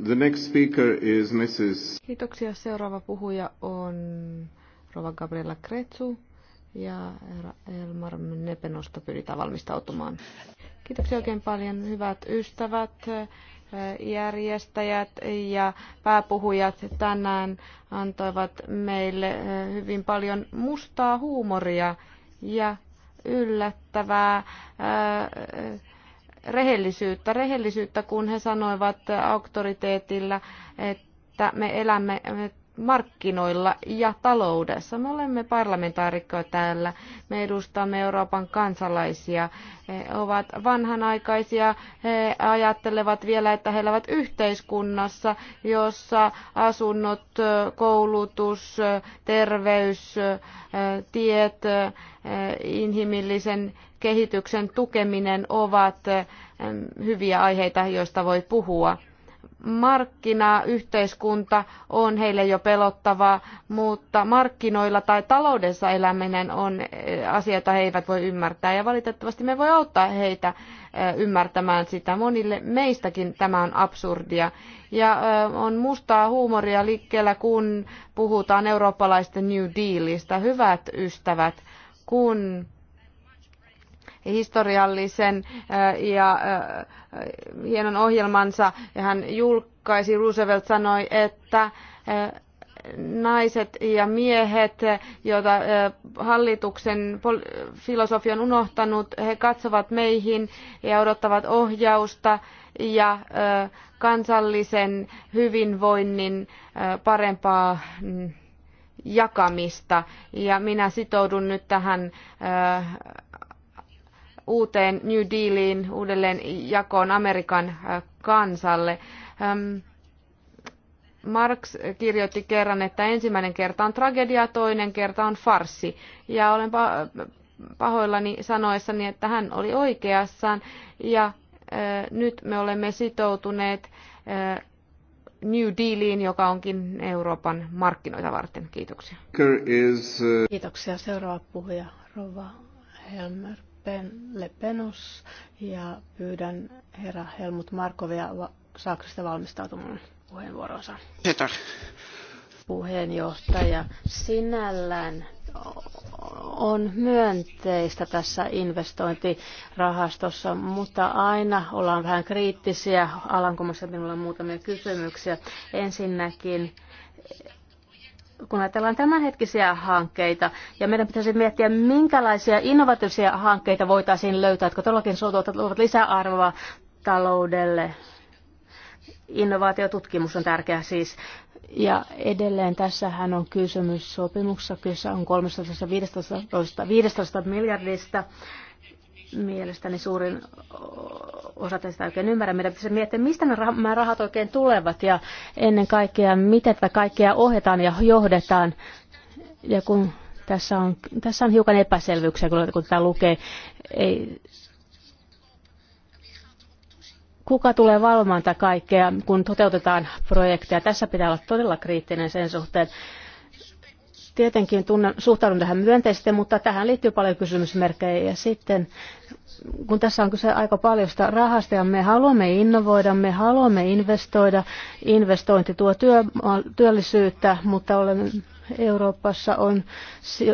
The next speaker is Mrs. Kiitoksia. Seuraava puhuja on Rova Gabriela Kretsu ja Elmar Nepenosta pyritään valmistautumaan. Kiitoksia oikein paljon, hyvät ystävät järjestäjät ja pääpuhujat tänään antoivat meille eh, hyvin paljon mustaa huumoria ja yllättävää eh, rehellisyyttä. Rehellisyyttä, kun he sanoivat auktoriteetilla, että me elämme markkinoilla ja taloudessa. Me olemme parlamentaarikkoja täällä, me edustamme Euroopan kansalaisia. He ovat vanhanaikaisia, he ajattelevat vielä, että he elävät yhteiskunnassa, jossa asunnot, koulutus, terveys, tiet, inhimillisen kehityksen tukeminen ovat hyviä aiheita, joista voi puhua markkinayhteiskunta on heille jo pelottavaa, mutta markkinoilla tai taloudessa eläminen on eh, asia, jota he eivät voi ymmärtää. Ja valitettavasti me voi auttaa heitä eh, ymmärtämään sitä. Monille meistäkin tämä on absurdia. Ja eh, on mustaa huumoria liikkeellä, kun puhutaan eurooppalaisten New Dealista. Hyvät ystävät, kun historiallisen äh, ja äh, hienon ohjelmansa ja hän julkaisi, Roosevelt sanoi, että äh, naiset ja miehet, joita hallituksen filosofia on unohtanut, he katsovat meihin ja odottavat ohjausta ja kansallisen hyvinvoinnin parempaa mm, jakamista. Ja minä sitoudun nyt tähän uuteen New Dealiin, uudelleen jakoon Amerikan äh, kansalle. Marx kirjoitti kerran, että ensimmäinen kerta on tragedia, toinen kerta on farsi. Ja olen pahoillani sanoessani, että hän oli oikeassaan. Ja nyt me olemme sitoutuneet New Dealiin, joka onkin Euroopan markkinoita varten. Kiitoksia. Kiitoksia. Seuraava puhuja, Rova Helmer. Lepen, Lepenus ja pyydän herra Helmut Markovia Saksasta valmistautumaan puheenvuoronsa. Kiitos. Puheenjohtaja, sinällään on myönteistä tässä investointirahastossa, mutta aina ollaan vähän kriittisiä. Alankomassa minulla on muutamia kysymyksiä. Ensinnäkin kun ajatellaan tämänhetkisiä hankkeita, ja meidän pitäisi miettiä, minkälaisia innovatiivisia hankkeita voitaisiin löytää, jotka todellakin suotuvat lisäarvoa taloudelle. Innovaatiotutkimus on tärkeä siis. Ja edelleen tässähän on kysymys sopimuksessa, kyse on 315 15 miljardista mielestäni suurin osa tästä oikein ymmärrä. Meidän pitäisi miettiä, mistä nämä rahat oikein tulevat ja ennen kaikkea, miten tätä kaikkea ohjataan ja johdetaan. Ja kun tässä on, tässä on hiukan epäselvyyksiä, kun tämä lukee. Ei, kuka tulee valvomaan tätä kaikkea, kun toteutetaan projekteja? Tässä pitää olla todella kriittinen sen suhteen Tietenkin tunnen, suhtaudun tähän myönteisesti, mutta tähän liittyy paljon kysymysmerkkejä. Ja sitten, kun tässä on kyse aika paljon sitä rahasta, ja me haluamme innovoida, me haluamme investoida, investointi tuo työ, työllisyyttä, mutta olemme Euroopassa on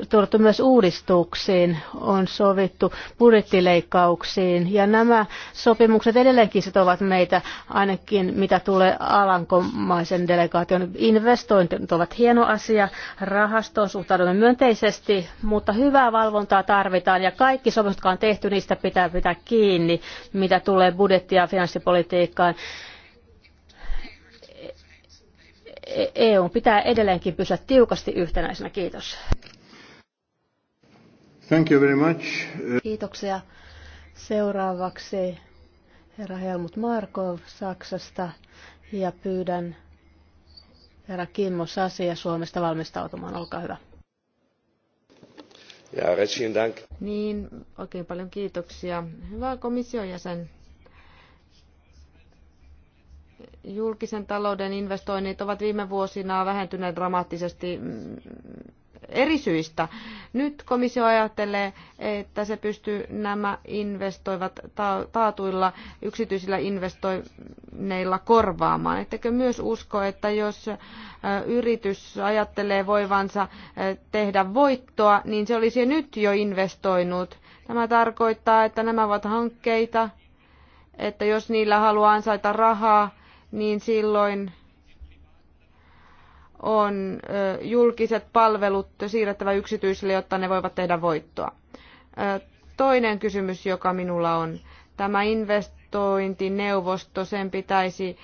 tuotu myös uudistuksiin, on sovittu budjettileikkauksiin ja nämä sopimukset edelleenkin sitovat meitä ainakin mitä tulee alankomaisen delegaation. investointiin. ovat hieno asia, rahastoon suhtaudumme myönteisesti, mutta hyvää valvontaa tarvitaan ja kaikki sopimukset, jotka on tehty, niistä pitää pitää kiinni, mitä tulee budjetti- ja finanssipolitiikkaan. EU e pitää edelleenkin pysyä tiukasti yhtenäisenä. Kiitos. Thank you very much. Kiitoksia. Seuraavaksi herra Helmut Markov Saksasta ja pyydän herra Kimmo Sasia Suomesta valmistautumaan. Olkaa hyvä. Ja, Niin, oikein paljon kiitoksia. Hyvä komission jäsen. Julkisen talouden investoinnit ovat viime vuosina vähentyneet dramaattisesti mm, eri syistä. Nyt komissio ajattelee, että se pystyy nämä investoivat taatuilla yksityisillä investoinneilla korvaamaan. Ettekö myös usko, että jos yritys ajattelee voivansa tehdä voittoa, niin se olisi nyt jo investoinut. Tämä tarkoittaa, että nämä ovat hankkeita, että jos niillä haluaa ansaita rahaa, niin silloin on julkiset palvelut siirrettävä yksityisille, jotta ne voivat tehdä voittoa. Toinen kysymys, joka minulla on, tämä investointineuvosto, sen pitäisi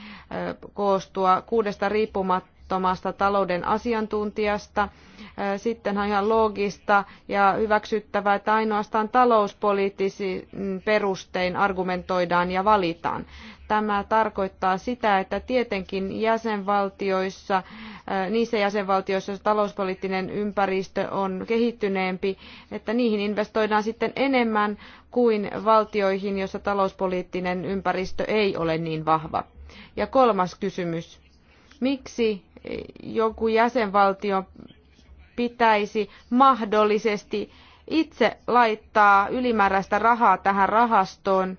koostua kuudesta riippumatta riippumattomasta talouden asiantuntijasta. Äh, sitten on ihan loogista ja hyväksyttävää, että ainoastaan talouspoliittisin perustein argumentoidaan ja valitaan. Tämä tarkoittaa sitä, että tietenkin jäsenvaltioissa, äh, niissä jäsenvaltioissa, joissa talouspoliittinen ympäristö on kehittyneempi, että niihin investoidaan sitten enemmän kuin valtioihin, joissa talouspoliittinen ympäristö ei ole niin vahva. Ja kolmas kysymys. Miksi joku jäsenvaltio pitäisi mahdollisesti itse laittaa ylimääräistä rahaa tähän rahastoon,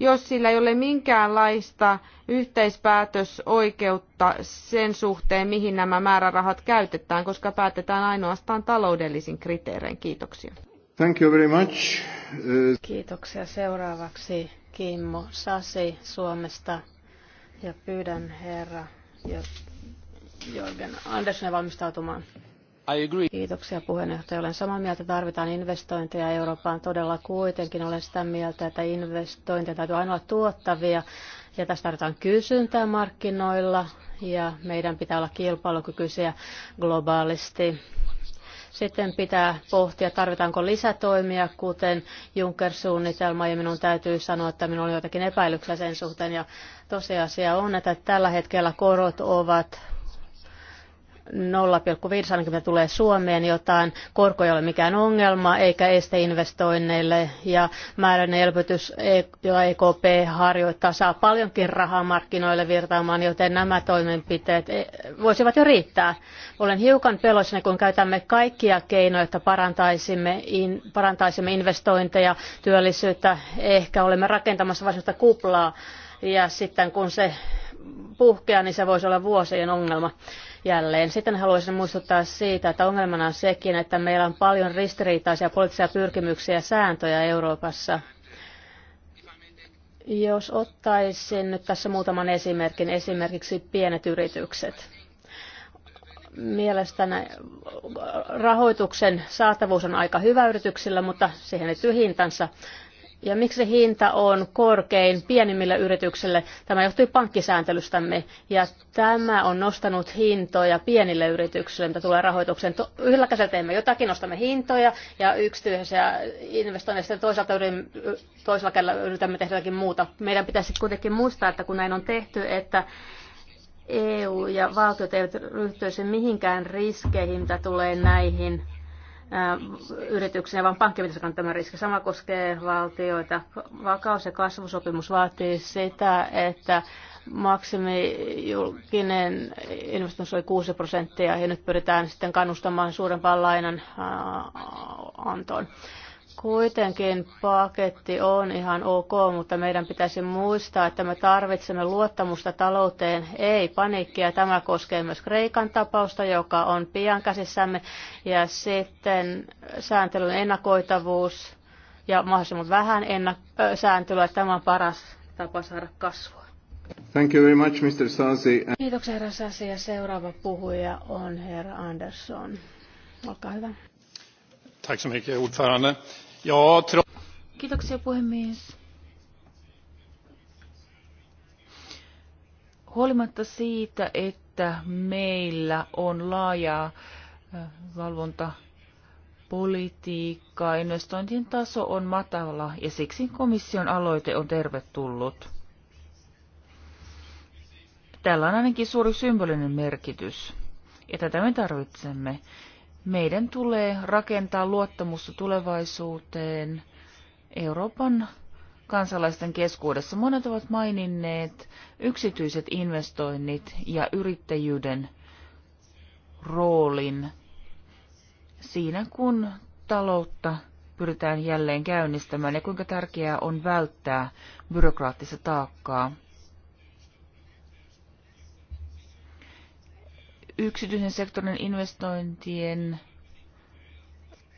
jos sillä ei ole minkäänlaista yhteispäätösoikeutta sen suhteen, mihin nämä määrärahat käytetään, koska päätetään ainoastaan taloudellisin kriteerein. Kiitoksia. Thank you very much. Kiitoksia. Seuraavaksi Kimmo Sasi Suomesta ja pyydän herra, jotta Jorgen Andersson valmistautumaan. I agree. Kiitoksia puheenjohtaja. Olen samaa mieltä, että tarvitaan investointeja Eurooppaan. Todella kuitenkin olen sitä mieltä, että investointeja täytyy aina olla tuottavia ja tästä tarvitaan kysyntää markkinoilla ja meidän pitää olla kilpailukykyisiä globaalisti. Sitten pitää pohtia, tarvitaanko lisätoimia, kuten Juncker-suunnitelma, ja minun täytyy sanoa, että minulla on joitakin epäilyksiä sen suhteen, ja tosiasia on, että tällä hetkellä korot ovat 0,50 tulee Suomeen jotain, korko ei ole mikään ongelma eikä este investoinneille ja määräinen elvytys, e- jota EKP harjoittaa, saa paljonkin rahaa markkinoille virtaamaan, joten nämä toimenpiteet e, voisivat jo riittää. Olen hiukan peloissani, kun käytämme kaikkia keinoja, että parantaisimme, in, parantaisimme investointeja, työllisyyttä, ehkä olemme rakentamassa varsinaista kuplaa ja sitten kun se puhkea, niin se voisi olla vuosien ongelma jälleen. Sitten haluaisin muistuttaa siitä, että ongelmana on sekin, että meillä on paljon ristiriitaisia poliittisia pyrkimyksiä ja sääntöjä Euroopassa. Jos ottaisin nyt tässä muutaman esimerkin, esimerkiksi pienet yritykset mielestäni rahoituksen saatavuus on aika hyvä yrityksillä, mutta siihen ei tyhjintänsä. Ja miksi hinta on korkein pienimmille yrityksille? Tämä johtuu pankkisääntelystämme ja tämä on nostanut hintoja pienille yrityksille, mitä tulee rahoitukseen. Yhdellä käsillä teemme jotakin, nostamme hintoja ja yksityisiä investoinneista toisaalta toisella kädellä yritämme tehdä jotakin muuta. Meidän pitäisi kuitenkin muistaa, että kun näin on tehty, että EU ja valtiot eivät ryhtyisi mihinkään riskeihin, mitä tulee näihin yrityksiä, vaan pankki pitäisi kantaa riski. Sama koskee valtioita. Vakaus- ja kasvusopimus vaatii sitä, että maksimi julkinen investointi oli 6 prosenttia ja nyt pyritään sitten kannustamaan suurempaan lainan antoon. Kuitenkin paketti on ihan ok, mutta meidän pitäisi muistaa, että me tarvitsemme luottamusta talouteen, ei paniikkia. Tämä koskee myös Kreikan tapausta, joka on pian käsissämme. Ja sitten sääntelyn ennakoitavuus ja mahdollisimman vähän ennak- sääntelyä. Tämä on paras tapa saada kasvua. Thank you very much, Mr. Sasi. Kiitoksia, herra Sasi. Ja seuraava puhuja on herra Andersson. Olkaa hyvä. Tack så mycket, ordförande Joo, Kiitoksia puhemies. Huolimatta siitä, että meillä on laajaa valvontapolitiikkaa, investointien taso on matala ja siksi komission aloite on tervetullut. Tällä on ainakin suuri symbolinen merkitys että tätä me tarvitsemme. Meidän tulee rakentaa luottamusta tulevaisuuteen Euroopan kansalaisten keskuudessa. Monet ovat maininneet yksityiset investoinnit ja yrittäjyyden roolin siinä, kun taloutta pyritään jälleen käynnistämään ja kuinka tärkeää on välttää byrokraattista taakkaa. yksityisen sektorin investointien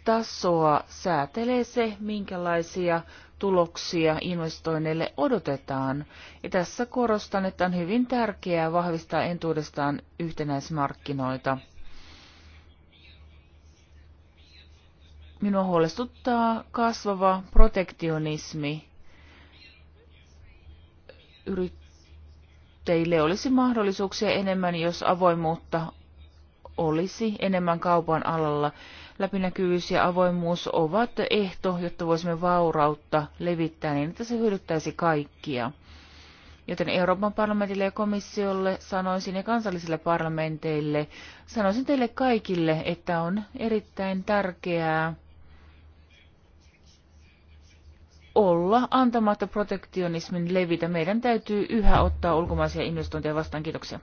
tasoa säätelee se, minkälaisia tuloksia investoinneille odotetaan. Ja tässä korostan, että on hyvin tärkeää vahvistaa entuudestaan yhtenäismarkkinoita. Minua huolestuttaa kasvava protektionismi. Yrit- teille olisi mahdollisuuksia enemmän, jos avoimuutta olisi enemmän kaupan alalla. Läpinäkyvyys ja avoimuus ovat ehto, jotta voisimme vaurautta levittää niin, että se hyödyttäisi kaikkia. Joten Euroopan parlamentille ja komissiolle sanoisin ja kansallisille parlamenteille, sanoisin teille kaikille, että on erittäin tärkeää olla antamatta protektionismin levitä. Meidän täytyy yhä ottaa ulkomaisia investointeja vastaan. Kiitoksia.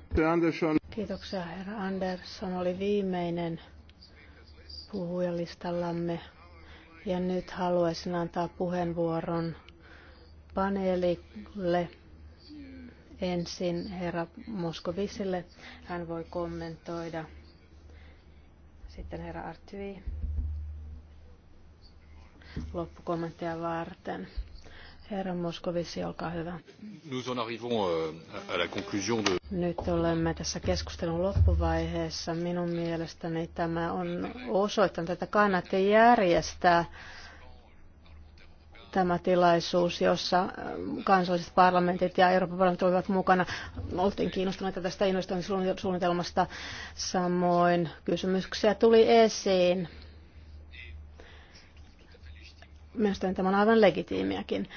Kiitoksia, herra Andersson. Oli viimeinen puhujalistallamme. Ja nyt haluaisin antaa puheenvuoron paneelille ensin herra Moskovisille. Hän voi kommentoida. Sitten herra Artvi loppukommentteja varten. Herra Moskovisi, olkaa hyvä. Nous en arrivons euh, à la conclusion de... Nyt olemme tässä keskustelun loppuvaiheessa. Minun mielestäni tämä on osoittanut, että kannatte järjestää tämä tilaisuus, jossa ähm, kansalliset parlamentit ja Euroopan parlamentit olivat mukana. Oltiin kiinnostuneita tästä investointisuunnitelmasta. Samoin kysymyksiä tuli esiin Mielestäni tämä on aivan legitiimiäkin.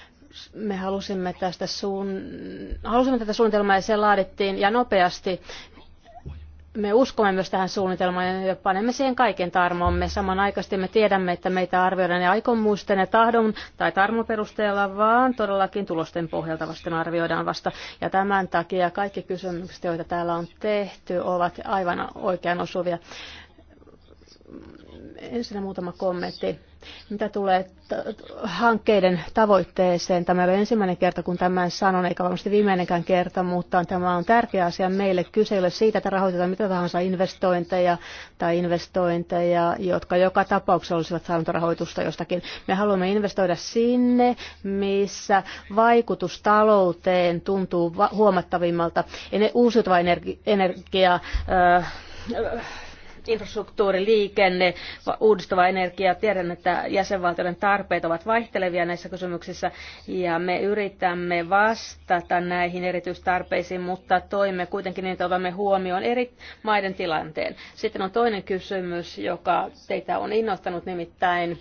Me halusimme, tästä suun... halusimme tätä suunnitelmaa ja se laadittiin ja nopeasti. Me uskomme myös tähän suunnitelmaan ja panemme siihen kaiken tarmomme. Samanaikaisesti me tiedämme, että meitä arvioidaan ja aikomuisten ja tahdon tai tarmon perusteella, vaan todellakin tulosten pohjalta vasten arvioidaan vasta. Ja tämän takia kaikki kysymykset, joita täällä on tehty, ovat aivan oikean osuvia ensinnä muutama kommentti mitä tulee hankkeiden tavoitteeseen, tämä on ensimmäinen kerta, kun tämän sanon, eikä varmasti viimeinenkään kerta, mutta tämä on tärkeä asia meille. Kyse ei ole siitä, että rahoitetaan mitä tahansa investointeja tai investointeja, jotka joka tapauksessa olisivat saaneet rahoitusta jostakin. Me haluamme investoida sinne, missä vaikutus talouteen tuntuu huomattavimmalta. Uusiutuva energi- energia, infrastruktuuri, liikenne, uudistuva energia. Tiedän, että jäsenvaltioiden tarpeet ovat vaihtelevia näissä kysymyksissä ja me yritämme vastata näihin erityistarpeisiin, mutta toimme kuitenkin niin, että otamme huomioon eri maiden tilanteen. Sitten on toinen kysymys, joka teitä on innoittanut, nimittäin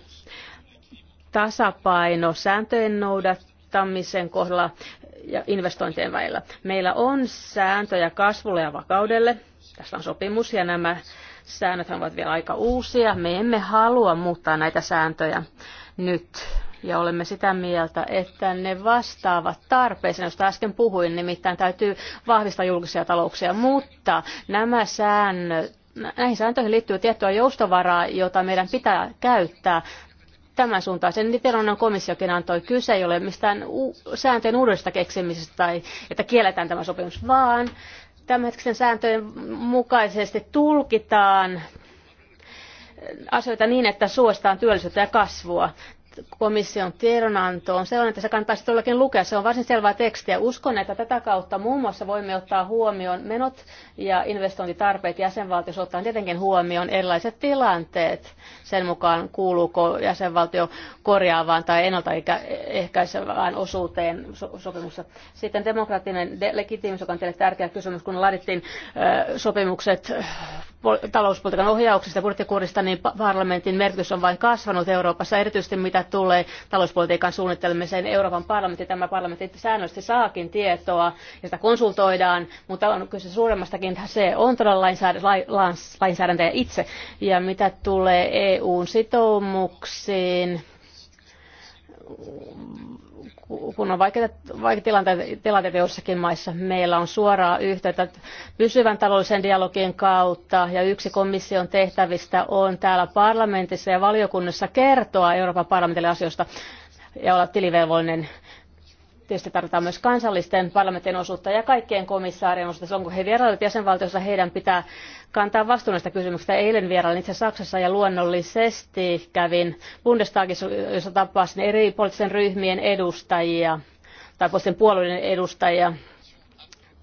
tasapaino sääntöjen noudattamisen kohdalla ja investointien välillä. Meillä on sääntöjä kasvulle ja vakaudelle. Tässä on sopimus ja nämä Säännöt ovat vielä aika uusia. Me emme halua muuttaa näitä sääntöjä nyt ja olemme sitä mieltä, että ne vastaavat tarpeeseen, josta äsken puhuin, nimittäin täytyy vahvistaa julkisia talouksia, mutta nämä säännöt, näihin sääntöihin liittyy tiettyä joustovaraa, jota meidän pitää käyttää tämän suuntaisen tiedonannon komissiokin antoi. Kyse ei ole mistään u- sääntöjen uudesta keksimisestä tai että kielletään tämä sopimus, vaan tämänhetkisten sääntöjen mukaisesti tulkitaan asioita niin, että suositaan työllisyyttä ja kasvua komission tiedonanto on sellainen, että se kannattaisi todellakin lukea. Se on varsin selvää tekstiä. Uskon, että tätä kautta muun muassa voimme ottaa huomioon menot ja investointitarpeet jäsenvaltiossa, ottaen tietenkin huomioon erilaiset tilanteet sen mukaan, kuuluuko jäsenvaltio korjaavaan tai ennaltaehkäisevään osuuteen so- sopimuksessa. Sitten demokraattinen legitiimisuus, joka on teille tärkeä kysymys, kun laadittiin sopimukset talouspolitiikan ohjauksesta ja budjettikurista, niin parlamentin merkitys on vain kasvanut Euroopassa, erityisesti mitä tulee talouspolitiikan suunnittelemiseen. Euroopan parlamentti, tämä parlamentti säännöllisesti saakin tietoa ja sitä konsultoidaan, mutta on kyse suuremmastakin, se on todella lainsäädäntäjä itse. Ja mitä tulee EUn sitoumuksiin, kun on vaikeita, vaikeita tilanteita, tilanteita joissakin maissa, meillä on suoraa yhteyttä pysyvän taloudellisen dialogin kautta, ja yksi komission tehtävistä on täällä parlamentissa ja valiokunnassa kertoa Euroopan parlamentille asioista ja olla tilivelvollinen tietysti tarvitaan myös kansallisten parlamentin osuutta ja kaikkien komissaarien osuutta. Silloin kun he vierailevat jäsenvaltiossa, heidän pitää kantaa vastuun näistä kysymyksistä. Eilen vierailin itse Saksassa ja luonnollisesti kävin Bundestagissa, jossa tapasin eri poliittisen ryhmien edustajia tai poliittisen puolueiden edustajia.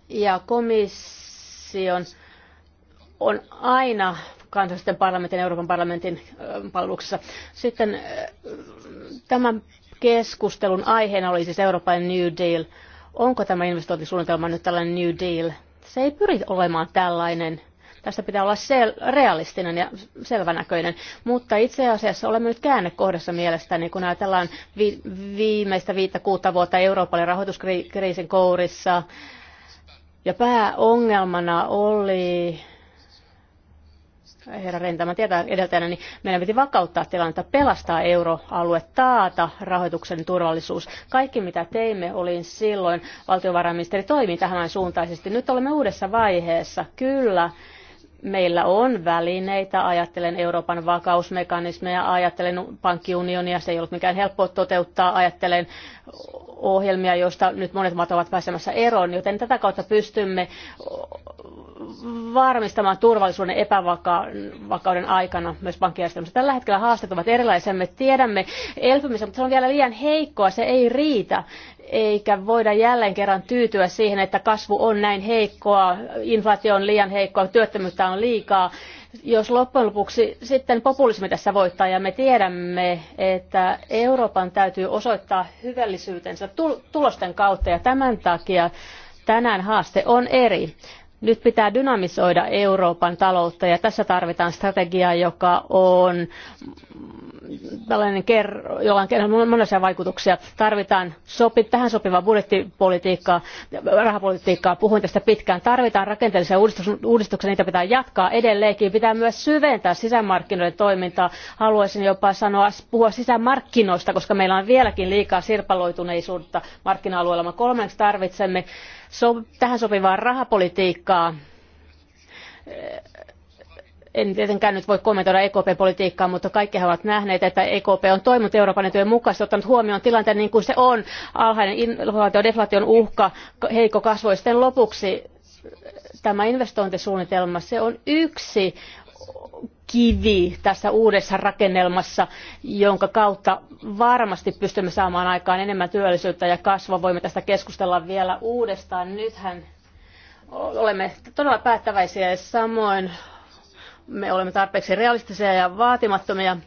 Ja komission on aina kansallisten parlamentin ja Euroopan parlamentin palveluksessa. Sitten tämän keskustelun aiheena oli siis Euroopan New Deal. Onko tämä investointisuunnitelma nyt tällainen New Deal? Se ei pyri olemaan tällainen Tästä pitää olla sel- realistinen ja selvänäköinen. Mutta itse asiassa olemme nyt käännekohdassa mielestäni, kun ajatellaan vi- viimeistä viittä kuutta vuotta Euroopan rahoituskriisin kourissa. Ja pääongelmana oli herra Rentama tietää edeltäjänä, niin meidän piti vakauttaa tilannetta, pelastaa euroalue, taata rahoituksen turvallisuus. Kaikki mitä teimme oli silloin, valtiovarainministeri toimi tähän suuntaisesti. Nyt olemme uudessa vaiheessa. Kyllä, meillä on välineitä, ajattelen Euroopan vakausmekanismeja, ajattelen pankkiunionia, se ei ollut mikään helppo toteuttaa, ajattelen ohjelmia, joista nyt monet maat ovat pääsemässä eroon, joten tätä kautta pystymme varmistamaan turvallisuuden epävakauden aikana myös pankkijärjestelmässä. Tällä hetkellä haasteet ovat erilaisia. Me tiedämme elpymisen, mutta se on vielä liian heikkoa, se ei riitä. Eikä voida jälleen kerran tyytyä siihen, että kasvu on näin heikkoa, inflaatio on liian heikkoa, työttömyyttä on liikaa. Jos loppujen lopuksi sitten populismi tässä voittaa ja me tiedämme, että Euroopan täytyy osoittaa hyvällisyytensä tulosten kautta ja tämän takia tänään haaste on eri. Nyt pitää dynamisoida Euroopan taloutta ja tässä tarvitaan strategiaa, joka on tällainen kerro, jolla on monenlaisia vaikutuksia. Tarvitaan sopi, tähän sopivaa budjettipolitiikkaa, rahapolitiikkaa, puhuin tästä pitkään. Tarvitaan rakenteellisia uudistuksia, niitä pitää jatkaa edelleenkin. Pitää myös syventää sisämarkkinoiden toimintaa. Haluaisin jopa sanoa, puhua sisämarkkinoista, koska meillä on vieläkin liikaa sirpaloituneisuutta markkina-alueella. Me kolmanneksi tarvitsemme so, tähän sopivaa rahapolitiikkaa en tietenkään nyt voi kommentoida EKPn politiikkaa mutta kaikki ovat nähneet, että EKP on toiminut Euroopan etujen mukaisesti, ottanut huomioon tilanteen niin kuin se on, alhainen inflaatio, deflaation uhka, heikko kasvu. Sitten lopuksi tämä investointisuunnitelma, se on yksi kivi tässä uudessa rakennelmassa, jonka kautta varmasti pystymme saamaan aikaan enemmän työllisyyttä ja kasvua. Voimme tästä keskustella vielä uudestaan. Nythän olemme todella päättäväisiä ja samoin me olemme tarpeeksi realistisia ja vaatimattomia.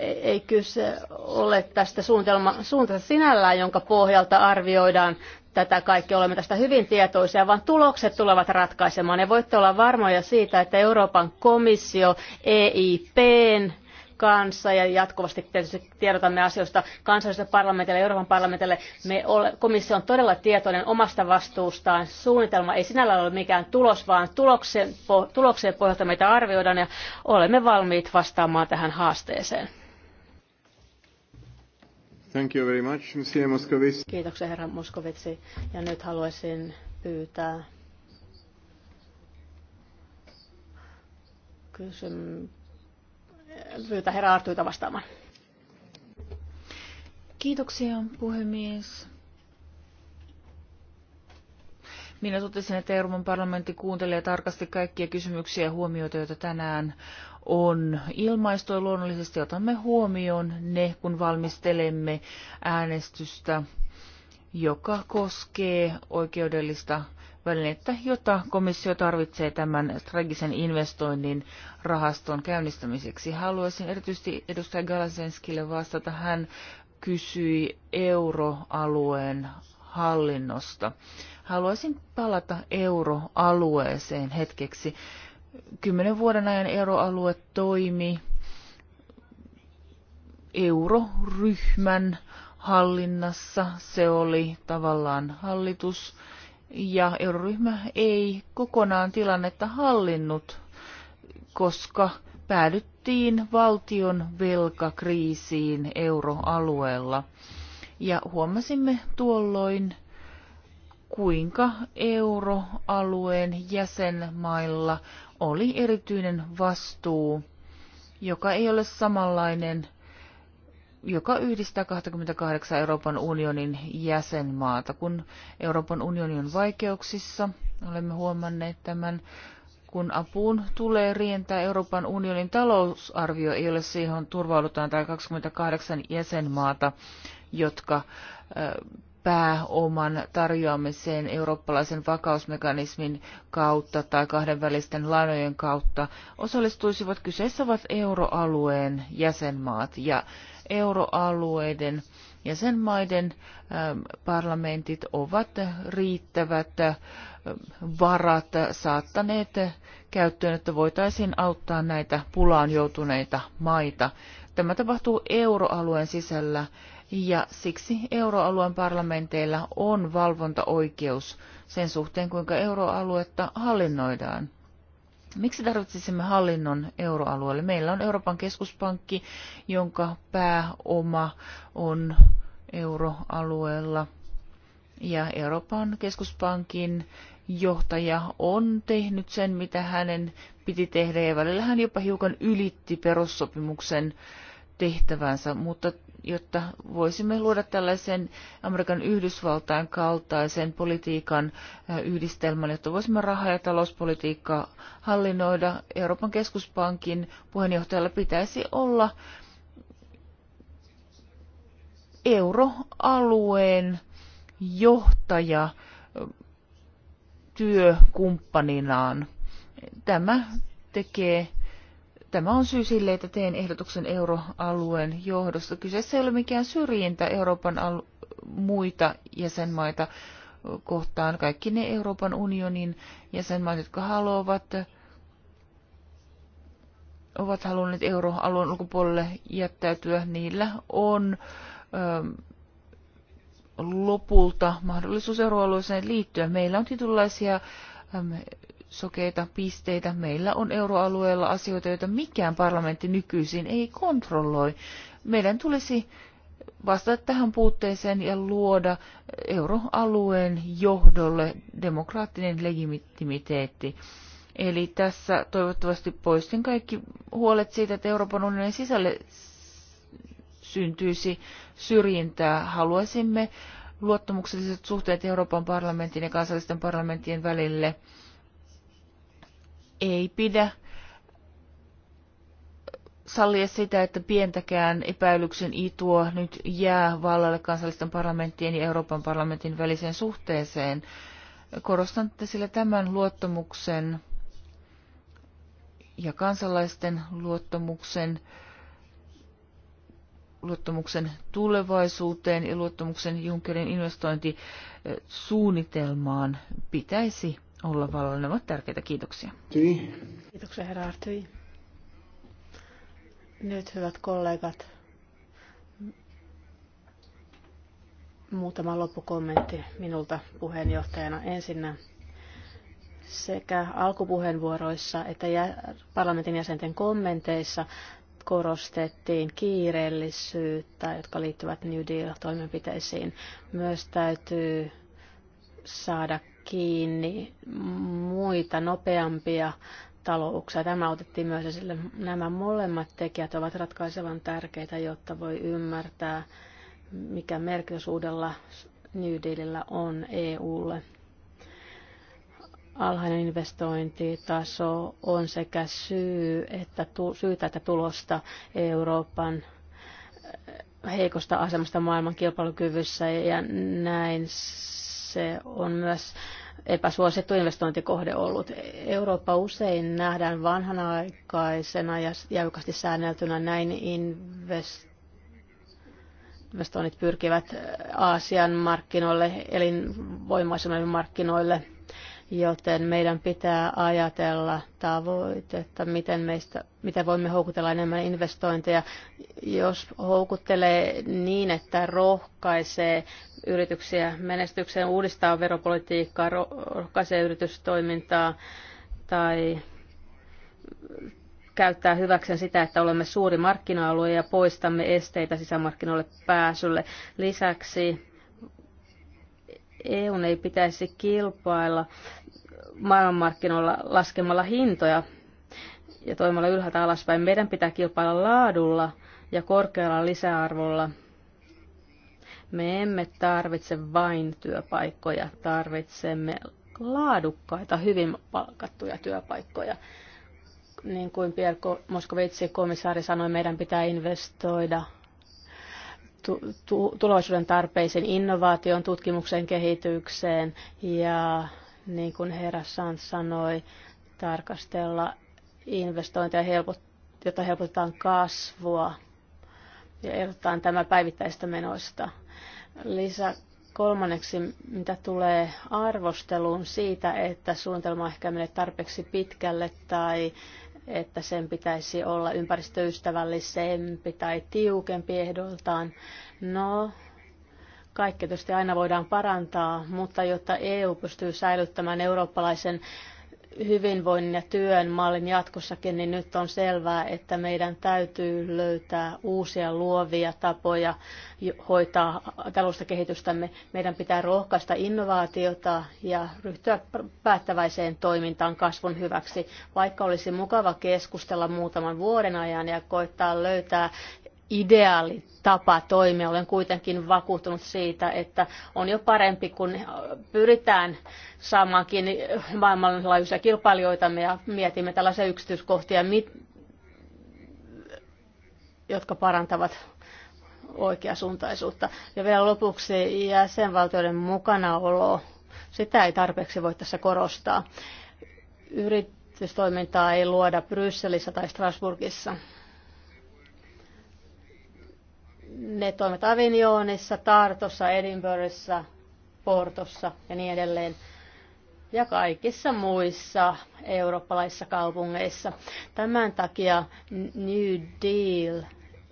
Ei kyse ole tästä suunnitelma, suunnitelmasta sinällään, jonka pohjalta arvioidaan tätä kaikki olemme tästä hyvin tietoisia, vaan tulokset tulevat ratkaisemaan. Ja voitte olla varmoja siitä, että Euroopan komissio, EIPn kanssa ja jatkuvasti tietysti tiedotamme asioista kansalliselle parlamentille ja Euroopan parlamentille. Me ole, komissio on todella tietoinen omasta vastuustaan. Suunnitelma ei sinällään ole mikään tulos, vaan tuloksen, po, tulokseen pohjalta meitä arvioidaan ja olemme valmiit vastaamaan tähän haasteeseen. Thank you very much, Kiitoksia, herra Moskovitsi. Ja nyt haluaisin pyytää kysymyksiä pyytää herra Artuita vastaamaan. Kiitoksia, puhemies. Minä totesin, että Euroopan parlamentti kuuntelee tarkasti kaikkia kysymyksiä ja huomioita, joita tänään on ilmaistu ja luonnollisesti otamme huomioon ne, kun valmistelemme äänestystä joka koskee oikeudellista välinettä, jota komissio tarvitsee tämän strategisen investoinnin rahaston käynnistämiseksi. Haluaisin erityisesti edustaja Galasenskille vastata. Hän kysyi euroalueen hallinnosta. Haluaisin palata euroalueeseen hetkeksi. Kymmenen vuoden ajan euroalue toimi euroryhmän hallinnassa. Se oli tavallaan hallitus ja euroryhmä ei kokonaan tilannetta hallinnut, koska päädyttiin valtion velkakriisiin euroalueella. Ja huomasimme tuolloin, kuinka euroalueen jäsenmailla oli erityinen vastuu, joka ei ole samanlainen joka yhdistää 28 Euroopan unionin jäsenmaata. Kun Euroopan unioni on vaikeuksissa, olemme huomanneet tämän, kun apuun tulee rientää Euroopan unionin talousarvio, ei ole siihen turvaudutaan tai 28 jäsenmaata, jotka pääoman tarjoamiseen eurooppalaisen vakausmekanismin kautta tai kahdenvälisten lainojen kautta osallistuisivat kyseessä ovat euroalueen jäsenmaat ja euroalueiden jäsenmaiden ähm, parlamentit ovat riittävät ähm, varat saattaneet käyttöön, että voitaisiin auttaa näitä pulaan joutuneita maita. Tämä tapahtuu euroalueen sisällä ja siksi euroalueen parlamenteilla on valvontaoikeus sen suhteen, kuinka euroaluetta hallinnoidaan. Miksi tarvitsisimme hallinnon euroalueelle? Meillä on Euroopan keskuspankki, jonka pääoma on euroalueella. Ja Euroopan keskuspankin johtaja on tehnyt sen, mitä hänen piti tehdä, ja välillä hän jopa hiukan ylitti perussopimuksen äh, tehtävänsä, mutta jotta voisimme luoda tällaisen Amerikan Yhdysvaltain kaltaisen politiikan äh, yhdistelmän, jotta voisimme raha- ja talouspolitiikkaa hallinnoida. Euroopan keskuspankin puheenjohtajalla pitäisi olla euroalueen johtaja äh, työkumppaninaan. Tämä tekee Tämä on syy sille, että teen ehdotuksen euroalueen johdosta. Kyseessä ei ole mikään syrjintä Euroopan muita jäsenmaita kohtaan. Kaikki ne Euroopan unionin jäsenmaat, jotka haluavat, ovat halunneet euroalueen ulkopuolelle jättäytyä, niillä on ö, ähm, lopulta mahdollisuus euroalueeseen liittyä. Meillä on tietynlaisia ähm, sokeita pisteitä. Meillä on euroalueella asioita, joita mikään parlamentti nykyisin ei kontrolloi. Meidän tulisi vastata tähän puutteeseen ja luoda euroalueen johdolle demokraattinen legitimiteetti. Eli tässä toivottavasti poistin kaikki huolet siitä, että Euroopan unionin sisälle syntyisi syrjintää. Haluaisimme luottamukselliset suhteet Euroopan parlamentin ja kansallisten parlamenttien välille – ei pidä sallia sitä, että pientäkään epäilyksen itua nyt jää vallalle kansallisten parlamenttien ja Euroopan parlamentin väliseen suhteeseen. Korostan, että sillä tämän luottamuksen ja kansalaisten luottamuksen, luottamuksen tulevaisuuteen ja luottamuksen Junckerin investointisuunnitelmaan pitäisi olla vallalla. Ne ovat tärkeitä. Kiitoksia. Tyi. Kiitoksia herra Artyi. Nyt hyvät kollegat, muutama loppukommentti minulta puheenjohtajana ensinnä. Sekä alkupuheenvuoroissa että parlamentin jäsenten kommenteissa korostettiin kiireellisyyttä, jotka liittyvät New Deal-toimenpiteisiin. Myös täytyy saada kiinni muita nopeampia talouksia. Tämä otettiin myös esille. Nämä molemmat tekijät ovat ratkaisevan tärkeitä, jotta voi ymmärtää, mikä merkitys uudella New Dealillä on EUlle. Alhainen investointitaso on sekä syy että syytä että tulosta Euroopan eh, heikosta asemasta maailman kilpailukyvyssä ja näin se on myös epäsuosittu investointikohde ollut. Eurooppa usein nähdään vanhanaikaisena ja jäykästi säänneltynä näin investoinnit pyrkivät Aasian markkinoille, elinvoimaisemmille markkinoille – joten meidän pitää ajatella tavoitetta, miten, meistä, miten voimme houkutella enemmän investointeja. Jos houkuttelee niin, että rohkaisee yrityksiä menestykseen, uudistaa veropolitiikkaa, rohkaisee yritystoimintaa tai käyttää hyväksen sitä, että olemme suuri markkina-alue ja poistamme esteitä sisämarkkinoille pääsylle. Lisäksi EUn ei pitäisi kilpailla maailmanmarkkinoilla laskemalla hintoja ja toimimalla ylhäältä alaspäin. Meidän pitää kilpailla laadulla ja korkealla lisäarvolla. Me emme tarvitse vain työpaikkoja, tarvitsemme laadukkaita, hyvin palkattuja työpaikkoja. Niin kuin Pierre Moskovitsi komissaari sanoi, meidän pitää investoida tulevaisuuden tarpeisiin, innovaation, tutkimuksen kehitykseen ja niin kuin herra Sant sanoi, tarkastella investointeja, jotta helpotetaan kasvua ja erotetaan tämä päivittäistä menoista. Lisä kolmanneksi, mitä tulee arvosteluun siitä, että suunnitelma ehkä menee tarpeeksi pitkälle tai että sen pitäisi olla ympäristöystävällisempi tai tiukempi ehdoltaan. No, kaikki tietysti aina voidaan parantaa, mutta jotta EU pystyy säilyttämään eurooppalaisen hyvinvoinnin ja työn mallin jatkossakin, niin nyt on selvää, että meidän täytyy löytää uusia luovia tapoja hoitaa talousta kehitystämme. Meidän pitää rohkaista innovaatiota ja ryhtyä päättäväiseen toimintaan kasvun hyväksi, vaikka olisi mukava keskustella muutaman vuoden ajan ja koittaa löytää tapa toimia. Olen kuitenkin vakuuttunut siitä, että on jo parempi, kun pyritään saamaankin maailmanlaajuisia kilpailijoitamme ja mietimme tällaisia yksityiskohtia, jotka parantavat oikeasuuntaisuutta. Ja vielä lopuksi jäsenvaltioiden mukanaolo. Sitä ei tarpeeksi voi tässä korostaa. Yritystoimintaa ei luoda Brysselissä tai Strasburgissa ne toimet Avignonissa, Tartossa, Edinburghissa, Portossa ja niin edelleen ja kaikissa muissa eurooppalaisissa kaupungeissa. Tämän takia New Deal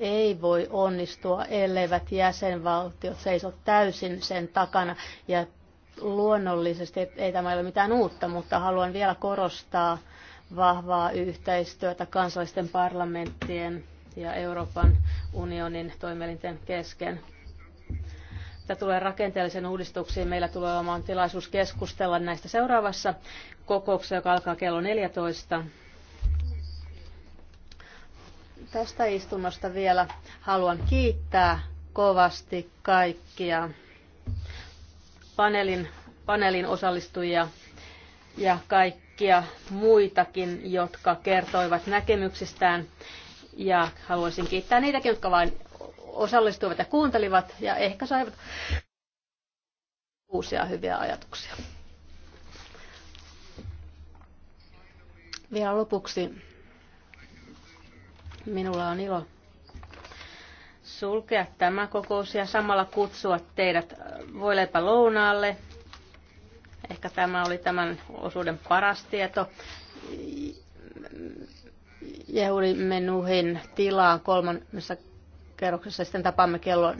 ei voi onnistua, elleivät jäsenvaltiot seiso täysin sen takana. Ja luonnollisesti ei tämä ole mitään uutta, mutta haluan vielä korostaa vahvaa yhteistyötä kansallisten parlamenttien ja Euroopan unionin toimielinten kesken. Mitä tulee rakenteellisiin uudistuksiin, meillä tulee olemaan tilaisuus keskustella näistä seuraavassa kokouksessa, joka alkaa kello 14. Tästä istunnosta vielä haluan kiittää kovasti kaikkia paneelin, paneelin osallistujia ja kaikkia muitakin, jotka kertoivat näkemyksistään ja haluaisin kiittää niitäkin, jotka vain osallistuivat ja kuuntelivat ja ehkä saivat uusia hyviä ajatuksia. Vielä lopuksi minulla on ilo sulkea tämä kokous ja samalla kutsua teidät äh, voileipä lounaalle. Ehkä tämä oli tämän osuuden paras tieto. Jehuri Menuhin tilaan kolmannessa kerroksessa. Sitten tapaamme kello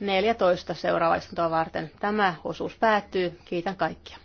14 seuraavaistuntoa varten. Tämä osuus päättyy. Kiitän kaikkia.